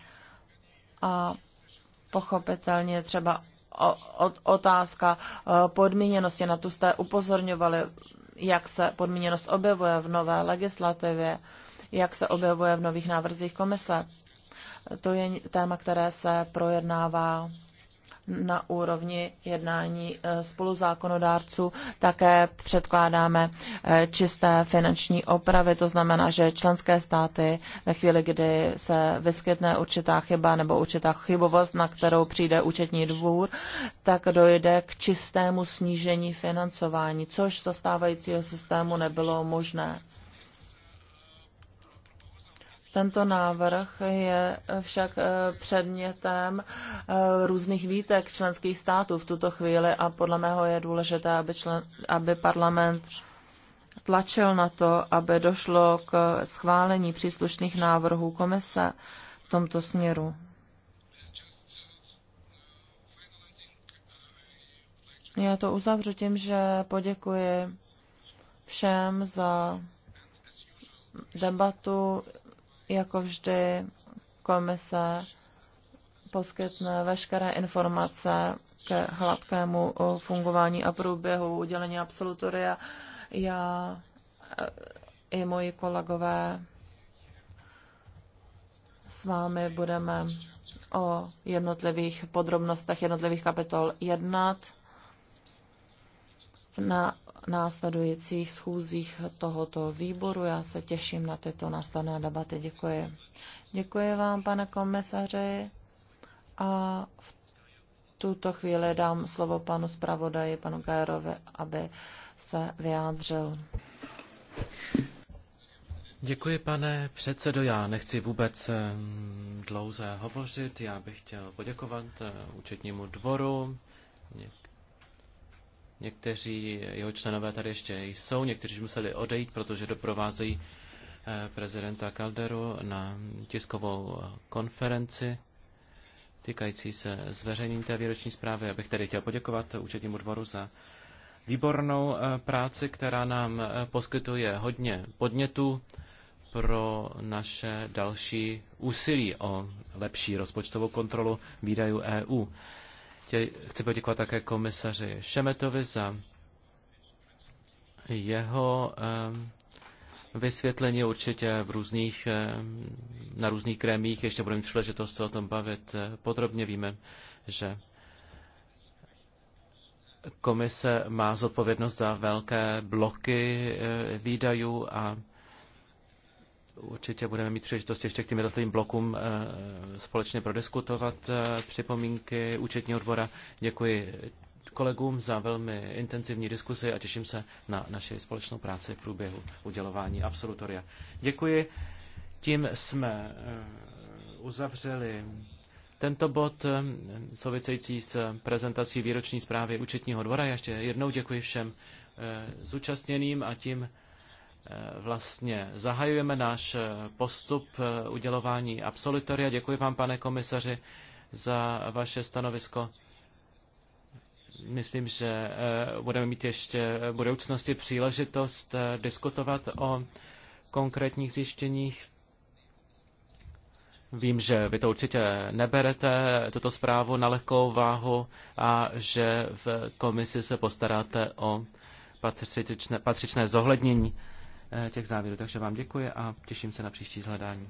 S1: A pochopitelně třeba otázka e, podmíněnosti. Na tu jste upozorňovali, jak se podmíněnost objevuje v nové legislativě, jak se objevuje v nových návrzích komise. To je téma, které se projednává na úrovni jednání eh, spoluzákonodárců. Také předkládáme eh, čisté finanční opravy, to znamená, že členské státy ve chvíli, kdy se vyskytne určitá chyba nebo určitá chybovost, na kterou přijde účetní dvůr, tak dojde k čistému snížení financování, což zastávajícího systému nebylo možné. Tento návrh je však eh, předmětem eh, různých výtek členských států v tuto chvíli a podle mého je důležité, aby, člen, aby parlament tlačil na to, aby došlo k schválení příslušných návrhů komise v tomto směru. Já to uzavřu tím, že poděkuji všem za debatu. Jako vždy komise poskytne veškeré informace ke hladkému fungování a průběhu udělení absolutoria. Já e, i moji kolegové s vámi budeme o jednotlivých podrobnostech jednotlivých kapitol jednat na následujících schůzích tohoto výboru. Já se těším na tyto následné debaty. Děkuji. Děkuji vám, pane komisaři. A v tuto chvíli dám slovo panu zpravodaji, panu Gajerovi, aby se vyjádřil.
S2: Děkuji, pane předsedo. Já nechci vůbec dlouze hovořit. Já bych chtěl poděkovat eh, účetnímu dvoru, Někteří jeho členové tady ještě jsou, někteří museli odejít, protože doprovázejí eh, prezidenta Calderu na tiskovou konferenci týkající se zveřejnění té výroční zprávy. Abych tedy chtěl poděkovat účetnímu dvoru za výbornou eh, práci, která nám eh, poskytuje hodně podnětů pro naše další úsilí o lepší rozpočtovou kontrolu výdajů EU chci poděkovat také komisaři Šemetovi za jeho vysvětlení určitě v různých, na různých krémích. Ještě budeme mít příležitost se o tom bavit eh, podrobně. Víme, že komise má zodpovědnost za velké bloky eh, výdajů a Určitě budeme mít příležitost ještě k těm jednotlivým blokům eh, společně prodiskutovat eh, připomínky účetního odbora. Děkuji kolegům za velmi intenzivní diskusi a těším se na naši společnou práci v průběhu udělování absolutoria. Děkuji. Tím jsme eh, uzavřeli tento bod související s prezentací výroční zprávy účetního dvora. Já ještě jednou děkuji všem zúčastněným a tím Eh, vlastně zahajujeme náš eh, postup eh, udělování absolutoria. Děkuji vám, pane komisaři, za vaše stanovisko. Myslím, že budeme mít ještě v budoucnosti příležitost diskutovat o konkrétních zjištěních. Vím, že vy to určitě neberete, tuto zprávu na lehkou váhu a že v komisi se postaráte o patřičné, patřičné zohlednění. Eh, těch závěrů. Takže vám děkuji a těším se na příští zhledání.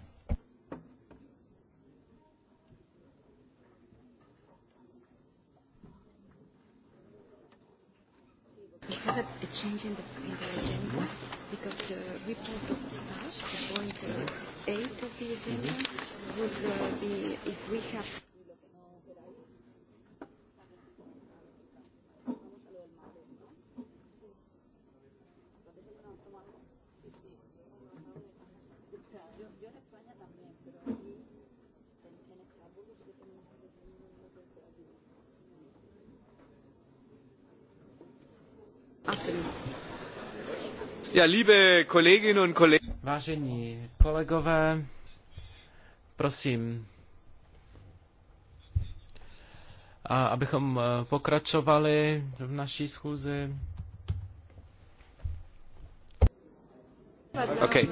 S3: We have a, change in the, in the agenda because the report of the point uh, eight of the agenda, would uh,
S2: be if we have. Vážení kolegové, prosím, abychom e, pokračovali v naší schůzi.
S3: Okay.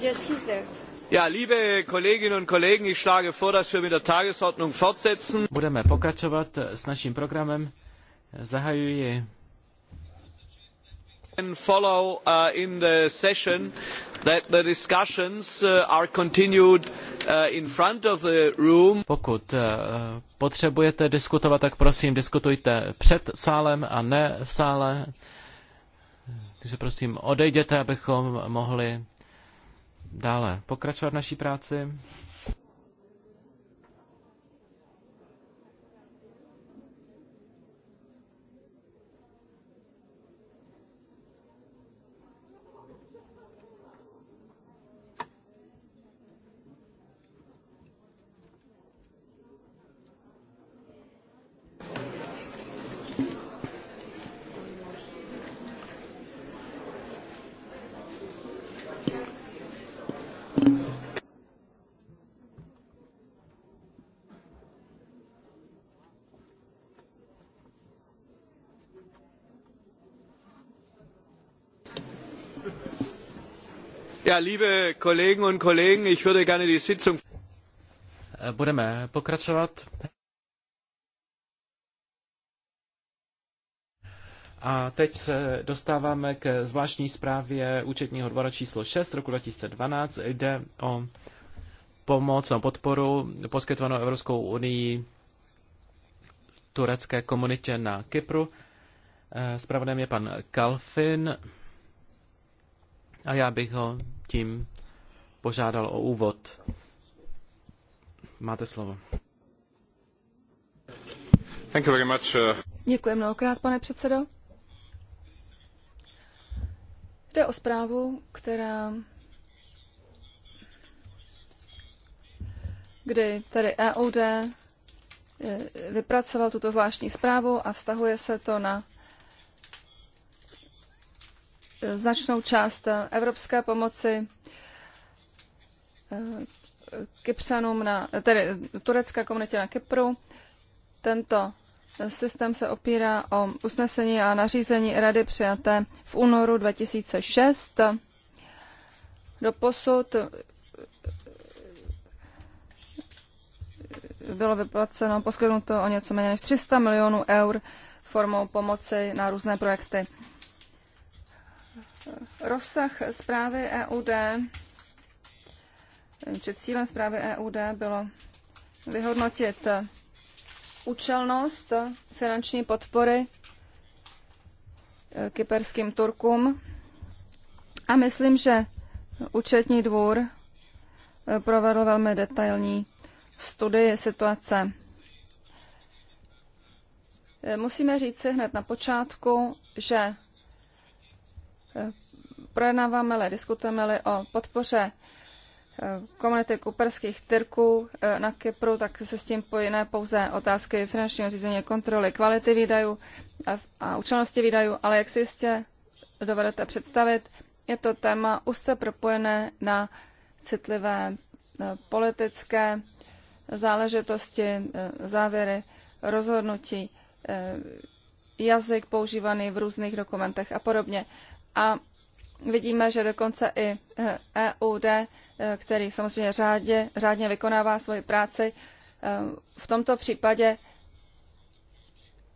S3: Yes, he's there.
S1: Ja, liebe Kolleginnen und Kollegen, ich schlage
S2: vor, dass wir mit der Tagesordnung fortsetzen. Budeme pokračovat s naším programem. Zahajuji can follow uh, in the session that the discussions uh, are continued uh, in front of the room. Pokud potřebujete diskutovat, tak prosím diskutujte před sálem a ne v sále. Takže prosím odejděte, abychom mohli dále pokračovat v naší práci. liebe Kollegen und Kollegen, ich würde gerne die Sitzung... Budeme pokračovat. A teď se dostáváme k zvláštní zprávě účetního dvora číslo 6 roku 2012. Jde o pomoc a podporu poskytovanou Evropskou unii turecké komunitě na Kypru. Spravodajem eh, je pan Kalfin. A já bych ho tím požádal o úvod. Máte slovo. Thank you very much. Uh,
S3: Děkuji mnohokrát, pane předsedo. Jde o zprávu, která kdy tedy EUD eh, vypracoval tuto zvláštní zprávu a vztahuje se to na značnou část evropské pomoci eh, Kypřanům na, tedy turecké komunitě na Kypru. Tento systém se opírá o usnesení a nařízení Rady přijaté v únoru 2006. Do posud bylo vyplaceno, poskytnuto o něco méně než 300 milionů eur formou pomoci na různé projekty. Rozsah zprávy EUD, že cílem zprávy EUD bylo vyhodnotit účelnost finanční podpory eh, kyperským Turkům. A myslím, že účetní dvůr eh, provedl velmi detailní studii situace. Eh, musíme si hned na počátku, že projednáváme-li, diskutujeme-li o podpoře eh, komunity kuperských tyrků eh, na Kypru, tak se s tím pojiné pouze otázky finančního řízení, kontroly, kvality výdajů a účelnosti výdajů, ale jak si jistě dovedete představit, je to téma úzce propojené na citlivé eh, politické záležitosti, závěry, rozhodnutí, jazyk používaný v různých dokumentech a podobně. A vidíme, že dokonce i EUD, eh, e eh, který samozřejmě řádě, řádně vykonává svoji práci, eh, v tomto případě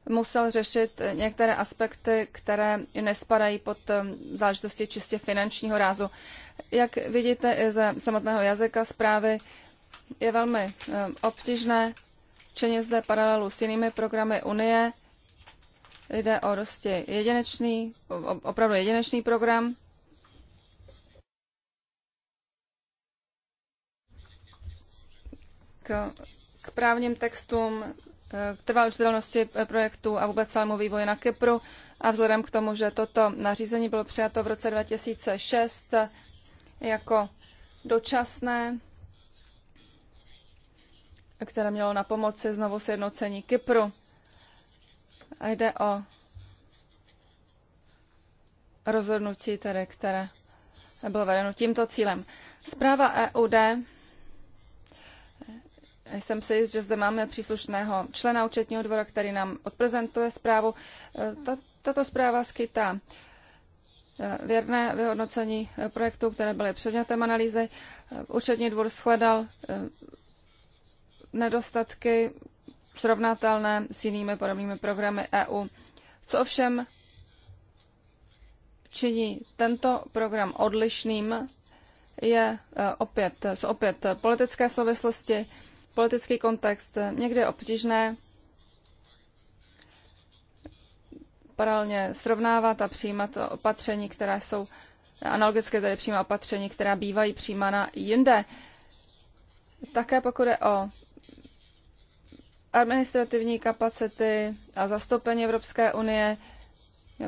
S3: musel řešit některé aspekty, které nespadají pod záležitosti čistě finančního rázu. Jak vidíte i ze samotného jazyka zprávy, je velmi obtížné činit zde paralelu s jinými programy Unie, Jde o prostě jedinečný, opravdu jedinečný program. K, k právním textům, eh, k trvalosti eh, projektu a vůbec celému vývoji na Kypru. A vzhledem k tomu, že toto nařízení bylo přijato v roce 2006 eh, jako dočasné, které mělo na pomoci znovu sjednocení Kypru. A jde o rozhodnutí, tedy, které bylo vedeno tímto cílem. Zpráva EUD, jsem si jist, že zde máme příslušného člena účetního dvora, který nám odprezentuje zprávu. Tato zpráva skytá eh, věrné vyhodnocení eh, projektů, které byly předmětem analýzy. Eh, účetní dvor shledal nedostatky, srovnatelné s jinými podobnými programy EU. Co ovšem činí tento program odlišným, je eh, opět, jsou opět politické souvislosti, politický kontext. Někdy je obtížné paralelně srovnávat a přijímat opatření, která jsou analogicky tedy přijímat opatření, která bývají přijímána jinde. Také pokud je o administrativní kapacity a zastoupení Evropské unie.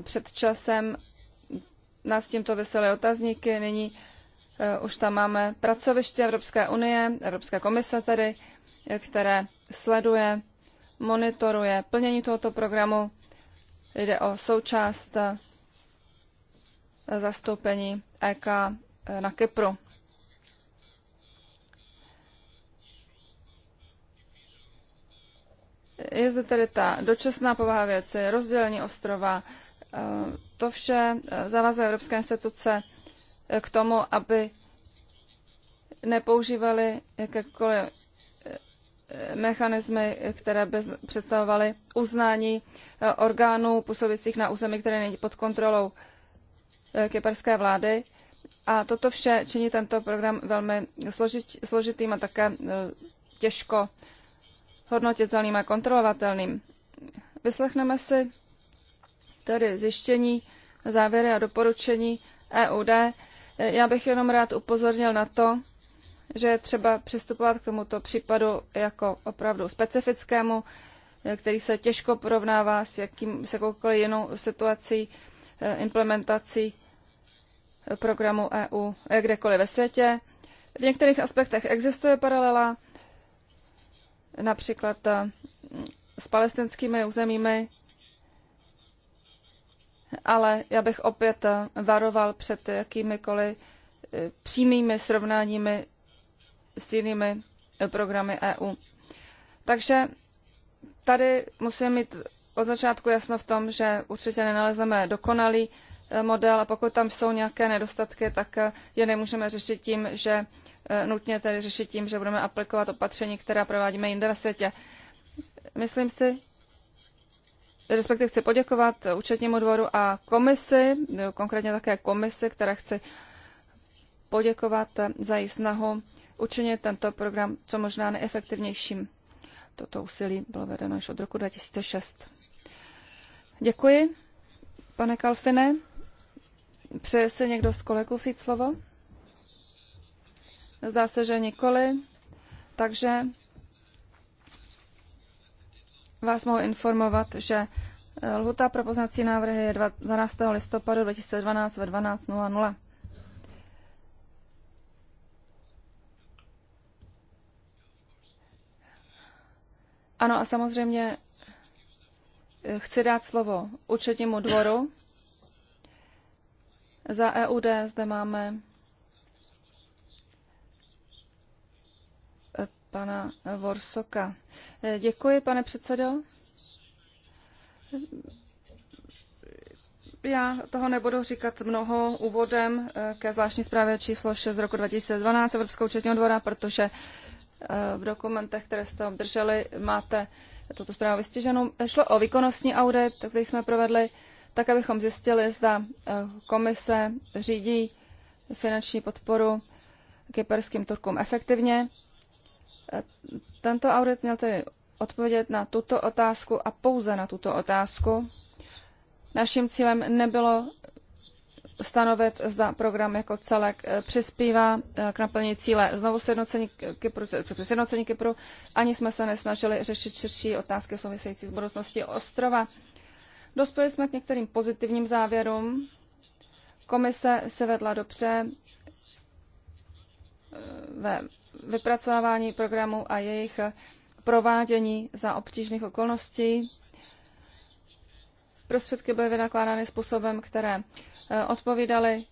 S3: Před časem nás tímto vysely otazníky, nyní eh, už tam máme pracoviště Evropské unie, Evropské komise tedy, eh, které sleduje, monitoruje plnění tohoto programu. Jde o součást eh, zastoupení EK na Kypru. Je zde tedy ta dočasná povaha věci, rozdělení ostrova. Eh, to vše eh, zavazuje evropské instituce eh, k tomu, aby nepoužívali jakékoliv mechanismy, které by představovaly uznání orgánů působících na území, které není pod kontrolou kyperské vlády. A toto vše činí tento program velmi složitým a také těžko hodnotitelným a kontrolovatelným. Vyslechneme si tedy zjištění, závěry a doporučení EUD. Já bych jenom rád upozornil na to, že je třeba přistupovat k tomuto případu jako opravdu specifickému, který se těžko porovnává s, jakým, s jakoukoliv jinou situací eh, implementací eh, programu EU eh, kdekoliv ve světě. V některých aspektech existuje paralela, například eh, s palestinskými územími, ale já bych opět eh, varoval před jakýmikoliv eh, přímými srovnáními s jinými programy EU. Takže tady musíme mít od začátku jasno v tom, že určitě nenalezneme dokonalý model a pokud tam jsou nějaké nedostatky, tak je nemůžeme řešit tím, že Eh, nutně tedy řešit tím, že budeme aplikovat opatření, která provádíme jinde ve světě. Myslím si, respektive chci poděkovat účetnímu dvoru a komisi, eh, konkrétně také komisi, která chci poděkovat za její snahu učinit tento program co možná neefektivnějším. Toto úsilí bylo vedeno již od roku 2006. Děkuji, pane Kalfine. Přeje se někdo z kolegů vzít slovo? Zdá se, že nikoli. Takže vás mohu informovat, že eh, lhuta pro poznací návrhy je 12. listopadu 2012 ve 12.00. Ano, a samozřejmě eh, chci dát slovo účetnímu dvoru. Za EUD zde máme pana Vorsoka. Eh, děkuji, pane předsedo. Já toho nebudu říkat mnoho úvodem eh, ke zvláštní zprávě číslo 6 z roku 2012 Evropského účetního dvora, protože eh, v dokumentech, které jste obdrželi, máte tuto zprávu vystiženou. Šlo o výkonnostní audit, který jsme provedli, tak abychom zjistili, zda komise řídí finanční podporu kyperským Turkům efektivně tento audit měl tedy odpovědět na tuto otázku a pouze na tuto otázku. Naším cílem nebylo stanovit, zda program jako celek eh, přispívá eh, k naplnění cíle znovu sjednocení Kypru, eh, sjednocení Kypru, ani jsme se nesnažili řešit širší otázky související s budoucností ostrova. Dospěli jsme k některým pozitivním závěrům. Komise se vedla dobře ve vypracovávání programů a jejich provádění za obtížných okolností. Prostředky byly vynakládány způsobem, které eh, odpovídaly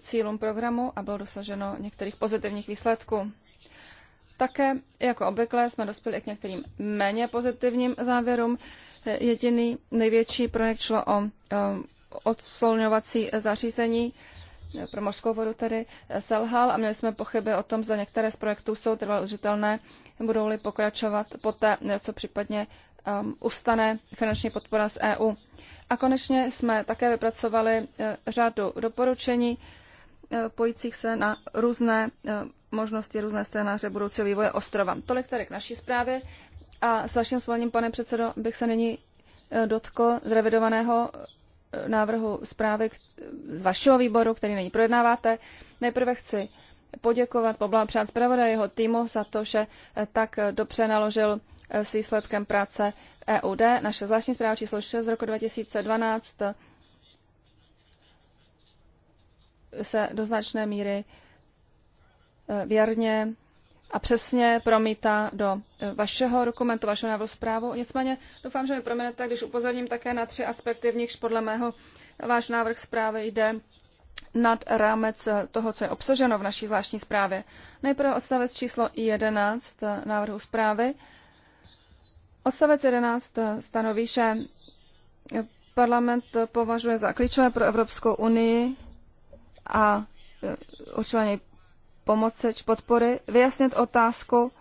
S3: cílům programu a bylo dosaženo některých pozitivních výsledků. Také, jako obvykle, jsme dospěli k některým méně pozitivním závěrům. Eh, jediný největší projekt šlo o eh, odsolňovací zařízení, pro mořskou vodu tedy eh, selhal a měli jsme pochyby o tom, zda některé z projektů jsou trvalo udržitelné, budou-li pokračovat poté, eh, co případně um, ustane finanční podpora z EU. A konečně jsme také vypracovali eh, řadu doporučení pojících se na různé možnosti, různé scénáře budoucího vývoje ostrova. Tolik tady k naší zprávě a s vaším svolením, pane předsedo, bych se nyní dotkl zrevidovaného návrhu zprávy z vašeho výboru, který nyní projednáváte. Nejprve chci poděkovat, poblahopřát zpravodaj jeho týmu za to, že eh, tak dobře naložil eh, s výsledkem práce EUD. Naše zvláštní zpráva číslo 6 z roku 2012 eh, se do značné míry věrně a přesně promítá do e, vašeho dokumentu, vašeho návrhu zprávu. Nicméně doufám, že mi proměnete, když upozorním také na tři aspekty, v nichž podle mého váš návrh zprávy jde nad rámec toho, co je obsaženo v naší zvláštní zprávě. Nejprve odstavec číslo 11 návrhu zprávy. Odstavec 11 stanoví, že parlament považuje za klíčové pro Evropskou unii a určila e, pomoci či podpory, vyjasnit otázku,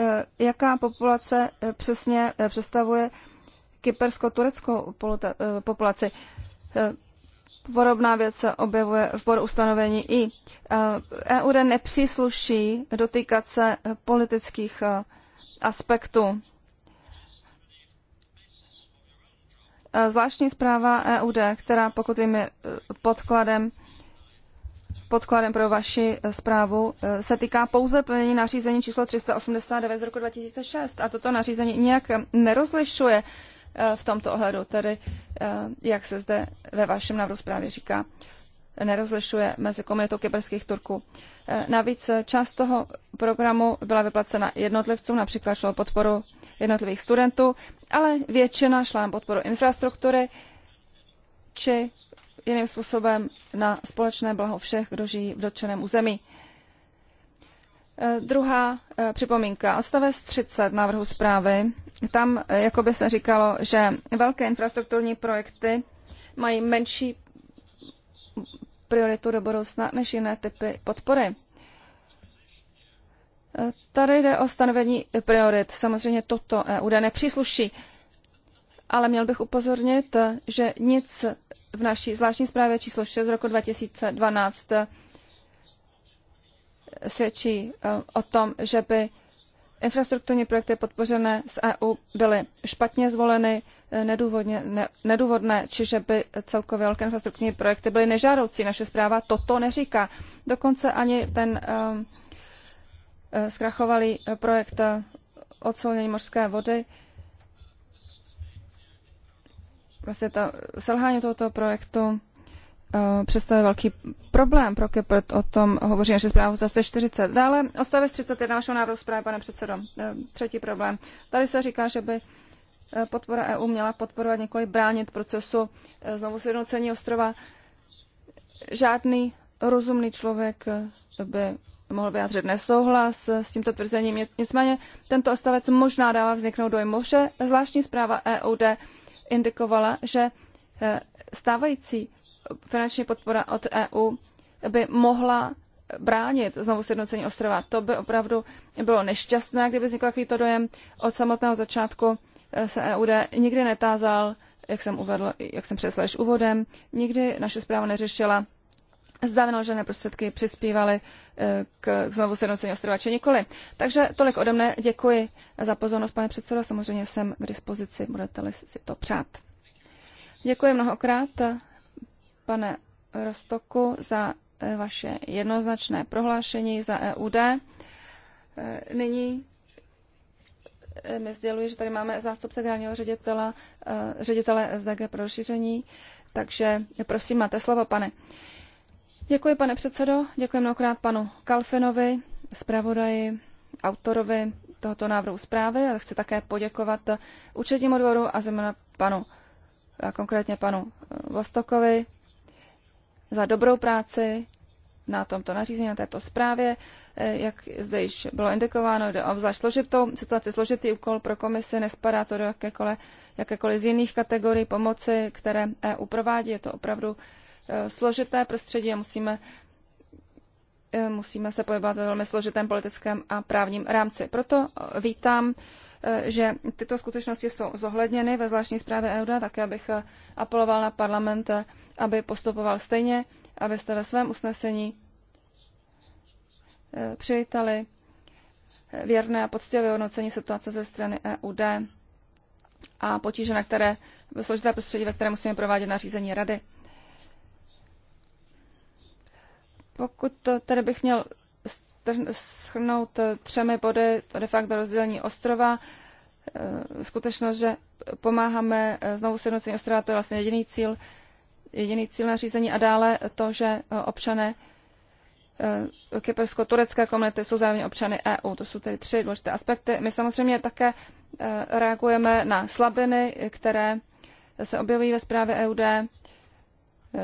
S3: eh, jaká populace eh, přesně eh, představuje kypersko-tureckou populaci. Podobná věc se objevuje v bodu ustanovení I. EU e nepřísluší dotýkat se politických aspektů. Zvláštní zpráva EUD, která pokud vím je podkladem podkladem pro vaši eh, zprávu eh, se týká pouze plnění nařízení číslo 389 z roku 2006 a toto nařízení nijak eh, nerozlišuje v tomto ohledu, tedy jak se zde ve vašem návrhu zprávy říká, nerozlišuje mezi komunitou kyberských Turků. Navíc část toho programu byla vyplacena jednotlivcům, například šlo podporu jednotlivých studentů, ale většina šla na podporu infrastruktury či jiným způsobem na společné blaho všech, kdo žijí v dotčeném území. E, druhá e, připomínka, odstavec 30 návrhu zprávy. Tam e, jako by se říkalo, že velké infrastrukturní projekty mají menší prioritu do budoucna než jiné typy podpory. Tady jde o stanovení priorit. Samozřejmě toto EUD nepřísluší, ale měl bych upozornit, že nic v naší zvláštní zprávě číslo 6 z roku 2012 eh, svědčí eh, o tom, že by infrastrukturní projekty podpořené z EU byly špatně zvoleny, eh, nedůvodně, ne, nedůvodné, či že by celkově velké infrastrukturní projekty byly nežádoucí. Naše zpráva toto neříká. Dokonce ani ten um, zkrachovalý projekt odsolnění mořské vody vlastně ta selhání tohoto projektu eh, představuje velký problém pro Kypr. O tom hovoří naše zpráva 140. Dále odstavec 31 našeho návrhu zprávy, pane předsedo. Eh, třetí problém. Tady se říká, že by eh, podpora EU měla podporovat několik bránit procesu znovu sjednocení ostrova. Žádný rozumný člověk by mohl vyjádřit nesouhlas s tímto tvrzením. Nicméně tento ostavec možná dává vzniknout dojmu, že zvláštní zpráva EUD indikovala, že eh, stávající finanční podpora od EU by mohla bránit znovu sjednocení ostrova. To by opravdu bylo nešťastné, kdyby vznikl takovýto dojem. Od samotného začátku eh, se EUD nikdy netázal, jak jsem, uvedl, jak jsem přesla úvodem, nikdy naše zpráva neřešila zda vynaložené prostředky přispívaly eh, k znovu sjednocení ostrova či nikoli. Takže tolik ode mne. Děkuji za pozornost, pane předsedo. Samozřejmě jsem k dispozici, budete-li si to přát. Děkuji mnohokrát, pane Rostoku, za eh, vaše jednoznačné prohlášení za EUD. Eh, nyní mi sděluji, že tady máme zástupce generálního ředitele, ředitele SDG pro rozšíření, takže prosím, máte slovo, pane. Děkuji, pane předsedo, děkuji mnohokrát panu Kalfinovi, zpravodaji, autorovi tohoto návrhu zprávy a chci také poděkovat účetnímu dvoru a zejména panu, a konkrétně panu eh, Vostokovi za dobrou práci na tomto nařízení, na této zprávě. Eh, jak zde již bylo indikováno, jde o obzvlášť složitou situaci, složitý úkol pro komisi, nespadá to do jakékoliv, jakékoliv z jiných kategorií pomoci, které EU provádí. Je to opravdu Eh, složité prostředí a musíme, eh, musíme se pohybovat ve velmi složitém politickém a právním rámci. Proto eh, vítám, že tyto skutečnosti jsou zohledněny ve zvláštní zprávě EUDA, také abych apeloval na parlament, aby postupoval stejně, abyste ve svém usnesení přivítali věrné a poctivé hodnocení situace ze strany EUD a potíže, na které složité prostředí, ve které musíme provádět nařízení rady. Pokud to tady bych měl schrnout eh, třemi body, to de facto rozdělení ostrova, eh, skutečnost, že pomáháme eh, znovu sjednocení ostrova, to je vlastně jediný cíl, jediný cíl nařízení a dále to, že občané kypersko-turecké komunity jsou zároveň občany EU. To jsou tedy tři důležité aspekty. My samozřejmě také reagujeme na slabiny, které se objevují ve zprávě EUD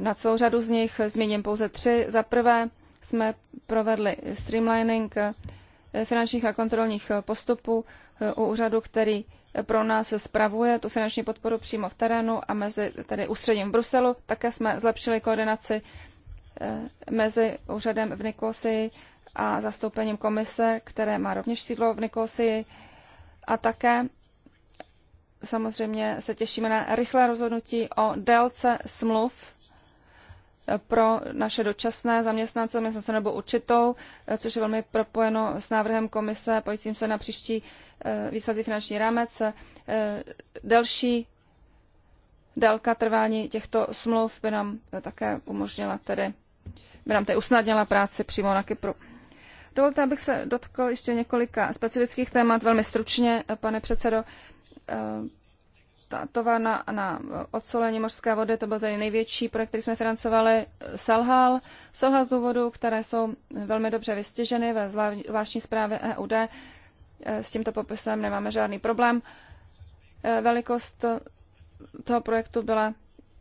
S3: na celou řadu z nich, zmíním pouze tři. Za prvé jsme provedli streamlining eh, finančních a kontrolních eh, postupů eh, u úřadu, který pro nás spravuje tu finanční podporu přímo v terénu a mezi tedy ústředím Bruselu. Také jsme zlepšili koordinaci mezi úřadem v Nikosii a zastoupením komise, které má rovněž sídlo v Nikosii. A také samozřejmě se těšíme na rychlé rozhodnutí o délce smluv pro naše dočasné zaměstnance, zaměstnance nebo určitou, eh, což je velmi propojeno s návrhem komise pojícím se na příští eh, výsledky finanční rámec. Eh, další délka trvání těchto smluv by nám také umožnila tedy, by nám tedy usnadnila práci přímo na Kypru. Dovolte, abych se dotkl ještě několika specifických témat, velmi stručně, pane předsedo ta továrna na odsolení mořské vody, to byl tedy největší projekt, který jsme financovali, selhal. Selhal z důvodů, které jsou velmi dobře vystěženy ve zvláštní zprávě EUD. E, s tímto popisem nemáme žádný problém. E, velikost toho projektu byla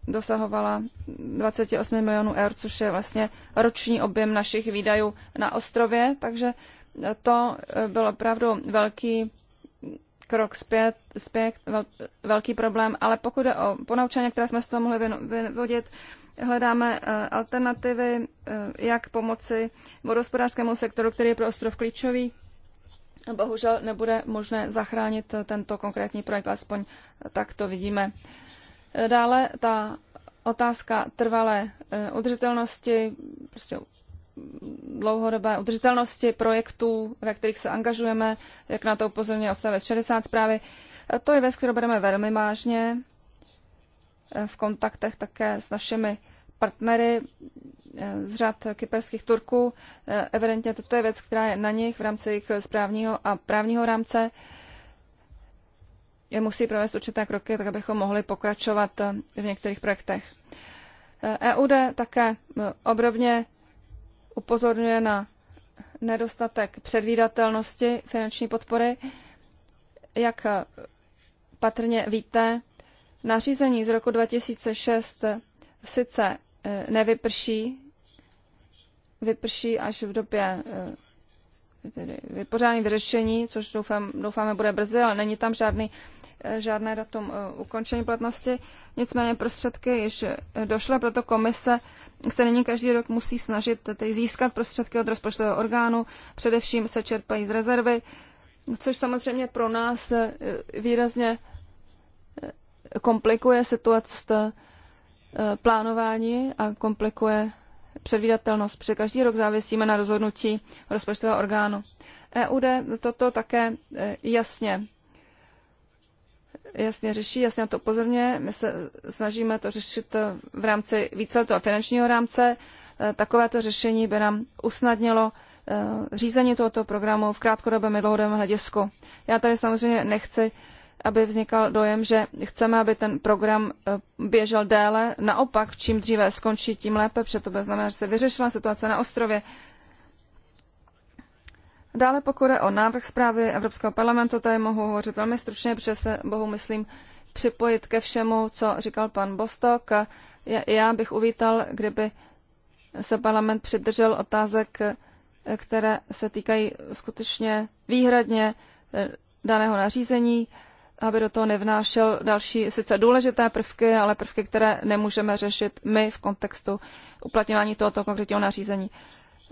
S3: dosahovala 28 milionů eur, což je vlastně roční objem našich výdajů na ostrově, takže to e, byl opravdu velký krok zpět, zpět vel, velký problém, ale pokud je o ponaučení, které jsme z toho mohli vyvodit, hledáme eh, alternativy, eh, jak pomoci vodospodářskému sektoru, který je pro ostrov klíčový. Bohužel nebude možné zachránit eh, tento konkrétní projekt, Aspoň tak to vidíme. Dále ta otázka trvalé udržitelnosti, prostě dlouhodobé udržitelnosti projektů, ve kterých se angažujeme, jak na to upozorňuje odstavec 60 zprávy. To je věc, kterou bereme velmi vážně eh, v kontaktech také s našimi partnery eh, z řad kyperských Turků. Eh, evidentně toto je věc, která je na nich v rámci jejich správního a právního rámce. Je musí provést určité kroky, tak abychom mohli pokračovat v některých projektech. EUD e také obrovně upozorňuje na nedostatek předvídatelnosti finanční podpory. Jak patrně víte, nařízení z roku 2006 sice eh, nevyprší, vyprší až v době eh, tedy vypořádání vyřešení, což doufám, doufáme bude brzy, ale není tam žádný Eh, žádné datum eh, ukončení platnosti, nicméně prostředky již eh, došly, proto komise se nyní každý rok musí snažit tedy získat prostředky od rozpočtového orgánu, především se čerpají z rezervy, což samozřejmě pro nás výrazně komplikuje situaci plánování a komplikuje předvídatelnost, protože každý rok závisíme na rozhodnutí rozpočtového orgánu. EUD toto také jasně jasně řeší, jasně na to upozorňuje. My se snažíme to řešit eh, v rámci víceletého finančního rámce. Eh, takovéto řešení by nám usnadnilo eh, řízení tohoto programu v krátkodobém i dlouhodobém hledisku. Já tady samozřejmě nechci, aby vznikal dojem, že chceme, aby ten program běžel déle. Naopak, čím dříve skončí, tím lépe, protože to bude znamenat, že se vyřešila situace na ostrově, Dále pokud je o návrh zprávy Evropského parlamentu, tady mohu hovořit velmi stručně, protože se bohu myslím připojit ke všemu, co říkal pan Bostok. Já bych uvítal, kdyby se parlament přidržel otázek, které se týkají skutečně výhradně eh, daného nařízení, aby do toho nevnášel další sice důležité prvky, ale prvky, které nemůžeme řešit my v kontextu uplatňování tohoto konkrétního nařízení.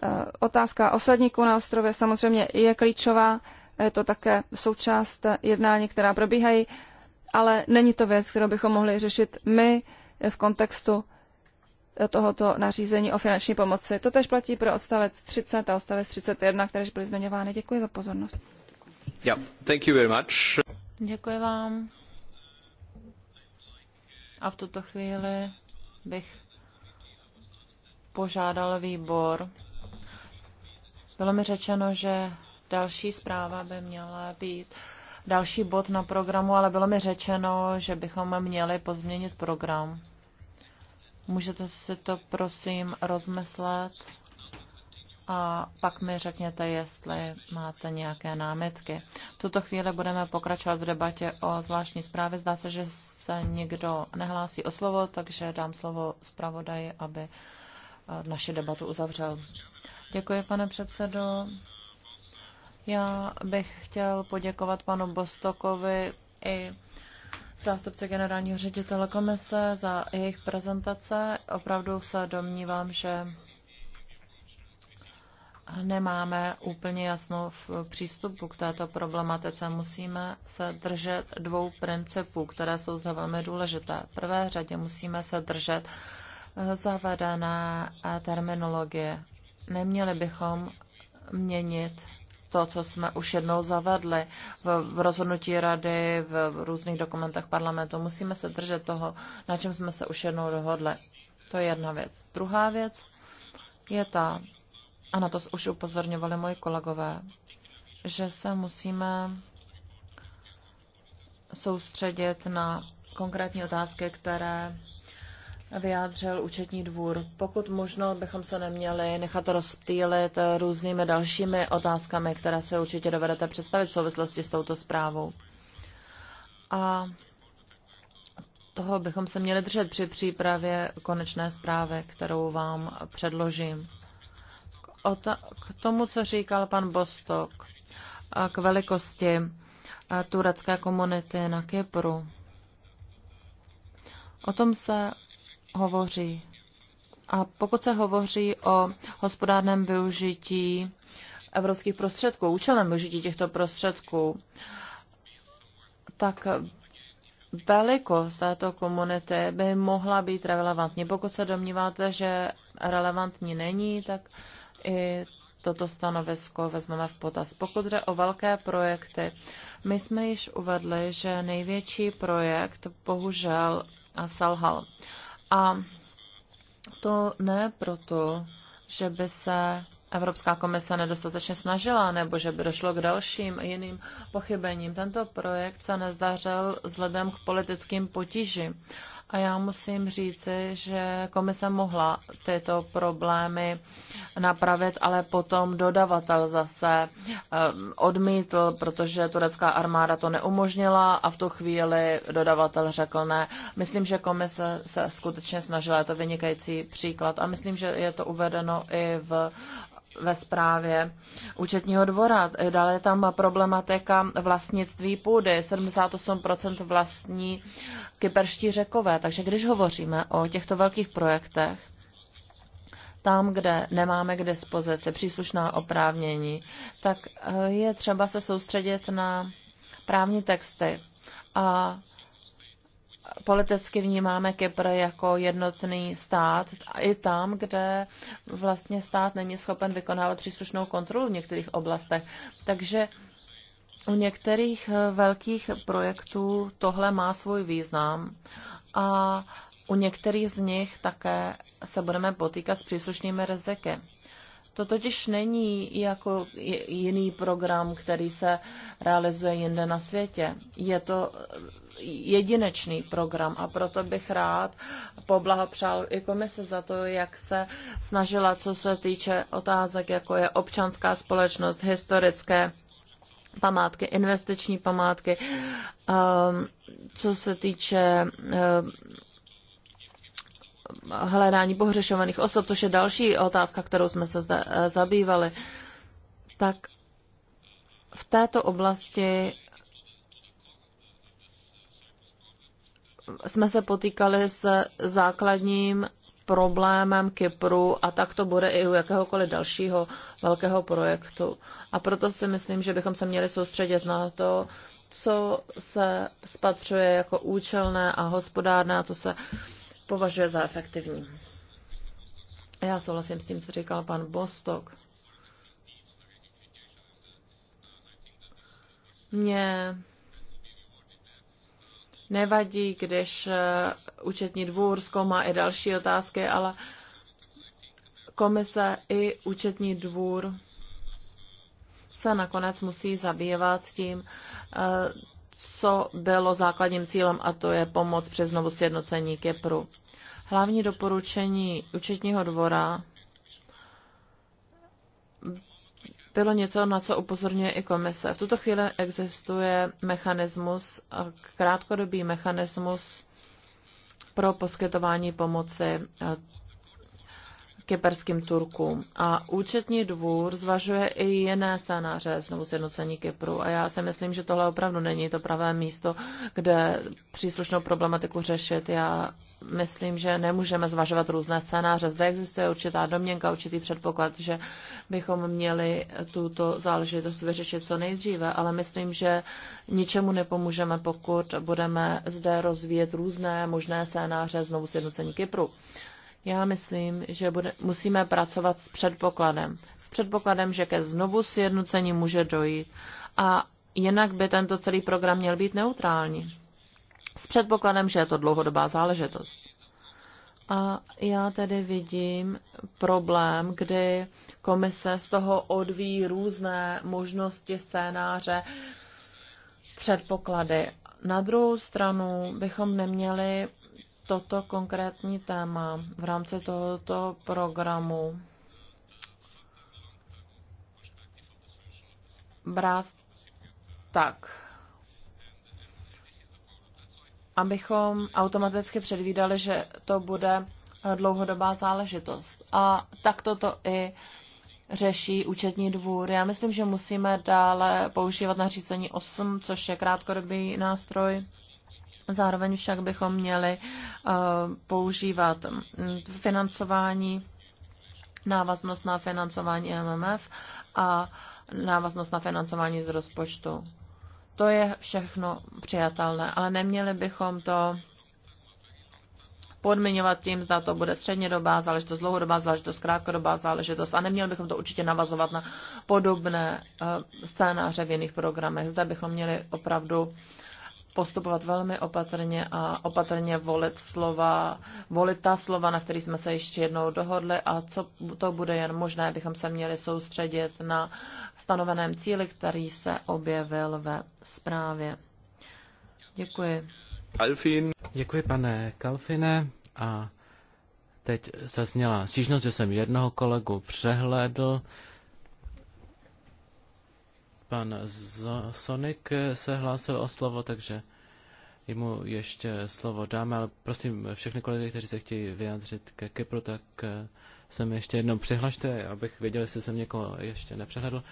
S3: Eh, otázka osadníků na ostrově samozřejmě je klíčová, je to také součást jednání, která probíhají, ale není to věc, kterou bychom mohli řešit my v kontextu tohoto nařízení o finanční pomoci. To tež platí pro odstavec 30 a odstavec 31, které byly zmiňovány. Děkuji za pozornost.
S2: Yeah, thank you very
S1: much. Děkuji vám. A v tuto chvíli bych požádal výbor bylo mi řečeno, že další zpráva by měla být další bod na programu, ale bylo mi řečeno, že bychom měli pozměnit program. Můžete si to prosím rozmyslet a pak mi řekněte, jestli máte nějaké námitky. V tuto chvíli budeme pokračovat v debatě o zvláštní zprávě. Zdá se, že se nikdo nehlásí o slovo, takže dám slovo zpravodaji, aby eh, naši debatu uzavřel. Děkuji, pane předsedo. Já bych chtěl poděkovat panu Bostokovi i zástupce generálního ředitele komise za jejich prezentace. Opravdu se domnívám, že nemáme úplně jasno v přístupu k této problematice. Musíme se držet dvou principů, které jsou zde velmi důležité. V prvé řadě musíme se držet zavedené terminologie Neměli bychom měnit to, co jsme už jednou zavedli v, rozhodnutí rady, v různých dokumentech parlamentu. Musíme se držet toho, na čem jsme se už jednou dohodli. To je jedna věc. Druhá věc je ta, a na to už upozorňovali moji kolegové, že se musíme soustředit na konkrétní otázky, které vyjádřil účetní dvůr. Pokud možno, bychom se neměli nechat rozptýlit eh, různými dalšími otázkami, které se určitě dovedete představit v souvislosti s touto zprávou. A toho bychom se měli držet při přípravě konečné zprávy, kterou vám předložím. K tomu, co říkal pan Bostok, eh, k velikosti eh, turecké komunity na Kypru. O tom se hovoří. A pokud se hovoří o hospodárném využití evropských prostředků, účelem využití těchto prostředků, tak velikost této komunity by mohla být relevantní. Pokud se domníváte, že relevantní není, tak i toto stanovisko vezmeme v potaz. Pokud jde o velké projekty, my jsme již uvedli, že největší projekt bohužel selhal. A to ne proto, že by se Evropská komise nedostatečně snažila, nebo že by došlo k dalším jiným pochybením. Tento projekt se nezdařil vzhledem k politickým potížím. A já musím říci, že komise mohla tyto problémy napravit, ale potom dodavatel zase ehm, odmítl, protože turecká armáda to neumožnila a v tu chvíli dodavatel řekl ne. Myslím, že komise se skutečně snažila, je to vynikající příklad a myslím, že je to uvedeno i v ve zprávě účetního dvora. Dále je tam problematika vlastnictví půdy. 78% vlastní kyperští řekové. Takže když hovoříme o těchto velkých projektech, tam, kde nemáme k dispozici příslušná oprávnění, tak eh, je třeba se soustředit na právní texty a politicky vnímáme Kypr jako jednotný stát i tam, kde vlastně stát není schopen vykonávat příslušnou kontrolu v některých oblastech. Takže u některých eh, velkých projektů tohle má svůj význam a u některých z nich také se budeme potýkat s příslušnými riziky. To totiž není jako jiný program, který se realizuje jinde na světě. Je to eh, jedinečný program a proto bych rád poblahopřál i komise za to, jak se snažila, co se týče otázek, jako je občanská společnost, historické památky, investiční památky, um, co se týče um, hledání pohřešovaných osob, což je další otázka, kterou jsme se zde eh, zabývali, tak v této oblasti jsme se potýkali s základním problémem Kypru a tak to bude i u jakéhokoliv dalšího velkého projektu. A proto si myslím, že bychom se měli soustředit na to, co se spatřuje jako účelné a hospodárné a co se považuje za efektivní. Já souhlasím s tím, co říkal pan Bostok. Mně nevadí, když eh, účetní dvůr zkoumá i další otázky, ale komise i účetní dvůr se nakonec musí zabývat tím, eh, co bylo základním cílem, a to je pomoc při znovu sjednocení Kypru. Hlavní doporučení účetního dvora bylo něco, na co upozorňuje i komise. V tuto chvíli existuje mechanismus, krátkodobý mechanismus pro poskytování pomoci kyperským Turkům. A účetní dvůr zvažuje i jiné scénáře znovu sjednocení Kypru. A já si myslím, že tohle opravdu není to pravé místo, kde příslušnou problematiku řešit. Já myslím, že nemůžeme zvažovat různé scénáře. Zde existuje určitá domněnka, určitý předpoklad, že bychom měli tuto záležitost vyřešit co nejdříve, ale myslím, že ničemu nepomůžeme, pokud budeme zde rozvíjet různé možné scénáře znovu sjednocení Kypru. Já myslím, že bude, musíme pracovat s předpokladem. S předpokladem, že ke znovu sjednocení může dojít. A jinak by tento celý program měl být neutrální. S předpokladem, že je to dlouhodobá záležitost. A já tedy vidím problém, kdy komise z toho odvíjí různé možnosti, scénáře, předpoklady. Na druhou stranu bychom neměli toto konkrétní téma v rámci tohoto programu brát tak, abychom automaticky předvídali, že to bude dlouhodobá záležitost. A tak toto i řeší účetní dvůr. Já myslím, že musíme dále používat nařízení 8, což je krátkodobý nástroj Zároveň však bychom měli eh, používat mm, financování, návaznost na financování MMF a návaznost na financování z rozpočtu. To je všechno přijatelné, ale neměli bychom to podmiňovat tím, zda to bude střednědobá záležitost, dlouhodobá záležitost, krátkodobá záležitost a neměli bychom to určitě navazovat na podobné eh, scénáře v jiných programech. Zde bychom měli opravdu postupovat velmi opatrně a opatrně volit slova, volit ta slova, na který jsme se ještě jednou dohodli a co to bude jen možné, bychom se měli soustředit na stanoveném cíli, který se objevil ve zprávě. Děkuji.
S2: Alfín. Děkuji, pane Kalfine. A teď zazněla stížnost, že jsem jednoho kolegu přehlédl. Pan Sonik se hlásil o slovo, takže jemu ještě slovo dáme, ale prosím všechny kolegy, kteří se chtějí vyjádřit ke Kypru, tak eh, se mi ještě jednou přihlašte, abych věděl, jestli jsem někoho ještě nepřehledl.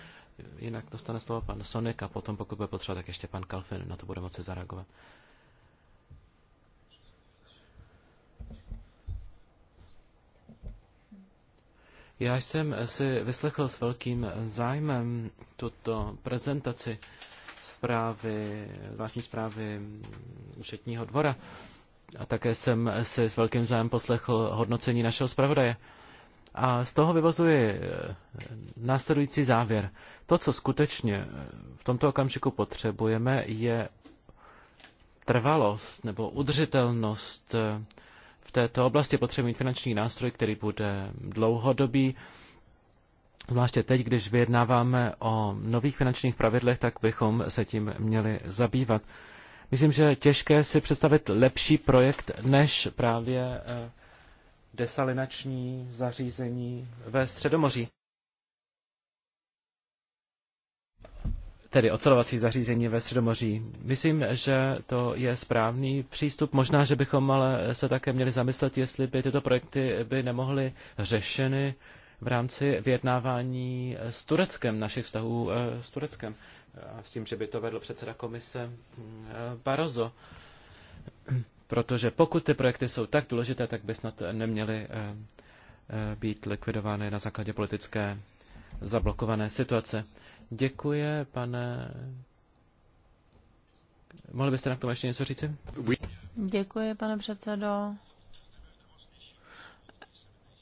S2: Jinak dostane slovo pan Sonik a potom, pokud bude potřeba, tak ještě pan Kalfin na to bude moci zareagovat. Já jsem si vyslechl s velkým zájmem tuto prezentaci zprávy, zvláštní zprávy účetního dvora a také jsem si s velkým zájem poslechl hodnocení našeho zpravodaje. A z toho vyvozuji eh, následující závěr. To, co skutečně eh, v tomto okamžiku potřebujeme, je trvalost nebo udržitelnost eh, v této oblasti potřebují finanční nástroj, který bude dlouhodobý. Zvláště teď, když vyjednáváme o nových finančních pravidlech, tak bychom se tím měli zabývat. Myslím, že je těžké si představit lepší projekt než právě eh, desalinační zařízení ve Středomoří. tedy ocelovací zařízení ve Středomoří. Myslím, že to je správný přístup. Možná, že bychom ale se také měli zamyslet, jestli by tyto projekty by nemohly řešeny v rámci vyjednávání s Tureckem, našich vztahů eh, s Tureckem. S tím, že by to vedl předseda komise eh, Barozo. Protože pokud ty projekty jsou tak důležité, tak by snad neměly eh, být likvidovány na základě politické zablokované situace. Děkuje, pane... Mohli byste na tom ještě něco říct?
S1: Děkuji, pane předsedo.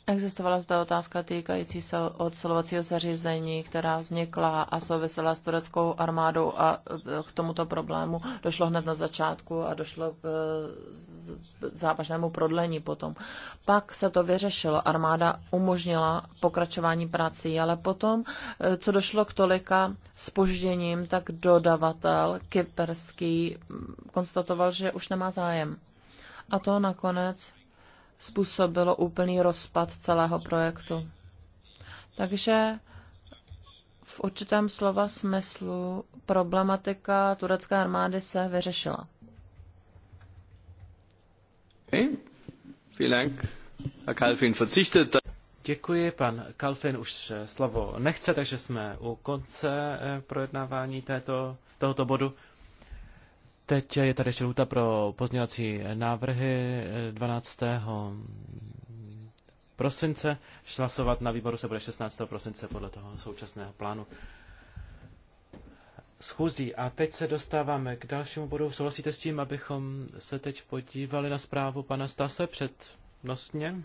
S1: Existovala zde otázka týkající se odsolovacího zařízení, která vznikla a souvisela s tureckou armádou a e, k tomuto problému došlo hned na začátku a došlo e, k závažnému prodlení potom. Pak se to vyřešilo, armáda umožnila pokračování prací, ale potom, e, co došlo k tolika spožděním, tak dodavatel kyperský konstatoval, že už nemá zájem. A to nakonec způsobilo úplný rozpad celého projektu. Takže v určitém slova smyslu problematika turecké armády se vyřešila.
S2: Děkuji, pan Kalfin už eh, slovo nechce, takže jsme u konce eh, projednávání této, tohoto bodu. Teď je tady ještě lhuta pro pozměňovací návrhy 12. Eh, prosince. Hlasovat na výboru se bude 16. prosince podle toho současného plánu schůzí. A teď se dostáváme k dalšímu bodu. Souhlasíte s tím, abychom se teď podívali na zprávu pana Stase přednostně?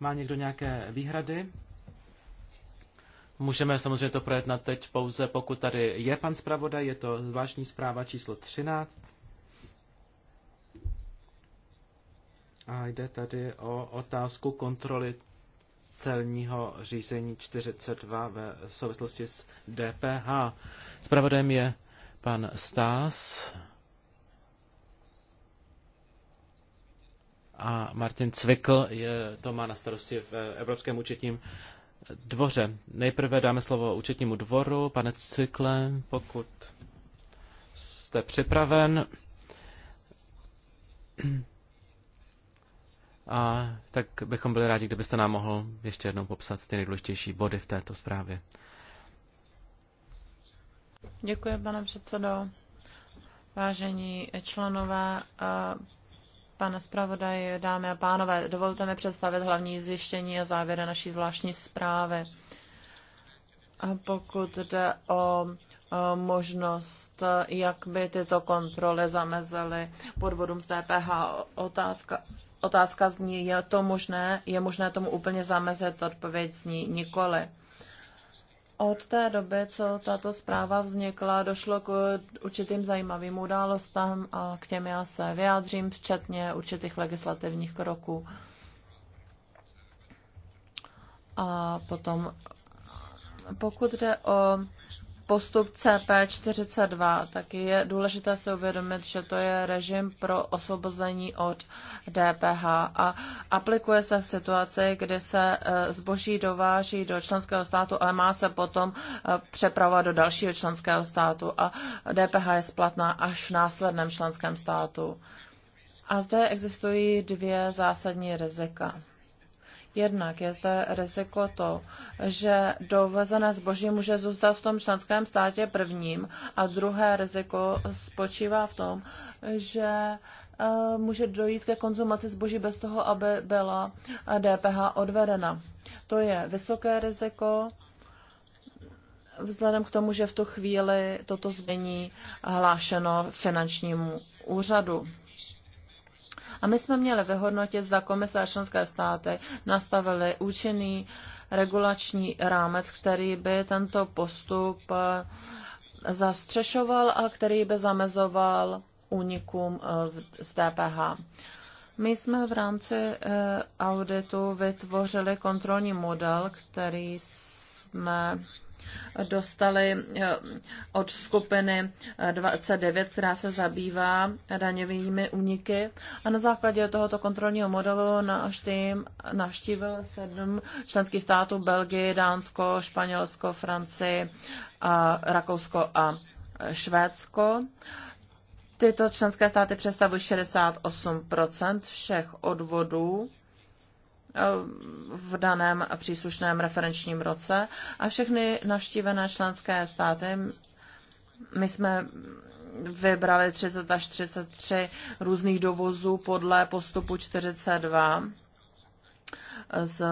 S2: Má někdo nějaké výhrady? Můžeme samozřejmě to projednat teď pouze, pokud tady je pan zpravodaj, je to zvláštní zpráva číslo 13. A jde tady o otázku kontroly celního řízení 42 ve souvislosti s DPH. Spravodajem je pan Stás a Martin Cvikl je, to má na starosti v Evropském účetním dvoře. Nejprve dáme slovo účetnímu dvoru. Pane Cykle, pokud jste připraven. A tak bychom byli rádi, kdybyste nám mohl ještě jednou popsat ty nejdůležitější body v této zprávě.
S1: Děkuji, pane předsedo. Vážení členové eh, Pane zpravodaj, dámy a pánové, dovolte mi představit hlavní zjištění a závěry naší zvláštní zprávy. A pokud jde o možnost, jak by tyto kontroly zamezily podvodům z DPH. Otázka, otázka zní, je to možné, je možné tomu úplně zamezit, odpověď zní nikoli. Od té doby, co tato zpráva vznikla, došlo k určitým zajímavým událostem a k těm já se vyjádřím, včetně určitých legislativních kroků. A potom, pokud jde o postup CP42, tak je důležité si uvědomit, že to je režim pro osvobození od DPH a aplikuje se v situaci, kdy se e, zboží dováží do členského státu, ale má se potom e, přepravovat do dalšího členského státu a DPH je splatná až v následném členském státu. A zde existují dvě zásadní rizika. Jednak je zde riziko to, že dovezené zboží může zůstat v tom členském státě prvním a druhé riziko spočívá v tom, že eh, může dojít ke konzumaci zboží bez toho, aby byla DPH eh, odvedena. To je vysoké riziko, vzhledem k tomu, že v tu chvíli toto změní hlášeno finančnímu úřadu. A my jsme měli vyhodnotit, zda komise a členské státy nastavili účinný regulační rámec, který by tento postup eh, zastřešoval a který by zamezoval únikům eh, z DPH. My jsme v rámci eh, auditu vytvořili kontrolní model, který jsme dostali eh, od skupiny 29, eh, která se zabývá daňovými úniky. A na základě tohoto kontrolního modelu náš tým navštívil sedm členských států Belgii, Dánsko, Španělsko, Francii, a Rakousko a Švédsko. Tyto členské státy představují 68 všech odvodů v daném příslušném referenčním roce a všechny navštívené členské státy, my jsme vybrali 30 až 33 různých dovozů podle postupu 42 z,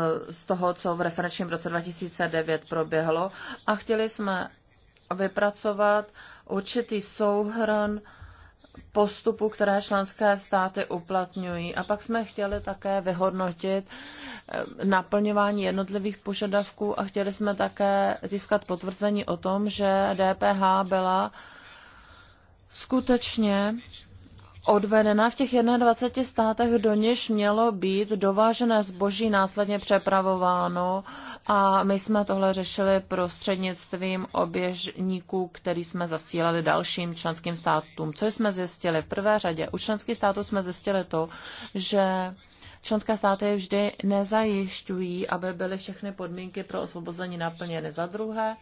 S1: toho, co v referenčním roce 2009 proběhlo a chtěli jsme vypracovat určitý souhrn postupu, které členské státy uplatňují. A pak jsme chtěli také vyhodnotit eh, naplňování jednotlivých požadavků a chtěli jsme také získat potvrzení o tom, že DPH byla skutečně odvedena v těch 21 státech, do něž mělo být dovážené zboží následně přepravováno a my jsme tohle řešili prostřednictvím oběžníků, který jsme zasílali dalším členským státům. Co jsme zjistili? V prvé řadě u členských států jsme zjistili to, že členské státy vždy nezajišťují, aby byly všechny podmínky pro osvobození naplněny. Za druhé,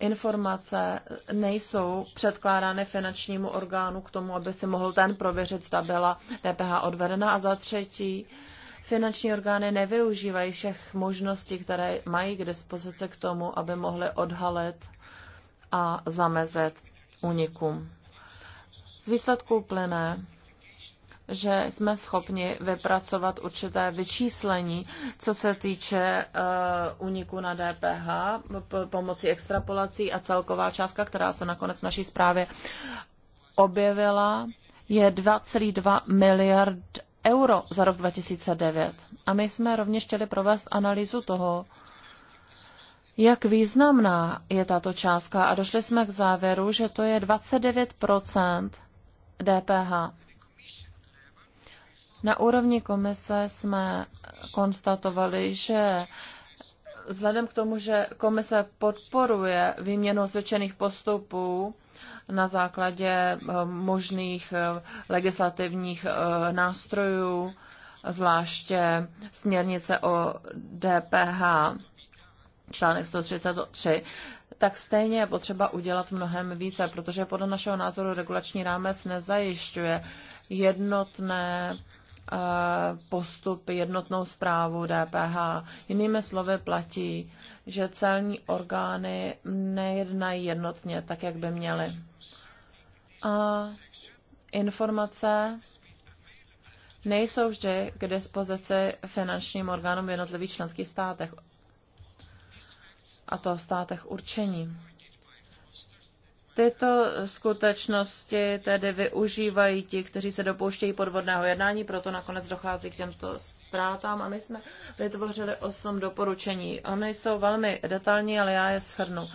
S1: informace nejsou předkládány finančnímu orgánu k tomu, aby si mohl ten prověřit, zda byla DPH odvedena. A za třetí, finanční orgány nevyužívají všech možností, které mají k dispozici k tomu, aby mohly odhalit a zamezit unikům. Z výsledků plyne, že jsme schopni vypracovat určité vyčíslení, co se týče eh, úniku uh, na DPH pomocí extrapolací a celková částka, která se nakonec v naší zprávě objevila, je 2,2 miliard euro za rok 2009. A my jsme rovněž chtěli provést analýzu toho, jak významná je tato částka a došli jsme k závěru, že to je 29 DPH. Na úrovni komise jsme konstatovali, že vzhledem k tomu, že komise podporuje výměnu osvědčených postupů na základě eh, možných eh, legislativních eh, nástrojů, zvláště směrnice o DPH, článek 133, tak stejně je potřeba udělat mnohem více, protože podle našeho názoru regulační rámec nezajišťuje jednotné Eh, postup jednotnou zprávu DPH. Jinými slovy platí, že celní orgány nejednají jednotně tak, jak by měly. A informace nejsou vždy k dispozici finančním orgánům v jednotlivých členských státech, a to v státech určení. Tyto skutečnosti tedy využívají ti, kteří se dopouštějí podvodného jednání, proto nakonec dochází k těmto ztrátám a my jsme vytvořili osm doporučení. Ony jsou velmi detailní, ale já je shrnu.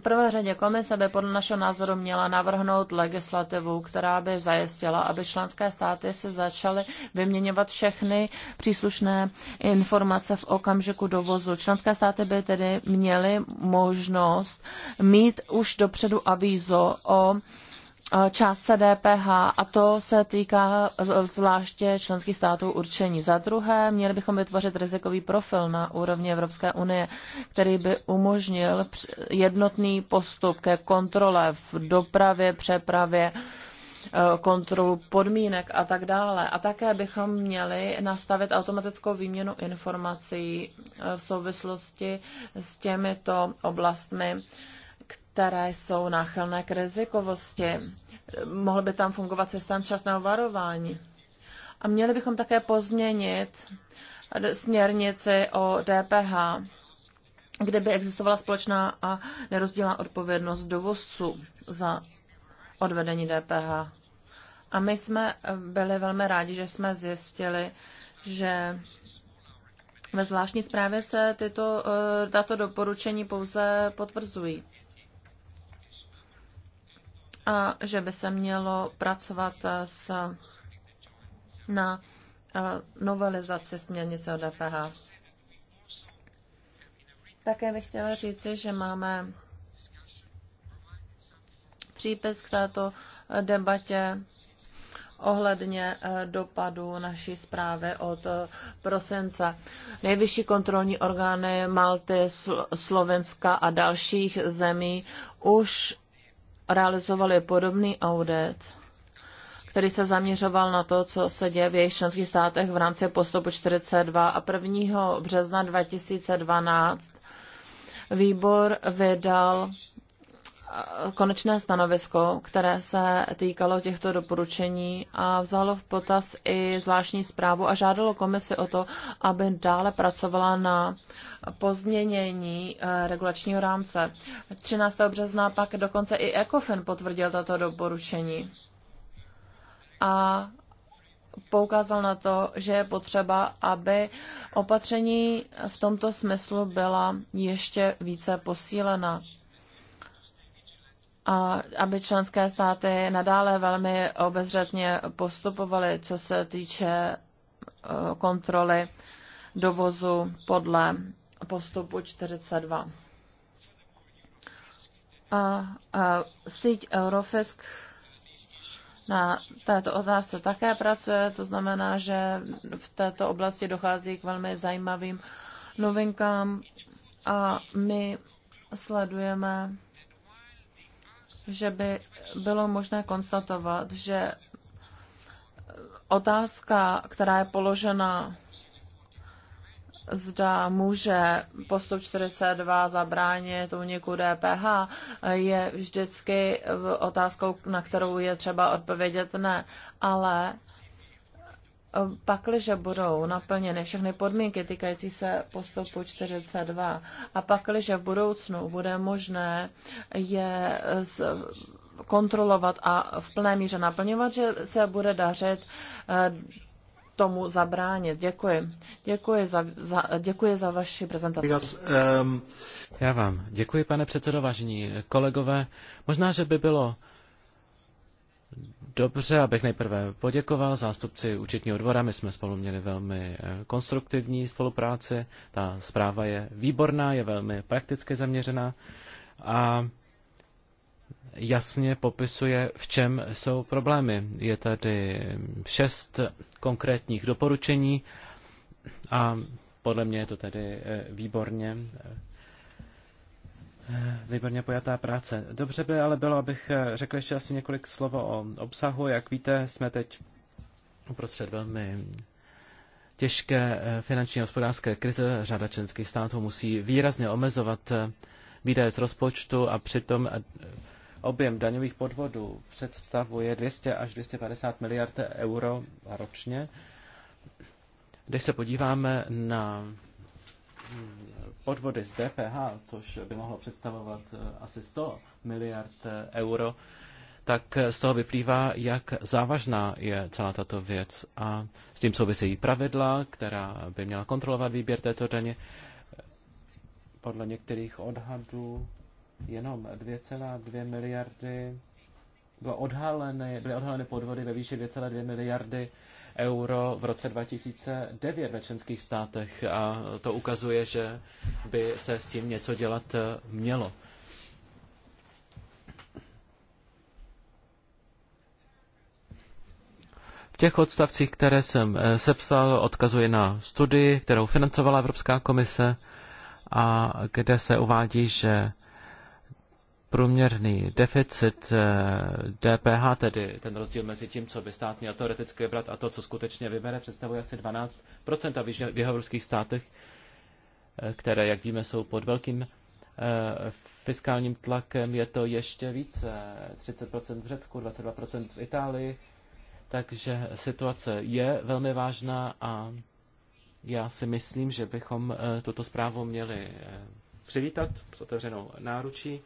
S1: V prvé řadě komise by podle našeho názoru měla navrhnout legislativu, která by zajistila, aby členské státy se začaly vyměňovat všechny příslušné informace v okamžiku dovozu. Členské státy by tedy měly možnost mít už dopředu avízo o částce DPH a to se týká zvláště členských států určení. Za druhé, měli bychom vytvořit rizikový profil na úrovni Evropské unie, který by umožnil jednotný postup ke kontrole v dopravě, přepravě, e, kontrolu podmínek a tak dále. A také bychom měli nastavit automatickou výměnu informací e, v souvislosti s těmito oblastmi, které jsou náchylné k rizikovosti mohl by tam fungovat systém na varování. A měli bychom také pozměnit směrnici o DPH, kde by existovala společná a nerozdílná odpovědnost dovozců za odvedení DPH. A my jsme eh, byli velmi rádi, že jsme zjistili, že ve zvláštní zprávě se tyto, eh, tato doporučení pouze potvrzují a že by se mělo pracovat eh, s, na eh, novelizaci směrnice o DPH. Také bych chtěla říci, že máme přípis k této eh, debatě ohledně dopadu naší zprávy od prosince. Nejvyšší kontrolní orgány Malty, Slovenska a dalších zemí už realizovali podobný audit, který se zaměřoval na to, co se děje v jejich členských státech v rámci postupu 42 a 1. března 2012 výbor vydal Eh, konečné stanovisko, které se týkalo těchto doporučení a vzalo v potaz i zvláštní zprávu a žádalo komisi o to, aby dále pracovala na pozměnění eh, regulačního rámce. 13. března pak dokonce i ECOFIN potvrdil tato doporučení a poukázal na to, že je potřeba, aby opatření v tomto smyslu byla ještě více posílena a aby členské státy nadále velmi obezřetně postupovaly, co se týče e, kontroly dovozu podle postupu 42. A, a síť Eurofisk na této otázce také pracuje, to znamená, že v této oblasti dochází k velmi zajímavým novinkám a my sledujeme že by bylo možné konstatovat, že otázka, která je položena, zda může postup 42 zabránit úniku DPH, je vždycky otázkou, na kterou je třeba odpovědět ne. Ale pakliže budou naplněny všechny podmínky týkající se postupu 42 a pakliže v budoucnu bude možné je z, kontrolovat a v plné míře naplňovat, že se bude dařit eh, tomu zabránit. Děkuji. Děkuji za, za, děkuji za vaši prezentaci.
S2: Um, Já vám děkuji, pane předsedo, vážení kolegové. Možná, že by bylo Dobře, abych nejprve poděkoval zástupci účetního dvora. My jsme spolu měli velmi eh, konstruktivní spolupráci. Ta zpráva je výborná, je velmi prakticky zaměřená a jasně popisuje, v čem jsou problémy. Je tady šest konkrétních doporučení a podle mě je to tedy eh, výborně eh, Výborně pojatá práce. Dobře by ale bylo, abych eh, řekl ještě asi několik slov o obsahu. Jak víte, jsme teď uprostřed velmi těžké eh, finanční a hospodářské krize. Řada členských států musí výrazně omezovat eh, výdaje z rozpočtu a přitom objem daňových podvodů představuje 200 až 250 miliard euro ročně. Když se podíváme na odvody z DPH, což by mohlo představovat eh, asi 100 miliard eh, euro, tak eh, z toho vyplývá, jak závažná je celá tato věc. A s tím souvisejí pravidla, která by měla kontrolovat výběr této daně. Podle některých odhadů jenom 2,2 miliardy bylo odhaleny, byly odhaleny podvody ve výši 2,2 miliardy euro v roce 2009 ve členských státech a to ukazuje, že by se s tím něco dělat eh, mělo. V těch odstavcích, které jsem eh, sepsal, odkazuji na studii, kterou financovala Evropská komise a kde se uvádí, že průměrný deficit DPH, eh, tedy ten rozdíl mezi tím, co by stát měl teoreticky vybrat a to, co skutečně vybere, představuje asi 12 a v jihoevropských státech, eh, které, jak víme, jsou pod velkým eh, fiskálním tlakem, je to ještě více, 30 v Řecku, 22 v Itálii, takže situace je velmi vážná a já si myslím, že bychom tuto zprávu měli přivítat s otevřenou náručí.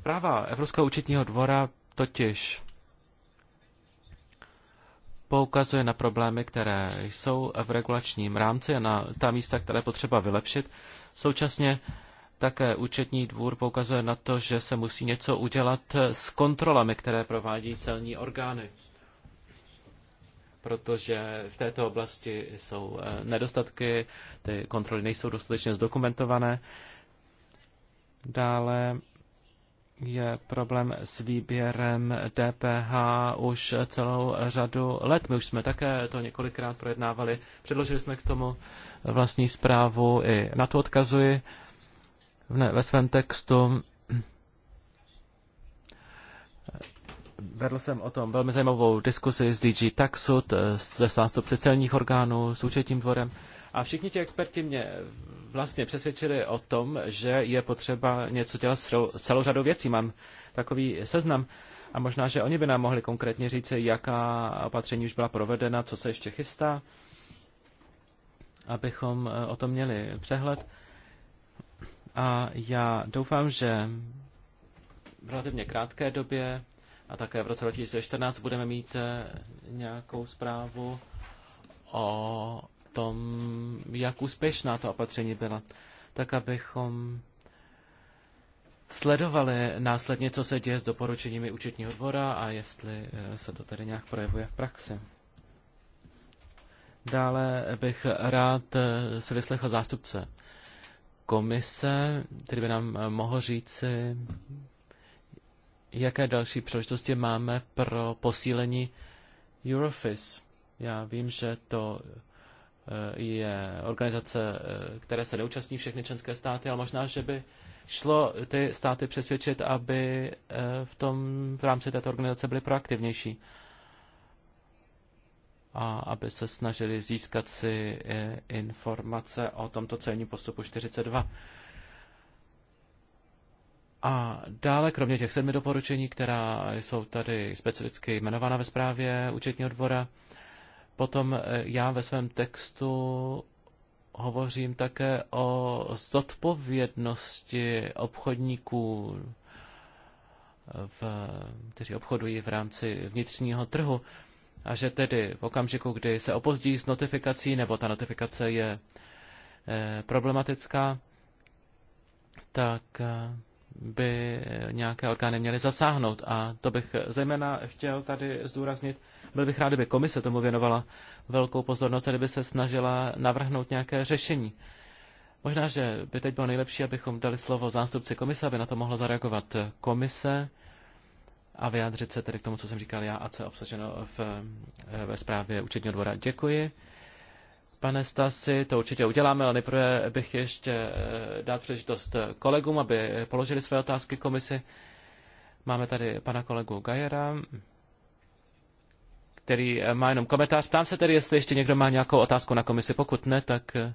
S2: Zpráva Evropského účetního dvora totiž poukazuje na problémy, které jsou v regulačním rámci a na ta místa, které potřeba vylepšit. Současně také účetní dvůr poukazuje na to, že se musí něco udělat s kontrolami, které provádí celní orgány. Protože v této oblasti jsou eh, nedostatky, ty kontroly nejsou dostatečně zdokumentované. Dále je problém s výběrem DPH už celou řadu let. My už jsme také to několikrát projednávali. Předložili jsme k tomu vlastní zprávu i na to odkazuji ve svém textu. Vedl jsem o tom velmi zajímavou diskusi s DG Taxud, se zástupci celních orgánů, s účetním dvorem. A všichni ti experti mě vlastně přesvědčili o tom, že je potřeba něco dělat s celou řadou věcí. Mám takový seznam. A možná, že oni by nám mohli konkrétně říct, jaká opatření už byla provedena, co se ještě chystá, abychom eh, o tom měli přehled. A já doufám, že v relativně krátké době a také v roce 2014 budeme mít eh, nějakou zprávu o tom, jak úspěšná to opatření byla, tak abychom sledovali následně, co se děje s doporučeními účetního dvora a jestli eh, se to tedy nějak projevuje v praxi. Dále bych rád eh, se vyslechl zástupce komise, který by nám eh, mohl říci, jaké další příležitosti máme pro posílení Eurofis. Já vím, že to Eh, je organizace, eh, které se neúčastní všechny členské státy, ale možná, že by šlo ty státy přesvědčit, aby eh, v tom v rámci této organizace byly proaktivnější a aby se snažili získat si informace o tomto celním postupu 42. A dále, kromě těch sedmi doporučení, která jsou tady specificky jmenována ve zprávě účetního dvora, Potom eh, já ve svém textu hovořím také o zodpovědnosti obchodníků, eh, v, kteří obchodují v rámci vnitřního trhu a že tedy v okamžiku, kdy se opozdí s notifikací nebo ta notifikace je e, problematická, tak by nějaké orgány měly zasáhnout. A to bych zejména chtěl tady zdůraznit byl bych rád, kdyby komise tomu věnovala velkou pozornost a kdyby se snažila navrhnout nějaké řešení. Možná, že by teď bylo nejlepší, abychom dali slovo zástupci komise, aby na to mohla zareagovat komise a vyjádřit se tedy k tomu, co jsem říkal já a co je obsaženo v, ve zprávě účetního dvora. Děkuji. Pane Stasi, to určitě uděláme, ale nejprve bych ještě eh, dát příležitost kolegům, aby položili své otázky komisi. Máme tady pana kolegu Gajera, který eh, má jenom komentář. Ptám se tedy, jestli ještě někdo má nějakou otázku na komisi. Pokud ne, tak eh,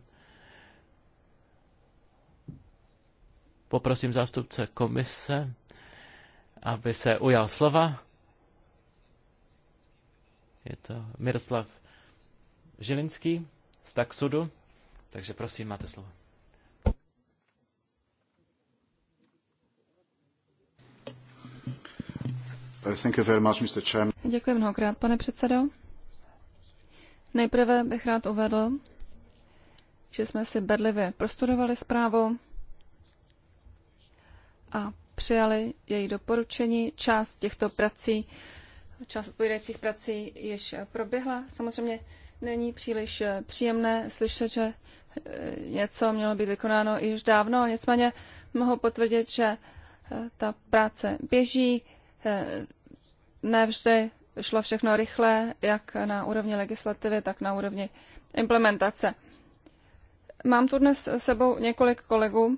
S2: poprosím zástupce komise, aby se ujal slova. Je to Miroslav Žilinský z Taxudu, takže prosím, máte slovo.
S3: Děkuji mnohokrát, pane předsedo. Nejprve bych rád uvedl, že jsme si bedlivě prostudovali zprávu a přijali její doporučení. Část těchto prací, část odpovídajících prací již proběhla. Samozřejmě není příliš příjemné slyšet, že něco mělo být vykonáno již dávno, nicméně mohu potvrdit, že ta práce běží, Eh, nevždy šlo všechno rychle, jak na úrovni legislativy, tak na úrovni implementace. Mám tu dnes sebou několik kolegů.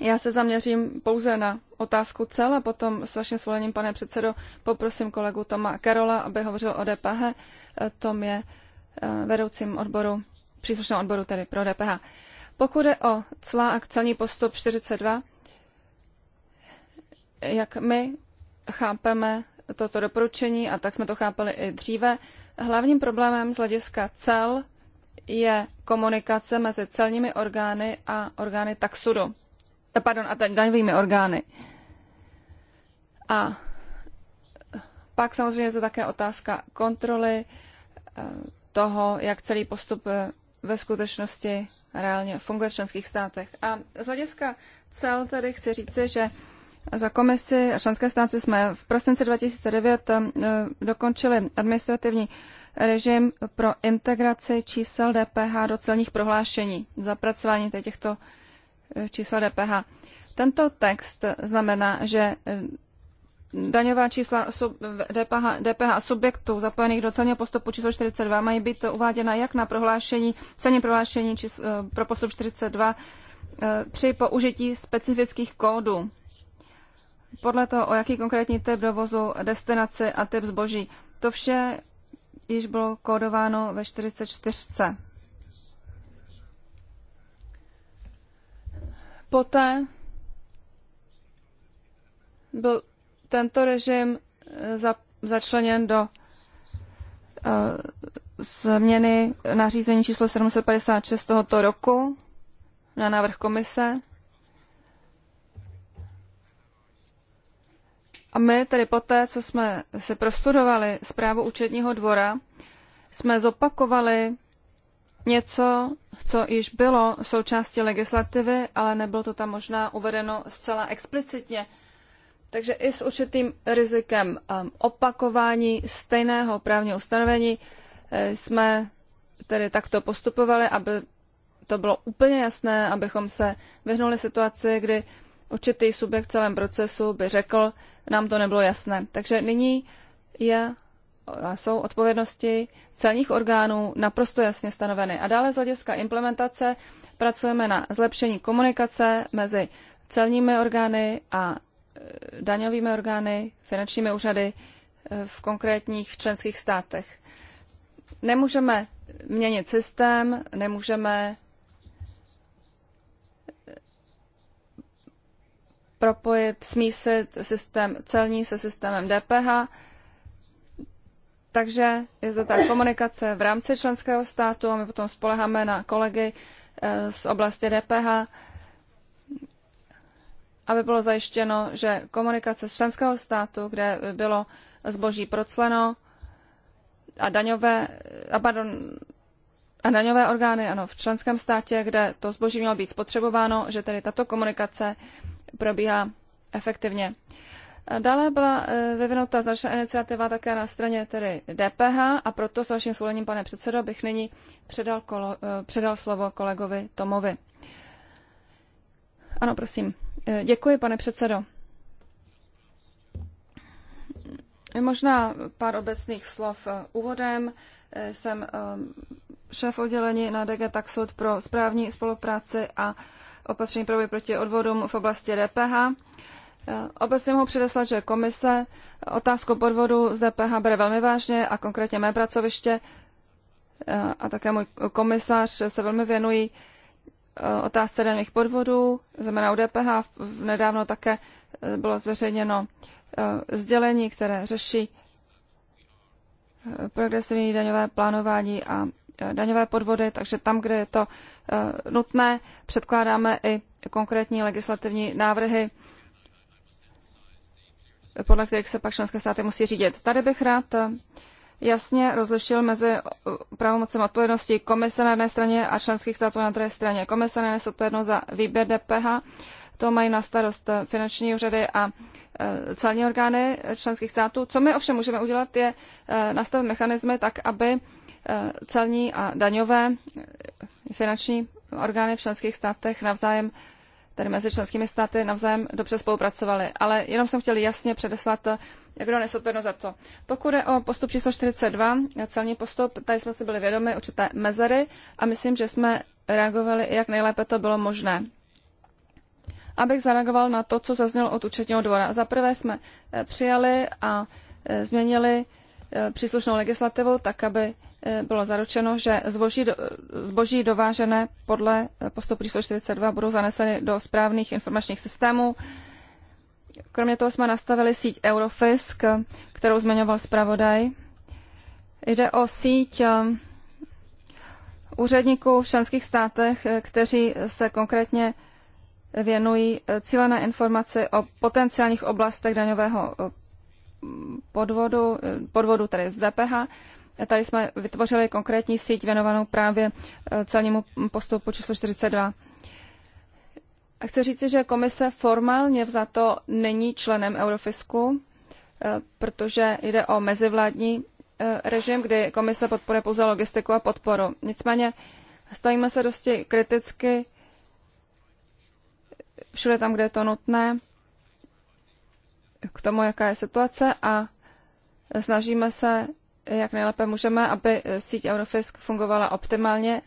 S3: Já se zaměřím pouze na otázku cel a potom s vaším svolením, pane předsedo, poprosím kolegu Toma Karola, aby hovořil o DPH. Eh, Tom je eh, vedoucím odboru, příslušného odboru tedy pro DPH. Pokud je o cla a celní postup 42, jak my chápeme toto doporučení, a tak jsme to chápali i dříve, hlavním problémem z hlediska cel je komunikace mezi celními orgány a orgány taxudu. Pardon, a daňovými orgány. A pak samozřejmě je to také otázka kontroly eh, toho, jak celý postup eh, ve skutečnosti reálně funguje v členských státech. A z hlediska cel tady chci říci, že za komisi a členské státy jsme v prosinci 2009 eh, dokončili administrativní režim pro integraci čísel DPH do celních prohlášení, zapracování těchto eh, čísel DPH. Tento text znamená, že eh, daňová čísla DPH, DPH subjektů zapojených do celního postupu číslo 42 mají být uváděna jak na prohlášení, celní prohlášení číslo, pro postup 42 při použití specifických kódů podle toho, o jaký konkrétní typ dovozu, destinaci a typ zboží. To vše již bylo kódováno ve 44. Poté byl tento režim eh, za, začleněn do uh, změny nařízení číslo 756 tohoto roku na návrh komise. A my tedy poté, co jsme si prostudovali zprávu účetního dvora, jsme zopakovali něco, co již bylo v součásti legislativy, ale nebylo to tam možná uvedeno zcela explicitně. Takže i s určitým rizikem um, opakování stejného právního ustanovení eh, jsme tedy takto postupovali, aby to bylo úplně jasné, abychom se vyhnuli situaci, kdy určitý subjekt v celém procesu by řekl, nám to nebylo jasné. Takže nyní je, jsou odpovědnosti celních orgánů naprosto jasně stanoveny. A dále z hlediska implementace pracujeme na zlepšení komunikace mezi celními orgány a e, daňovými orgány, finančními úřady e, v konkrétních členských státech. Nemůžeme měnit systém, nemůžeme propojit, smísit systém celní se systémem DPH. Takže je zde ta komunikace v rámci členského státu a my potom spoleháme na kolegy eh, z oblasti DPH, aby bylo zajištěno, že komunikace z členského státu, kde bylo zboží procleno a daňové, a pardon, a daňové orgány, ano, v členském státě, kde to zboží mělo být spotřebováno, že tedy tato komunikace probíhá efektivně. Dále byla e, vyvinuta značná iniciativa také na straně tedy DPH a proto s vaším svolením, pane předsedo, bych nyní předal, kolo, e, předal slovo kolegovi Tomovi. Ano, prosím. E, děkuji, pane předsedo. Možná pár obecných slov úvodem. Jsem šéf oddělení na DG Taxud pro správní spolupráci a opatření pro proti odvodům v oblasti DPH. E, obecně mohu předeslat, že komise otázku podvodu z DPH bere velmi vážně a konkrétně mé pracoviště e, a také můj komisař se velmi věnují e, otázce daných podvodů, znamená u DPH. Nedávno také bylo zveřejněno sdělení, které řeší progresivní daňové plánování a Eh, daňové podvody, takže tam, kde je to eh, nutné, předkládáme i konkrétní legislativní návrhy, podle kterých se pak členské státy musí řídit. Tady bych rád eh, jasně rozlišil mezi pravomocem odpovědnosti komise na jedné straně a členských států na druhé straně. Komise na odpovědnost za výběr DPH, to mají na starost finanční úřady a celní orgány členských států. Co my ovšem můžeme udělat, je nastavit mechanismy tak, aby Eh, celní a daňové eh, finanční orgány v členských státech navzájem, tedy mezi členskými státy navzájem dobře spolupracovaly. Ale jenom jsem chtěl jasně předeslat, eh, kdo nese odpovědnost za to. Pokud je o postup číslo 42, celní postup, tady jsme si byli vědomi určité mezery a myslím, že jsme reagovali, jak nejlépe to bylo možné. Abych zareagoval na to, co zaznělo od účetního dvora. Za prvé jsme přijali a změnili příslušnou legislativu tak, aby Eh, bylo zaručeno, že zboží, zboží dovážené podle postupu číslo 42 budou zaneseny do správných informačních systémů. Kromě toho jsme nastavili síť Eurofisk, kterou zmiňoval zpravodaj. Jde o síť eh, úředníků v členských státech, eh, kteří se konkrétně věnují cílené informaci o potenciálních oblastech daňového podvodu, podvodu tedy z DPH, Tady jsme vytvořili konkrétní síť věnovanou právě eh, celnímu postupu číslo 42. A chci říci, že komise formálně vzato není členem Eurofisku, eh, protože jde o mezivládní eh, režim, kdy komise podporuje pouze logistiku a podporu. Nicméně stavíme se dosti kriticky všude tam, kde je to nutné, k tomu, jaká je situace a snažíme se jak nejlépe můžeme, aby síť Eurofisk fungovala optimálně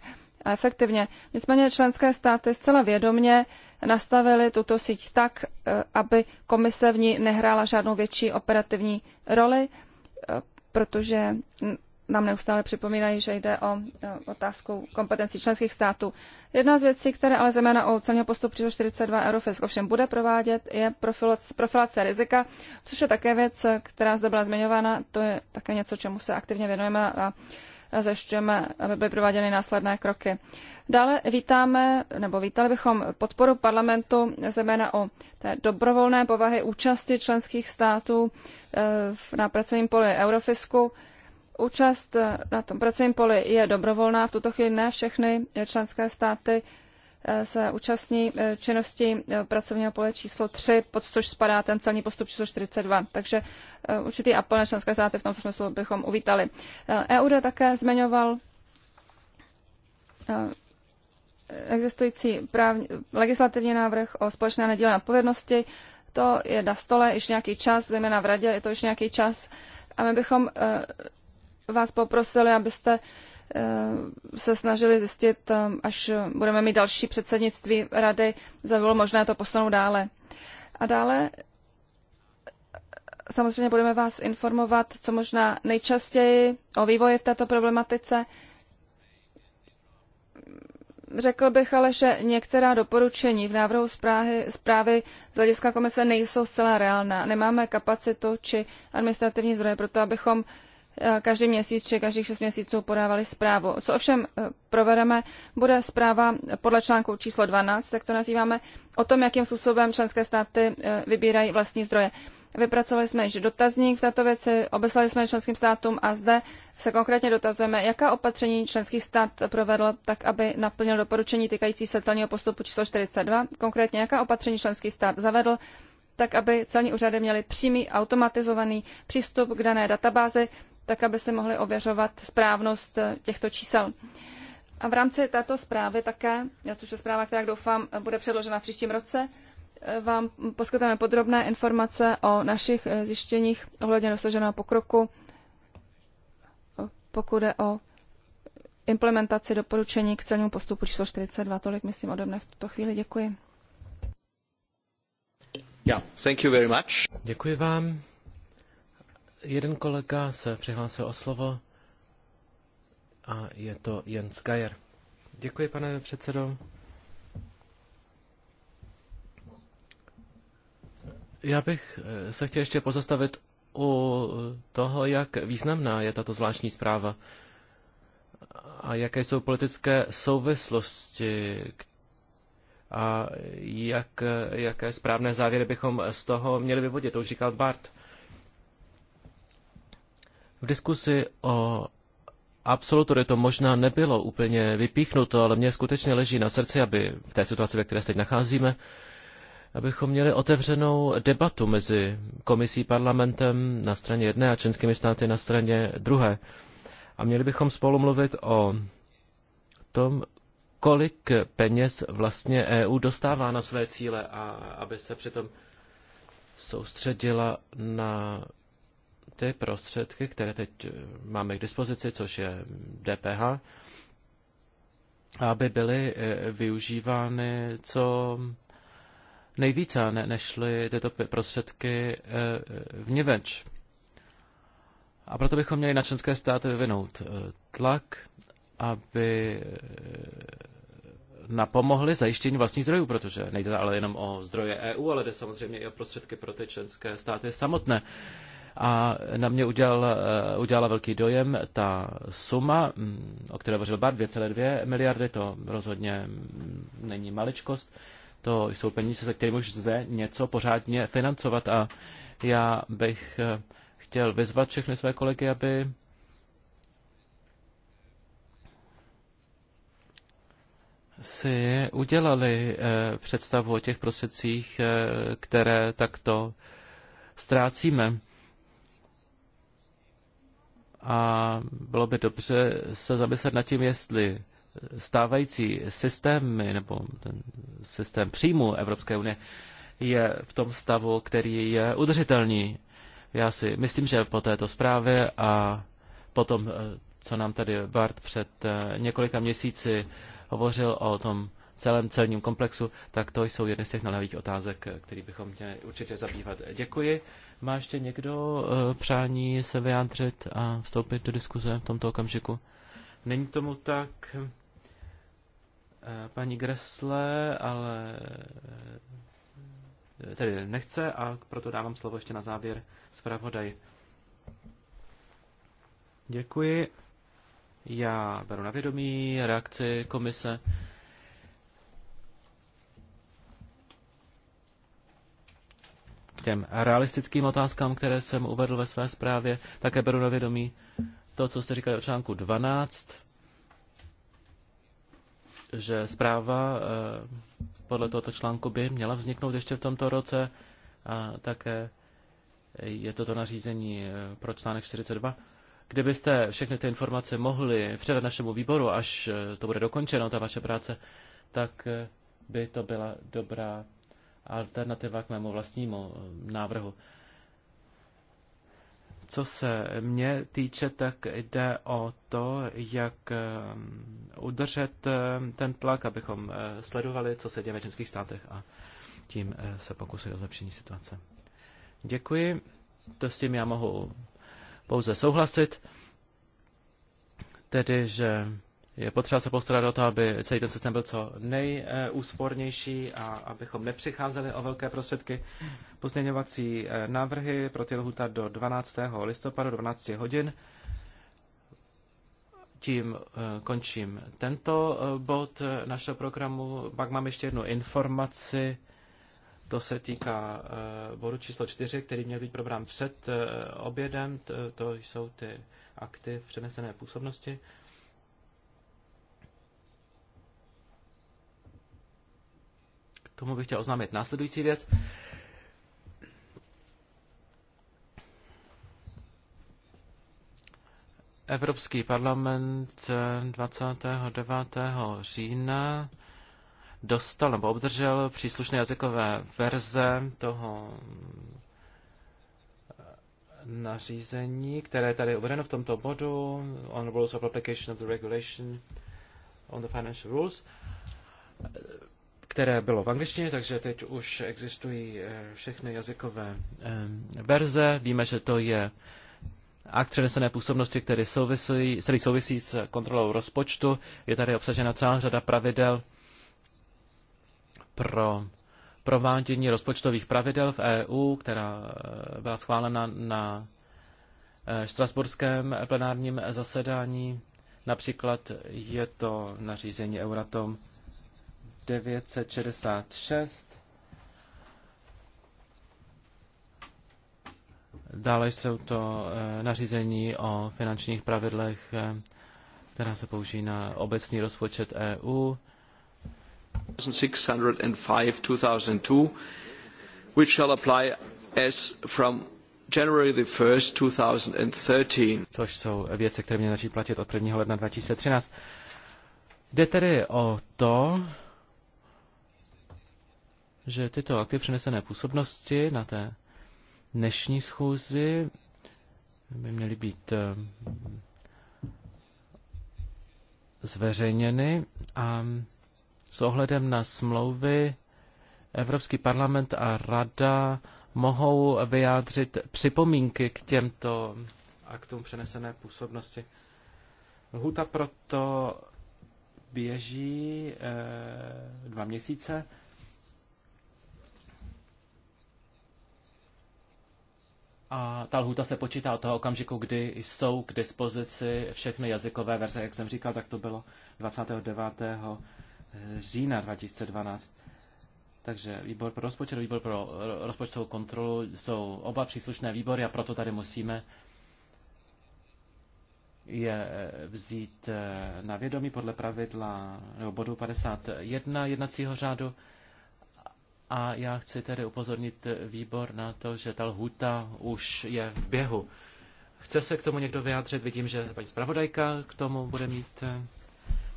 S3: a efektivně. Nicméně členské státy zcela vědomně nastavili tuto síť tak, e, aby komise v ní nehrála žádnou větší operativní roli, e, protože nám neustále připomínají, že jde o e, otázku kompetencí členských států. Jedna z věcí, které ale zejména o celního postupu 42 Eurofisk ovšem bude provádět, je profilace rizika, což je také věc, která zde byla zmiňována. To je také něco, čemu se aktivně věnujeme a zajišťujeme, aby byly prováděny následné kroky. Dále vítáme, nebo vítali bychom podporu parlamentu, zejména o té dobrovolné povahy účasti členských států e, na pracovním poli Eurofisku. Účast eh, na tom pracovním poli je dobrovolná. V tuto chvíli ne všechny eh, členské státy eh, se účastní činnosti pracovního pole číslo 3, pod což spadá ten celní postup číslo 42. Takže určitý apel na členské státy v tomto smyslu bychom uvítali. EUD e také zmiňoval existující právní, legislativní návrh o společné nedělené odpovědnosti. To je na stole již nějaký čas, zejména v radě je to již nějaký čas. A my bychom vás poprosili, abyste eh, se snažili zjistit, eh, až budeme mít další předsednictví rady, za bylo možné to posunout dále. A dále eh, samozřejmě budeme vás informovat, co možná nejčastěji o vývoji v této problematice. Řekl bych ale, že některá doporučení v návrhu zprávy, zprávy z hlediska komise nejsou zcela reálná. Nemáme kapacitu či administrativní zdroje pro to, abychom uh, Eh, každý měsíc či každých šest měsíců podávali zprávu. Co ovšem eh, provedeme, bude zpráva eh, podle článku číslo 12, tak to nazýváme, o tom, jakým způsobem členské státy vybírají vlastní zdroje. Vypracovali jsme již dotazník v této věci, obeslali jsme členským státům a zde se konkrétně dotazujeme, jaká opatření členský stát provedl tak, aby naplnil doporučení týkající se celního postupu číslo 42, konkrétně jaká opatření členský stát zavedl, tak aby celní úřady měly přímý automatizovaný přístup k dané databázi, tak aby si mohli ověřovat správnost eh, těchto čísel. A v rámci této zprávy také, což je zpráva, která, doufám, bude předložena v příštím roce, eh, vám poskytneme podrobné informace o našich eh, zjištěních ohledně dosaženého pokroku, pokud je o implementaci doporučení k celnímu postupu číslo 42. Tolik, myslím, ode mne v tuto chvíli. Děkuji.
S2: Yeah, thank you very much. Děkuji vám. Jeden kolega se přihlásil o slovo a je to Jens Geier. Děkuji, pane předsedo. Já bych eh, se chtěl ještě pozastavit u toho, jak významná je tato zvláštní zpráva a jaké jsou politické souvislosti a jak, jaké správné závěry bychom z toho měli vyvodit. To už říkal Bart. V diskusi o absolutory to možná nebylo úplně vypíchnuto, ale mně skutečně leží na srdci, aby v té situaci, ve které se teď nacházíme, abychom měli otevřenou debatu mezi komisí parlamentem na straně jedné a členskými státy na straně druhé. A měli bychom spolu mluvit o tom, kolik peněz vlastně EU dostává na své cíle a aby se přitom soustředila na ty prostředky, které teď eh, máme k dispozici, což je DPH, aby byly eh, využívány co nejvíce, ne, nešly tyto prostředky v eh, vniveč. A proto bychom měli na členské státy vyvinout tlak, aby napomohli zajištění vlastních zdrojů, protože nejde ale jenom o zdroje EU, ale jde samozřejmě i o prostředky pro ty členské státy samotné a na mě udělala, eh, udělala velký dojem ta suma, mm, o které hovořil Bart, 2,2 miliardy, to rozhodně mm, není maličkost, to jsou peníze, se kterými už zde něco pořádně financovat a já bych eh, chtěl vyzvat všechny své kolegy, aby si udělali eh, představu o těch prostředcích, které takto ztrácíme. A bylo by dobře se zamyslet nad tím, jestli stávající systémy nebo ten systém příjmu Evropské unie je v tom stavu, který je udržitelný. Já si myslím, že po této zprávě a potom, eh, co nám tady Bart před eh, několika měsíci hovořil o tom celém celním komplexu, tak to jsou jedny z těch naléhavých otázek, eh, který bychom měli určitě zabývat. Děkuji. Má ještě někdo eh, přání se vyjádřit a vstoupit do diskuze v tomto okamžiku? Není tomu tak eh, paní Gressle, ale eh, tedy nechce a proto dávám slovo ještě na závěr zpravodaj. Děkuji. Já beru na vědomí reakci komise. těm realistickým otázkám, které jsem uvedl ve své zprávě. Také beru na vědomí to, co jste říkali o článku 12, že zpráva eh, podle tohoto článku by měla vzniknout ještě v tomto roce a také je toto nařízení eh, pro článek 42. Kdybyste všechny ty informace mohli předat našemu výboru, až eh, to bude dokončeno, ta vaše práce, tak by to byla dobrá alternativa k mému vlastnímu eh, návrhu. Co se mě týče, tak jde o to, jak eh, udržet eh, ten tlak, abychom sledovali, co se děje v českých státech a tím se pokusit o zlepšení situace. Děkuji. To s tím já mohu pouze souhlasit. Tedy, že je potřeba se postarat o to, aby celý ten systém byl co nejúspornější a abychom nepřicházeli o velké prostředky. Pozměňovací eh, návrhy pro ty lhuta do 12. listopadu 12 hodin. Tím eh, končím tento eh, bod našeho programu. Pak mám ještě jednu informaci. To se týká bodu číslo 4, který měl být probrán před obědem. To jsou ty akty v přenesené působnosti. tomu bych chtěl oznámit následující věc. Evropský parlament 29. října dostal nebo obdržel příslušné jazykové verze toho nařízení, které je tady uvedeno v tomto bodu, on rules of application of the regulation on the financial rules které bylo v angličtině, takže teď už existují eh, všechny jazykové eh, verze. Víme, že to je akt přenesené působnosti, který souvisí, který souvisí s kontrolou rozpočtu. Je tady obsažena celá řada pravidel pro provádění rozpočtových pravidel v EU, která eh, byla schválena na štrasburském plenárním zasedání. Například je to nařízení Euratom 966. Dále jsou to eh, nařízení o finančních pravidlech, eh, která se použijí na obecný rozpočet EU. 605 2002, which shall apply as from January 1, 2013. Což jsou věci, které mě začí platit od 1. ledna 2013. Jde tedy o to, že tyto akty přenesené působnosti na té dnešní schůzi by měly být eh, zveřejněny a s ohledem na smlouvy Evropský parlament a Rada mohou vyjádřit připomínky k těmto aktům přenesené působnosti. Lhuta proto běží eh, dva měsíce A ta lhůta se počítá od toho okamžiku, kdy jsou k dispozici všechny jazykové verze. Jak jsem říkal, tak to bylo 29. října 2012. Takže výbor pro rozpočet, výbor pro rozpočtovou kontrolu jsou oba příslušné výbory a proto tady musíme je vzít eh, na vědomí podle pravidla nebo bodu 51 jednacího řádu. A já chci tedy upozornit výbor na to, že ta lhuta už je v běhu. Chce se k tomu někdo vyjádřit? Vidím, že paní zpravodajka k tomu bude mít, eh,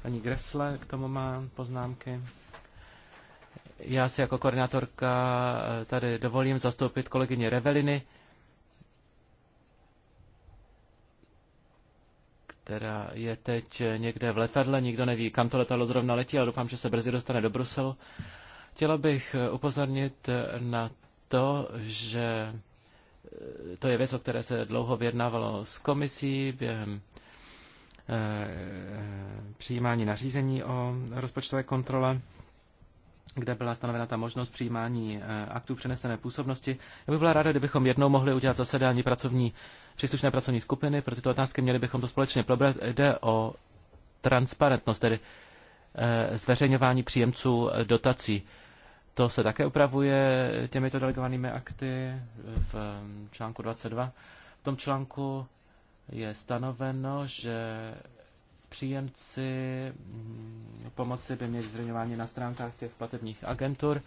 S2: paní Gresle k tomu má poznámky. Já si jako koordinátorka eh, tady dovolím zastoupit kolegyně Reveliny, která je teď někde v letadle, nikdo neví, kam to letadlo zrovna letí, ale doufám, že se brzy dostane do Bruselu Chtěla bych eh, upozornit eh, na to, že eh, to je věc, o které se dlouho vyjednávalo s komisí během přijímání nařízení o rozpočtové kontrole, kde byla stanovena ta možnost přijímání aktů přenesené působnosti. Já bych byla ráda, kdybychom jednou mohli udělat zasedání pracovní, příslušné pracovní skupiny. Pro tyto otázky měli bychom to společně probrat. Jde o transparentnost, tedy zveřejňování příjemců dotací. To se také upravuje těmito delegovanými akty v ehm, článku 22. V tom článku je stanoveno, že příjemci mm, pomoci by měli zřejmě na stránkách těch platebních agentur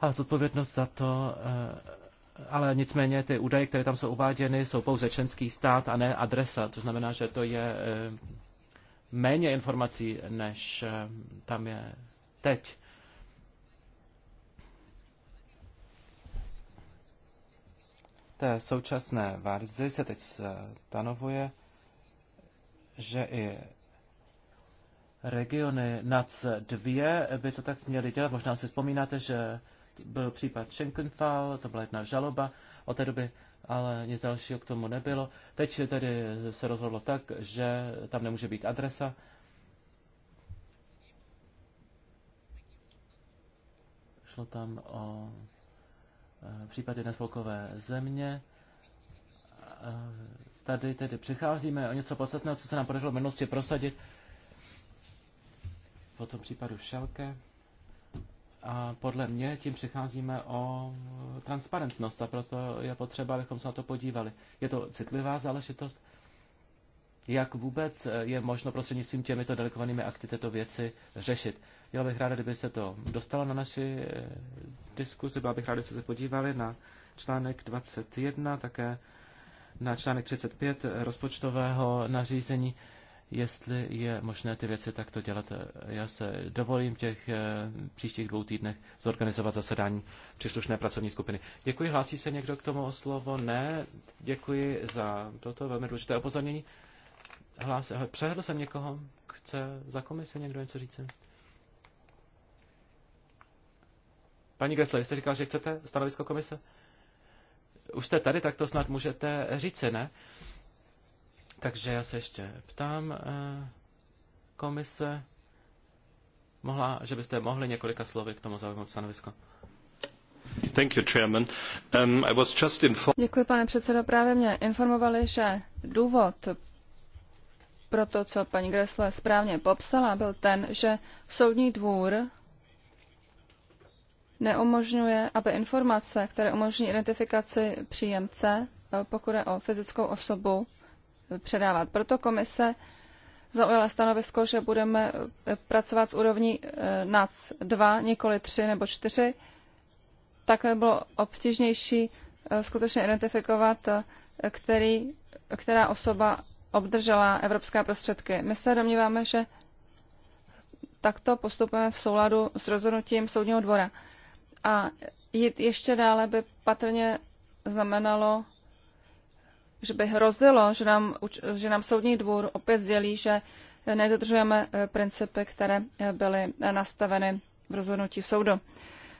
S2: a zodpovědnost za to, eh, ale nicméně ty údaje, které tam jsou uváděny, jsou pouze členský stát a ne adresa. To znamená, že to je eh, méně informací, než eh, tam je teď. té současné verzi se teď stanovuje, že i regiony NAC 2 by to tak měly dělat. Možná si vzpomínáte, že byl případ Schenkenfall, to byla jedna žaloba od té doby, ale nic dalšího k tomu nebylo. Teď tedy se rozhodlo tak, že tam nemůže být adresa. Šlo tam o Eh, případy nespolkové země. Eh, tady tedy přicházíme o něco podstatného, co se nám podařilo v minulosti prosadit po tom případu v Šelke. A podle mě tím přicházíme o transparentnost a proto je potřeba, abychom se na to podívali. Je to citlivá záležitost. Jak vůbec je možno prostřednictvím těmito delikovanými akty této věci řešit? Já bych ráda, kdyby se to dostalo na naši eh, diskuzi, byla bych ráda, kdyby se podívali na článek 21, také na článek 35 rozpočtového nařízení, jestli je možné ty věci takto dělat. Eh, já se dovolím v těch eh, příštích dvou týdnech zorganizovat zasedání příslušné pracovní skupiny. Děkuji, hlásí se někdo k tomu o slovo? Ne, děkuji za toto velmi důležité upozornění. Hlásí, přehledl jsem někoho? Chce za komisi někdo něco říct? Paní Gressler, jste říkal, že chcete stanovisko komise? Už jste tady, tak to snad můžete říci, ne? Takže já se ještě ptám eh,
S3: komise,
S2: mohla, že byste mohli několika slovy k tomu zaujmout stanovisko. Thank you, chairman. Um, I was just
S3: Děkuji, pane předsedo. Právě mě informovali, že důvod pro to, co paní Gressler správně popsala, byl ten, že soudní dvůr neumožňuje, aby informace, které umožní identifikaci příjemce, eh, pokud je o fyzickou osobu, eh, předávat. Proto komise zaujala stanovisko, že budeme eh, pracovat s úrovní NAC 2, nikoli 3 nebo 4. Také bylo obtížnější skutečně identifikovat, který, která osoba obdržela evropské prostředky. My se domníváme, že takto postupujeme v souladu s rozhodnutím soudního dvora. A jít ještě dále by patrně znamenalo, že by hrozilo, že nám, že nám soudní dvůr opět sdělí, že nedodržujeme eh, principy, které eh, byly eh, nastaveny v rozhodnutí soudu.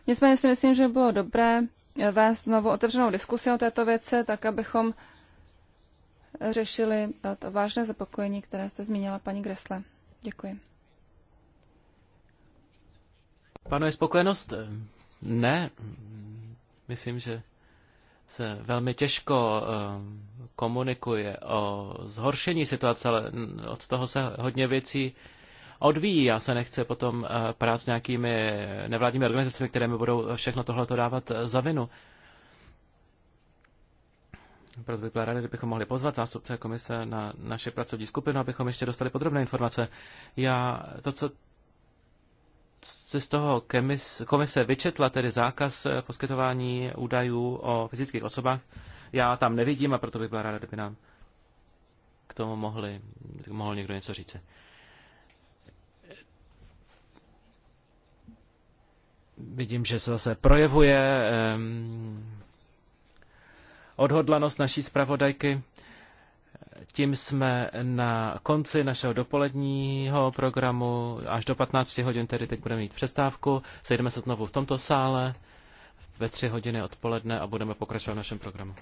S3: Nicméně si myslím, že by bylo dobré vést znovu otevřenou diskusi o této věci, tak abychom řešili to vážné zapokojení, které jste zmínila, paní Gresle. Děkuji.
S2: Panuje spokojenost ne, myslím, že se velmi těžko eh, komunikuje o zhoršení situace, ale od toho se hodně věcí odvíjí. Já se nechci potom eh, prát s nějakými nevládními organizacemi, které mi budou všechno tohle dávat eh, za vinu. Proto bych byla ráda, kdybychom mohli pozvat zástupce komise na naše pracovní skupinu, abychom ještě dostali podrobné informace. Já to, co se z toho komise vyčetla tedy zákaz eh, poskytování údajů o fyzických osobách. Já tam nevidím a proto bych byla ráda, kdyby nám k tomu mohli, mohl někdo něco říct. Vidím, že se zase projevuje um, odhodlanost naší zpravodajky. Tím jsme na konci našeho dopoledního programu. Až do 15 hodin tedy teď budeme mít přestávku. Sejdeme se znovu v tomto sále ve tři hodiny odpoledne a budeme pokračovat v našem programu.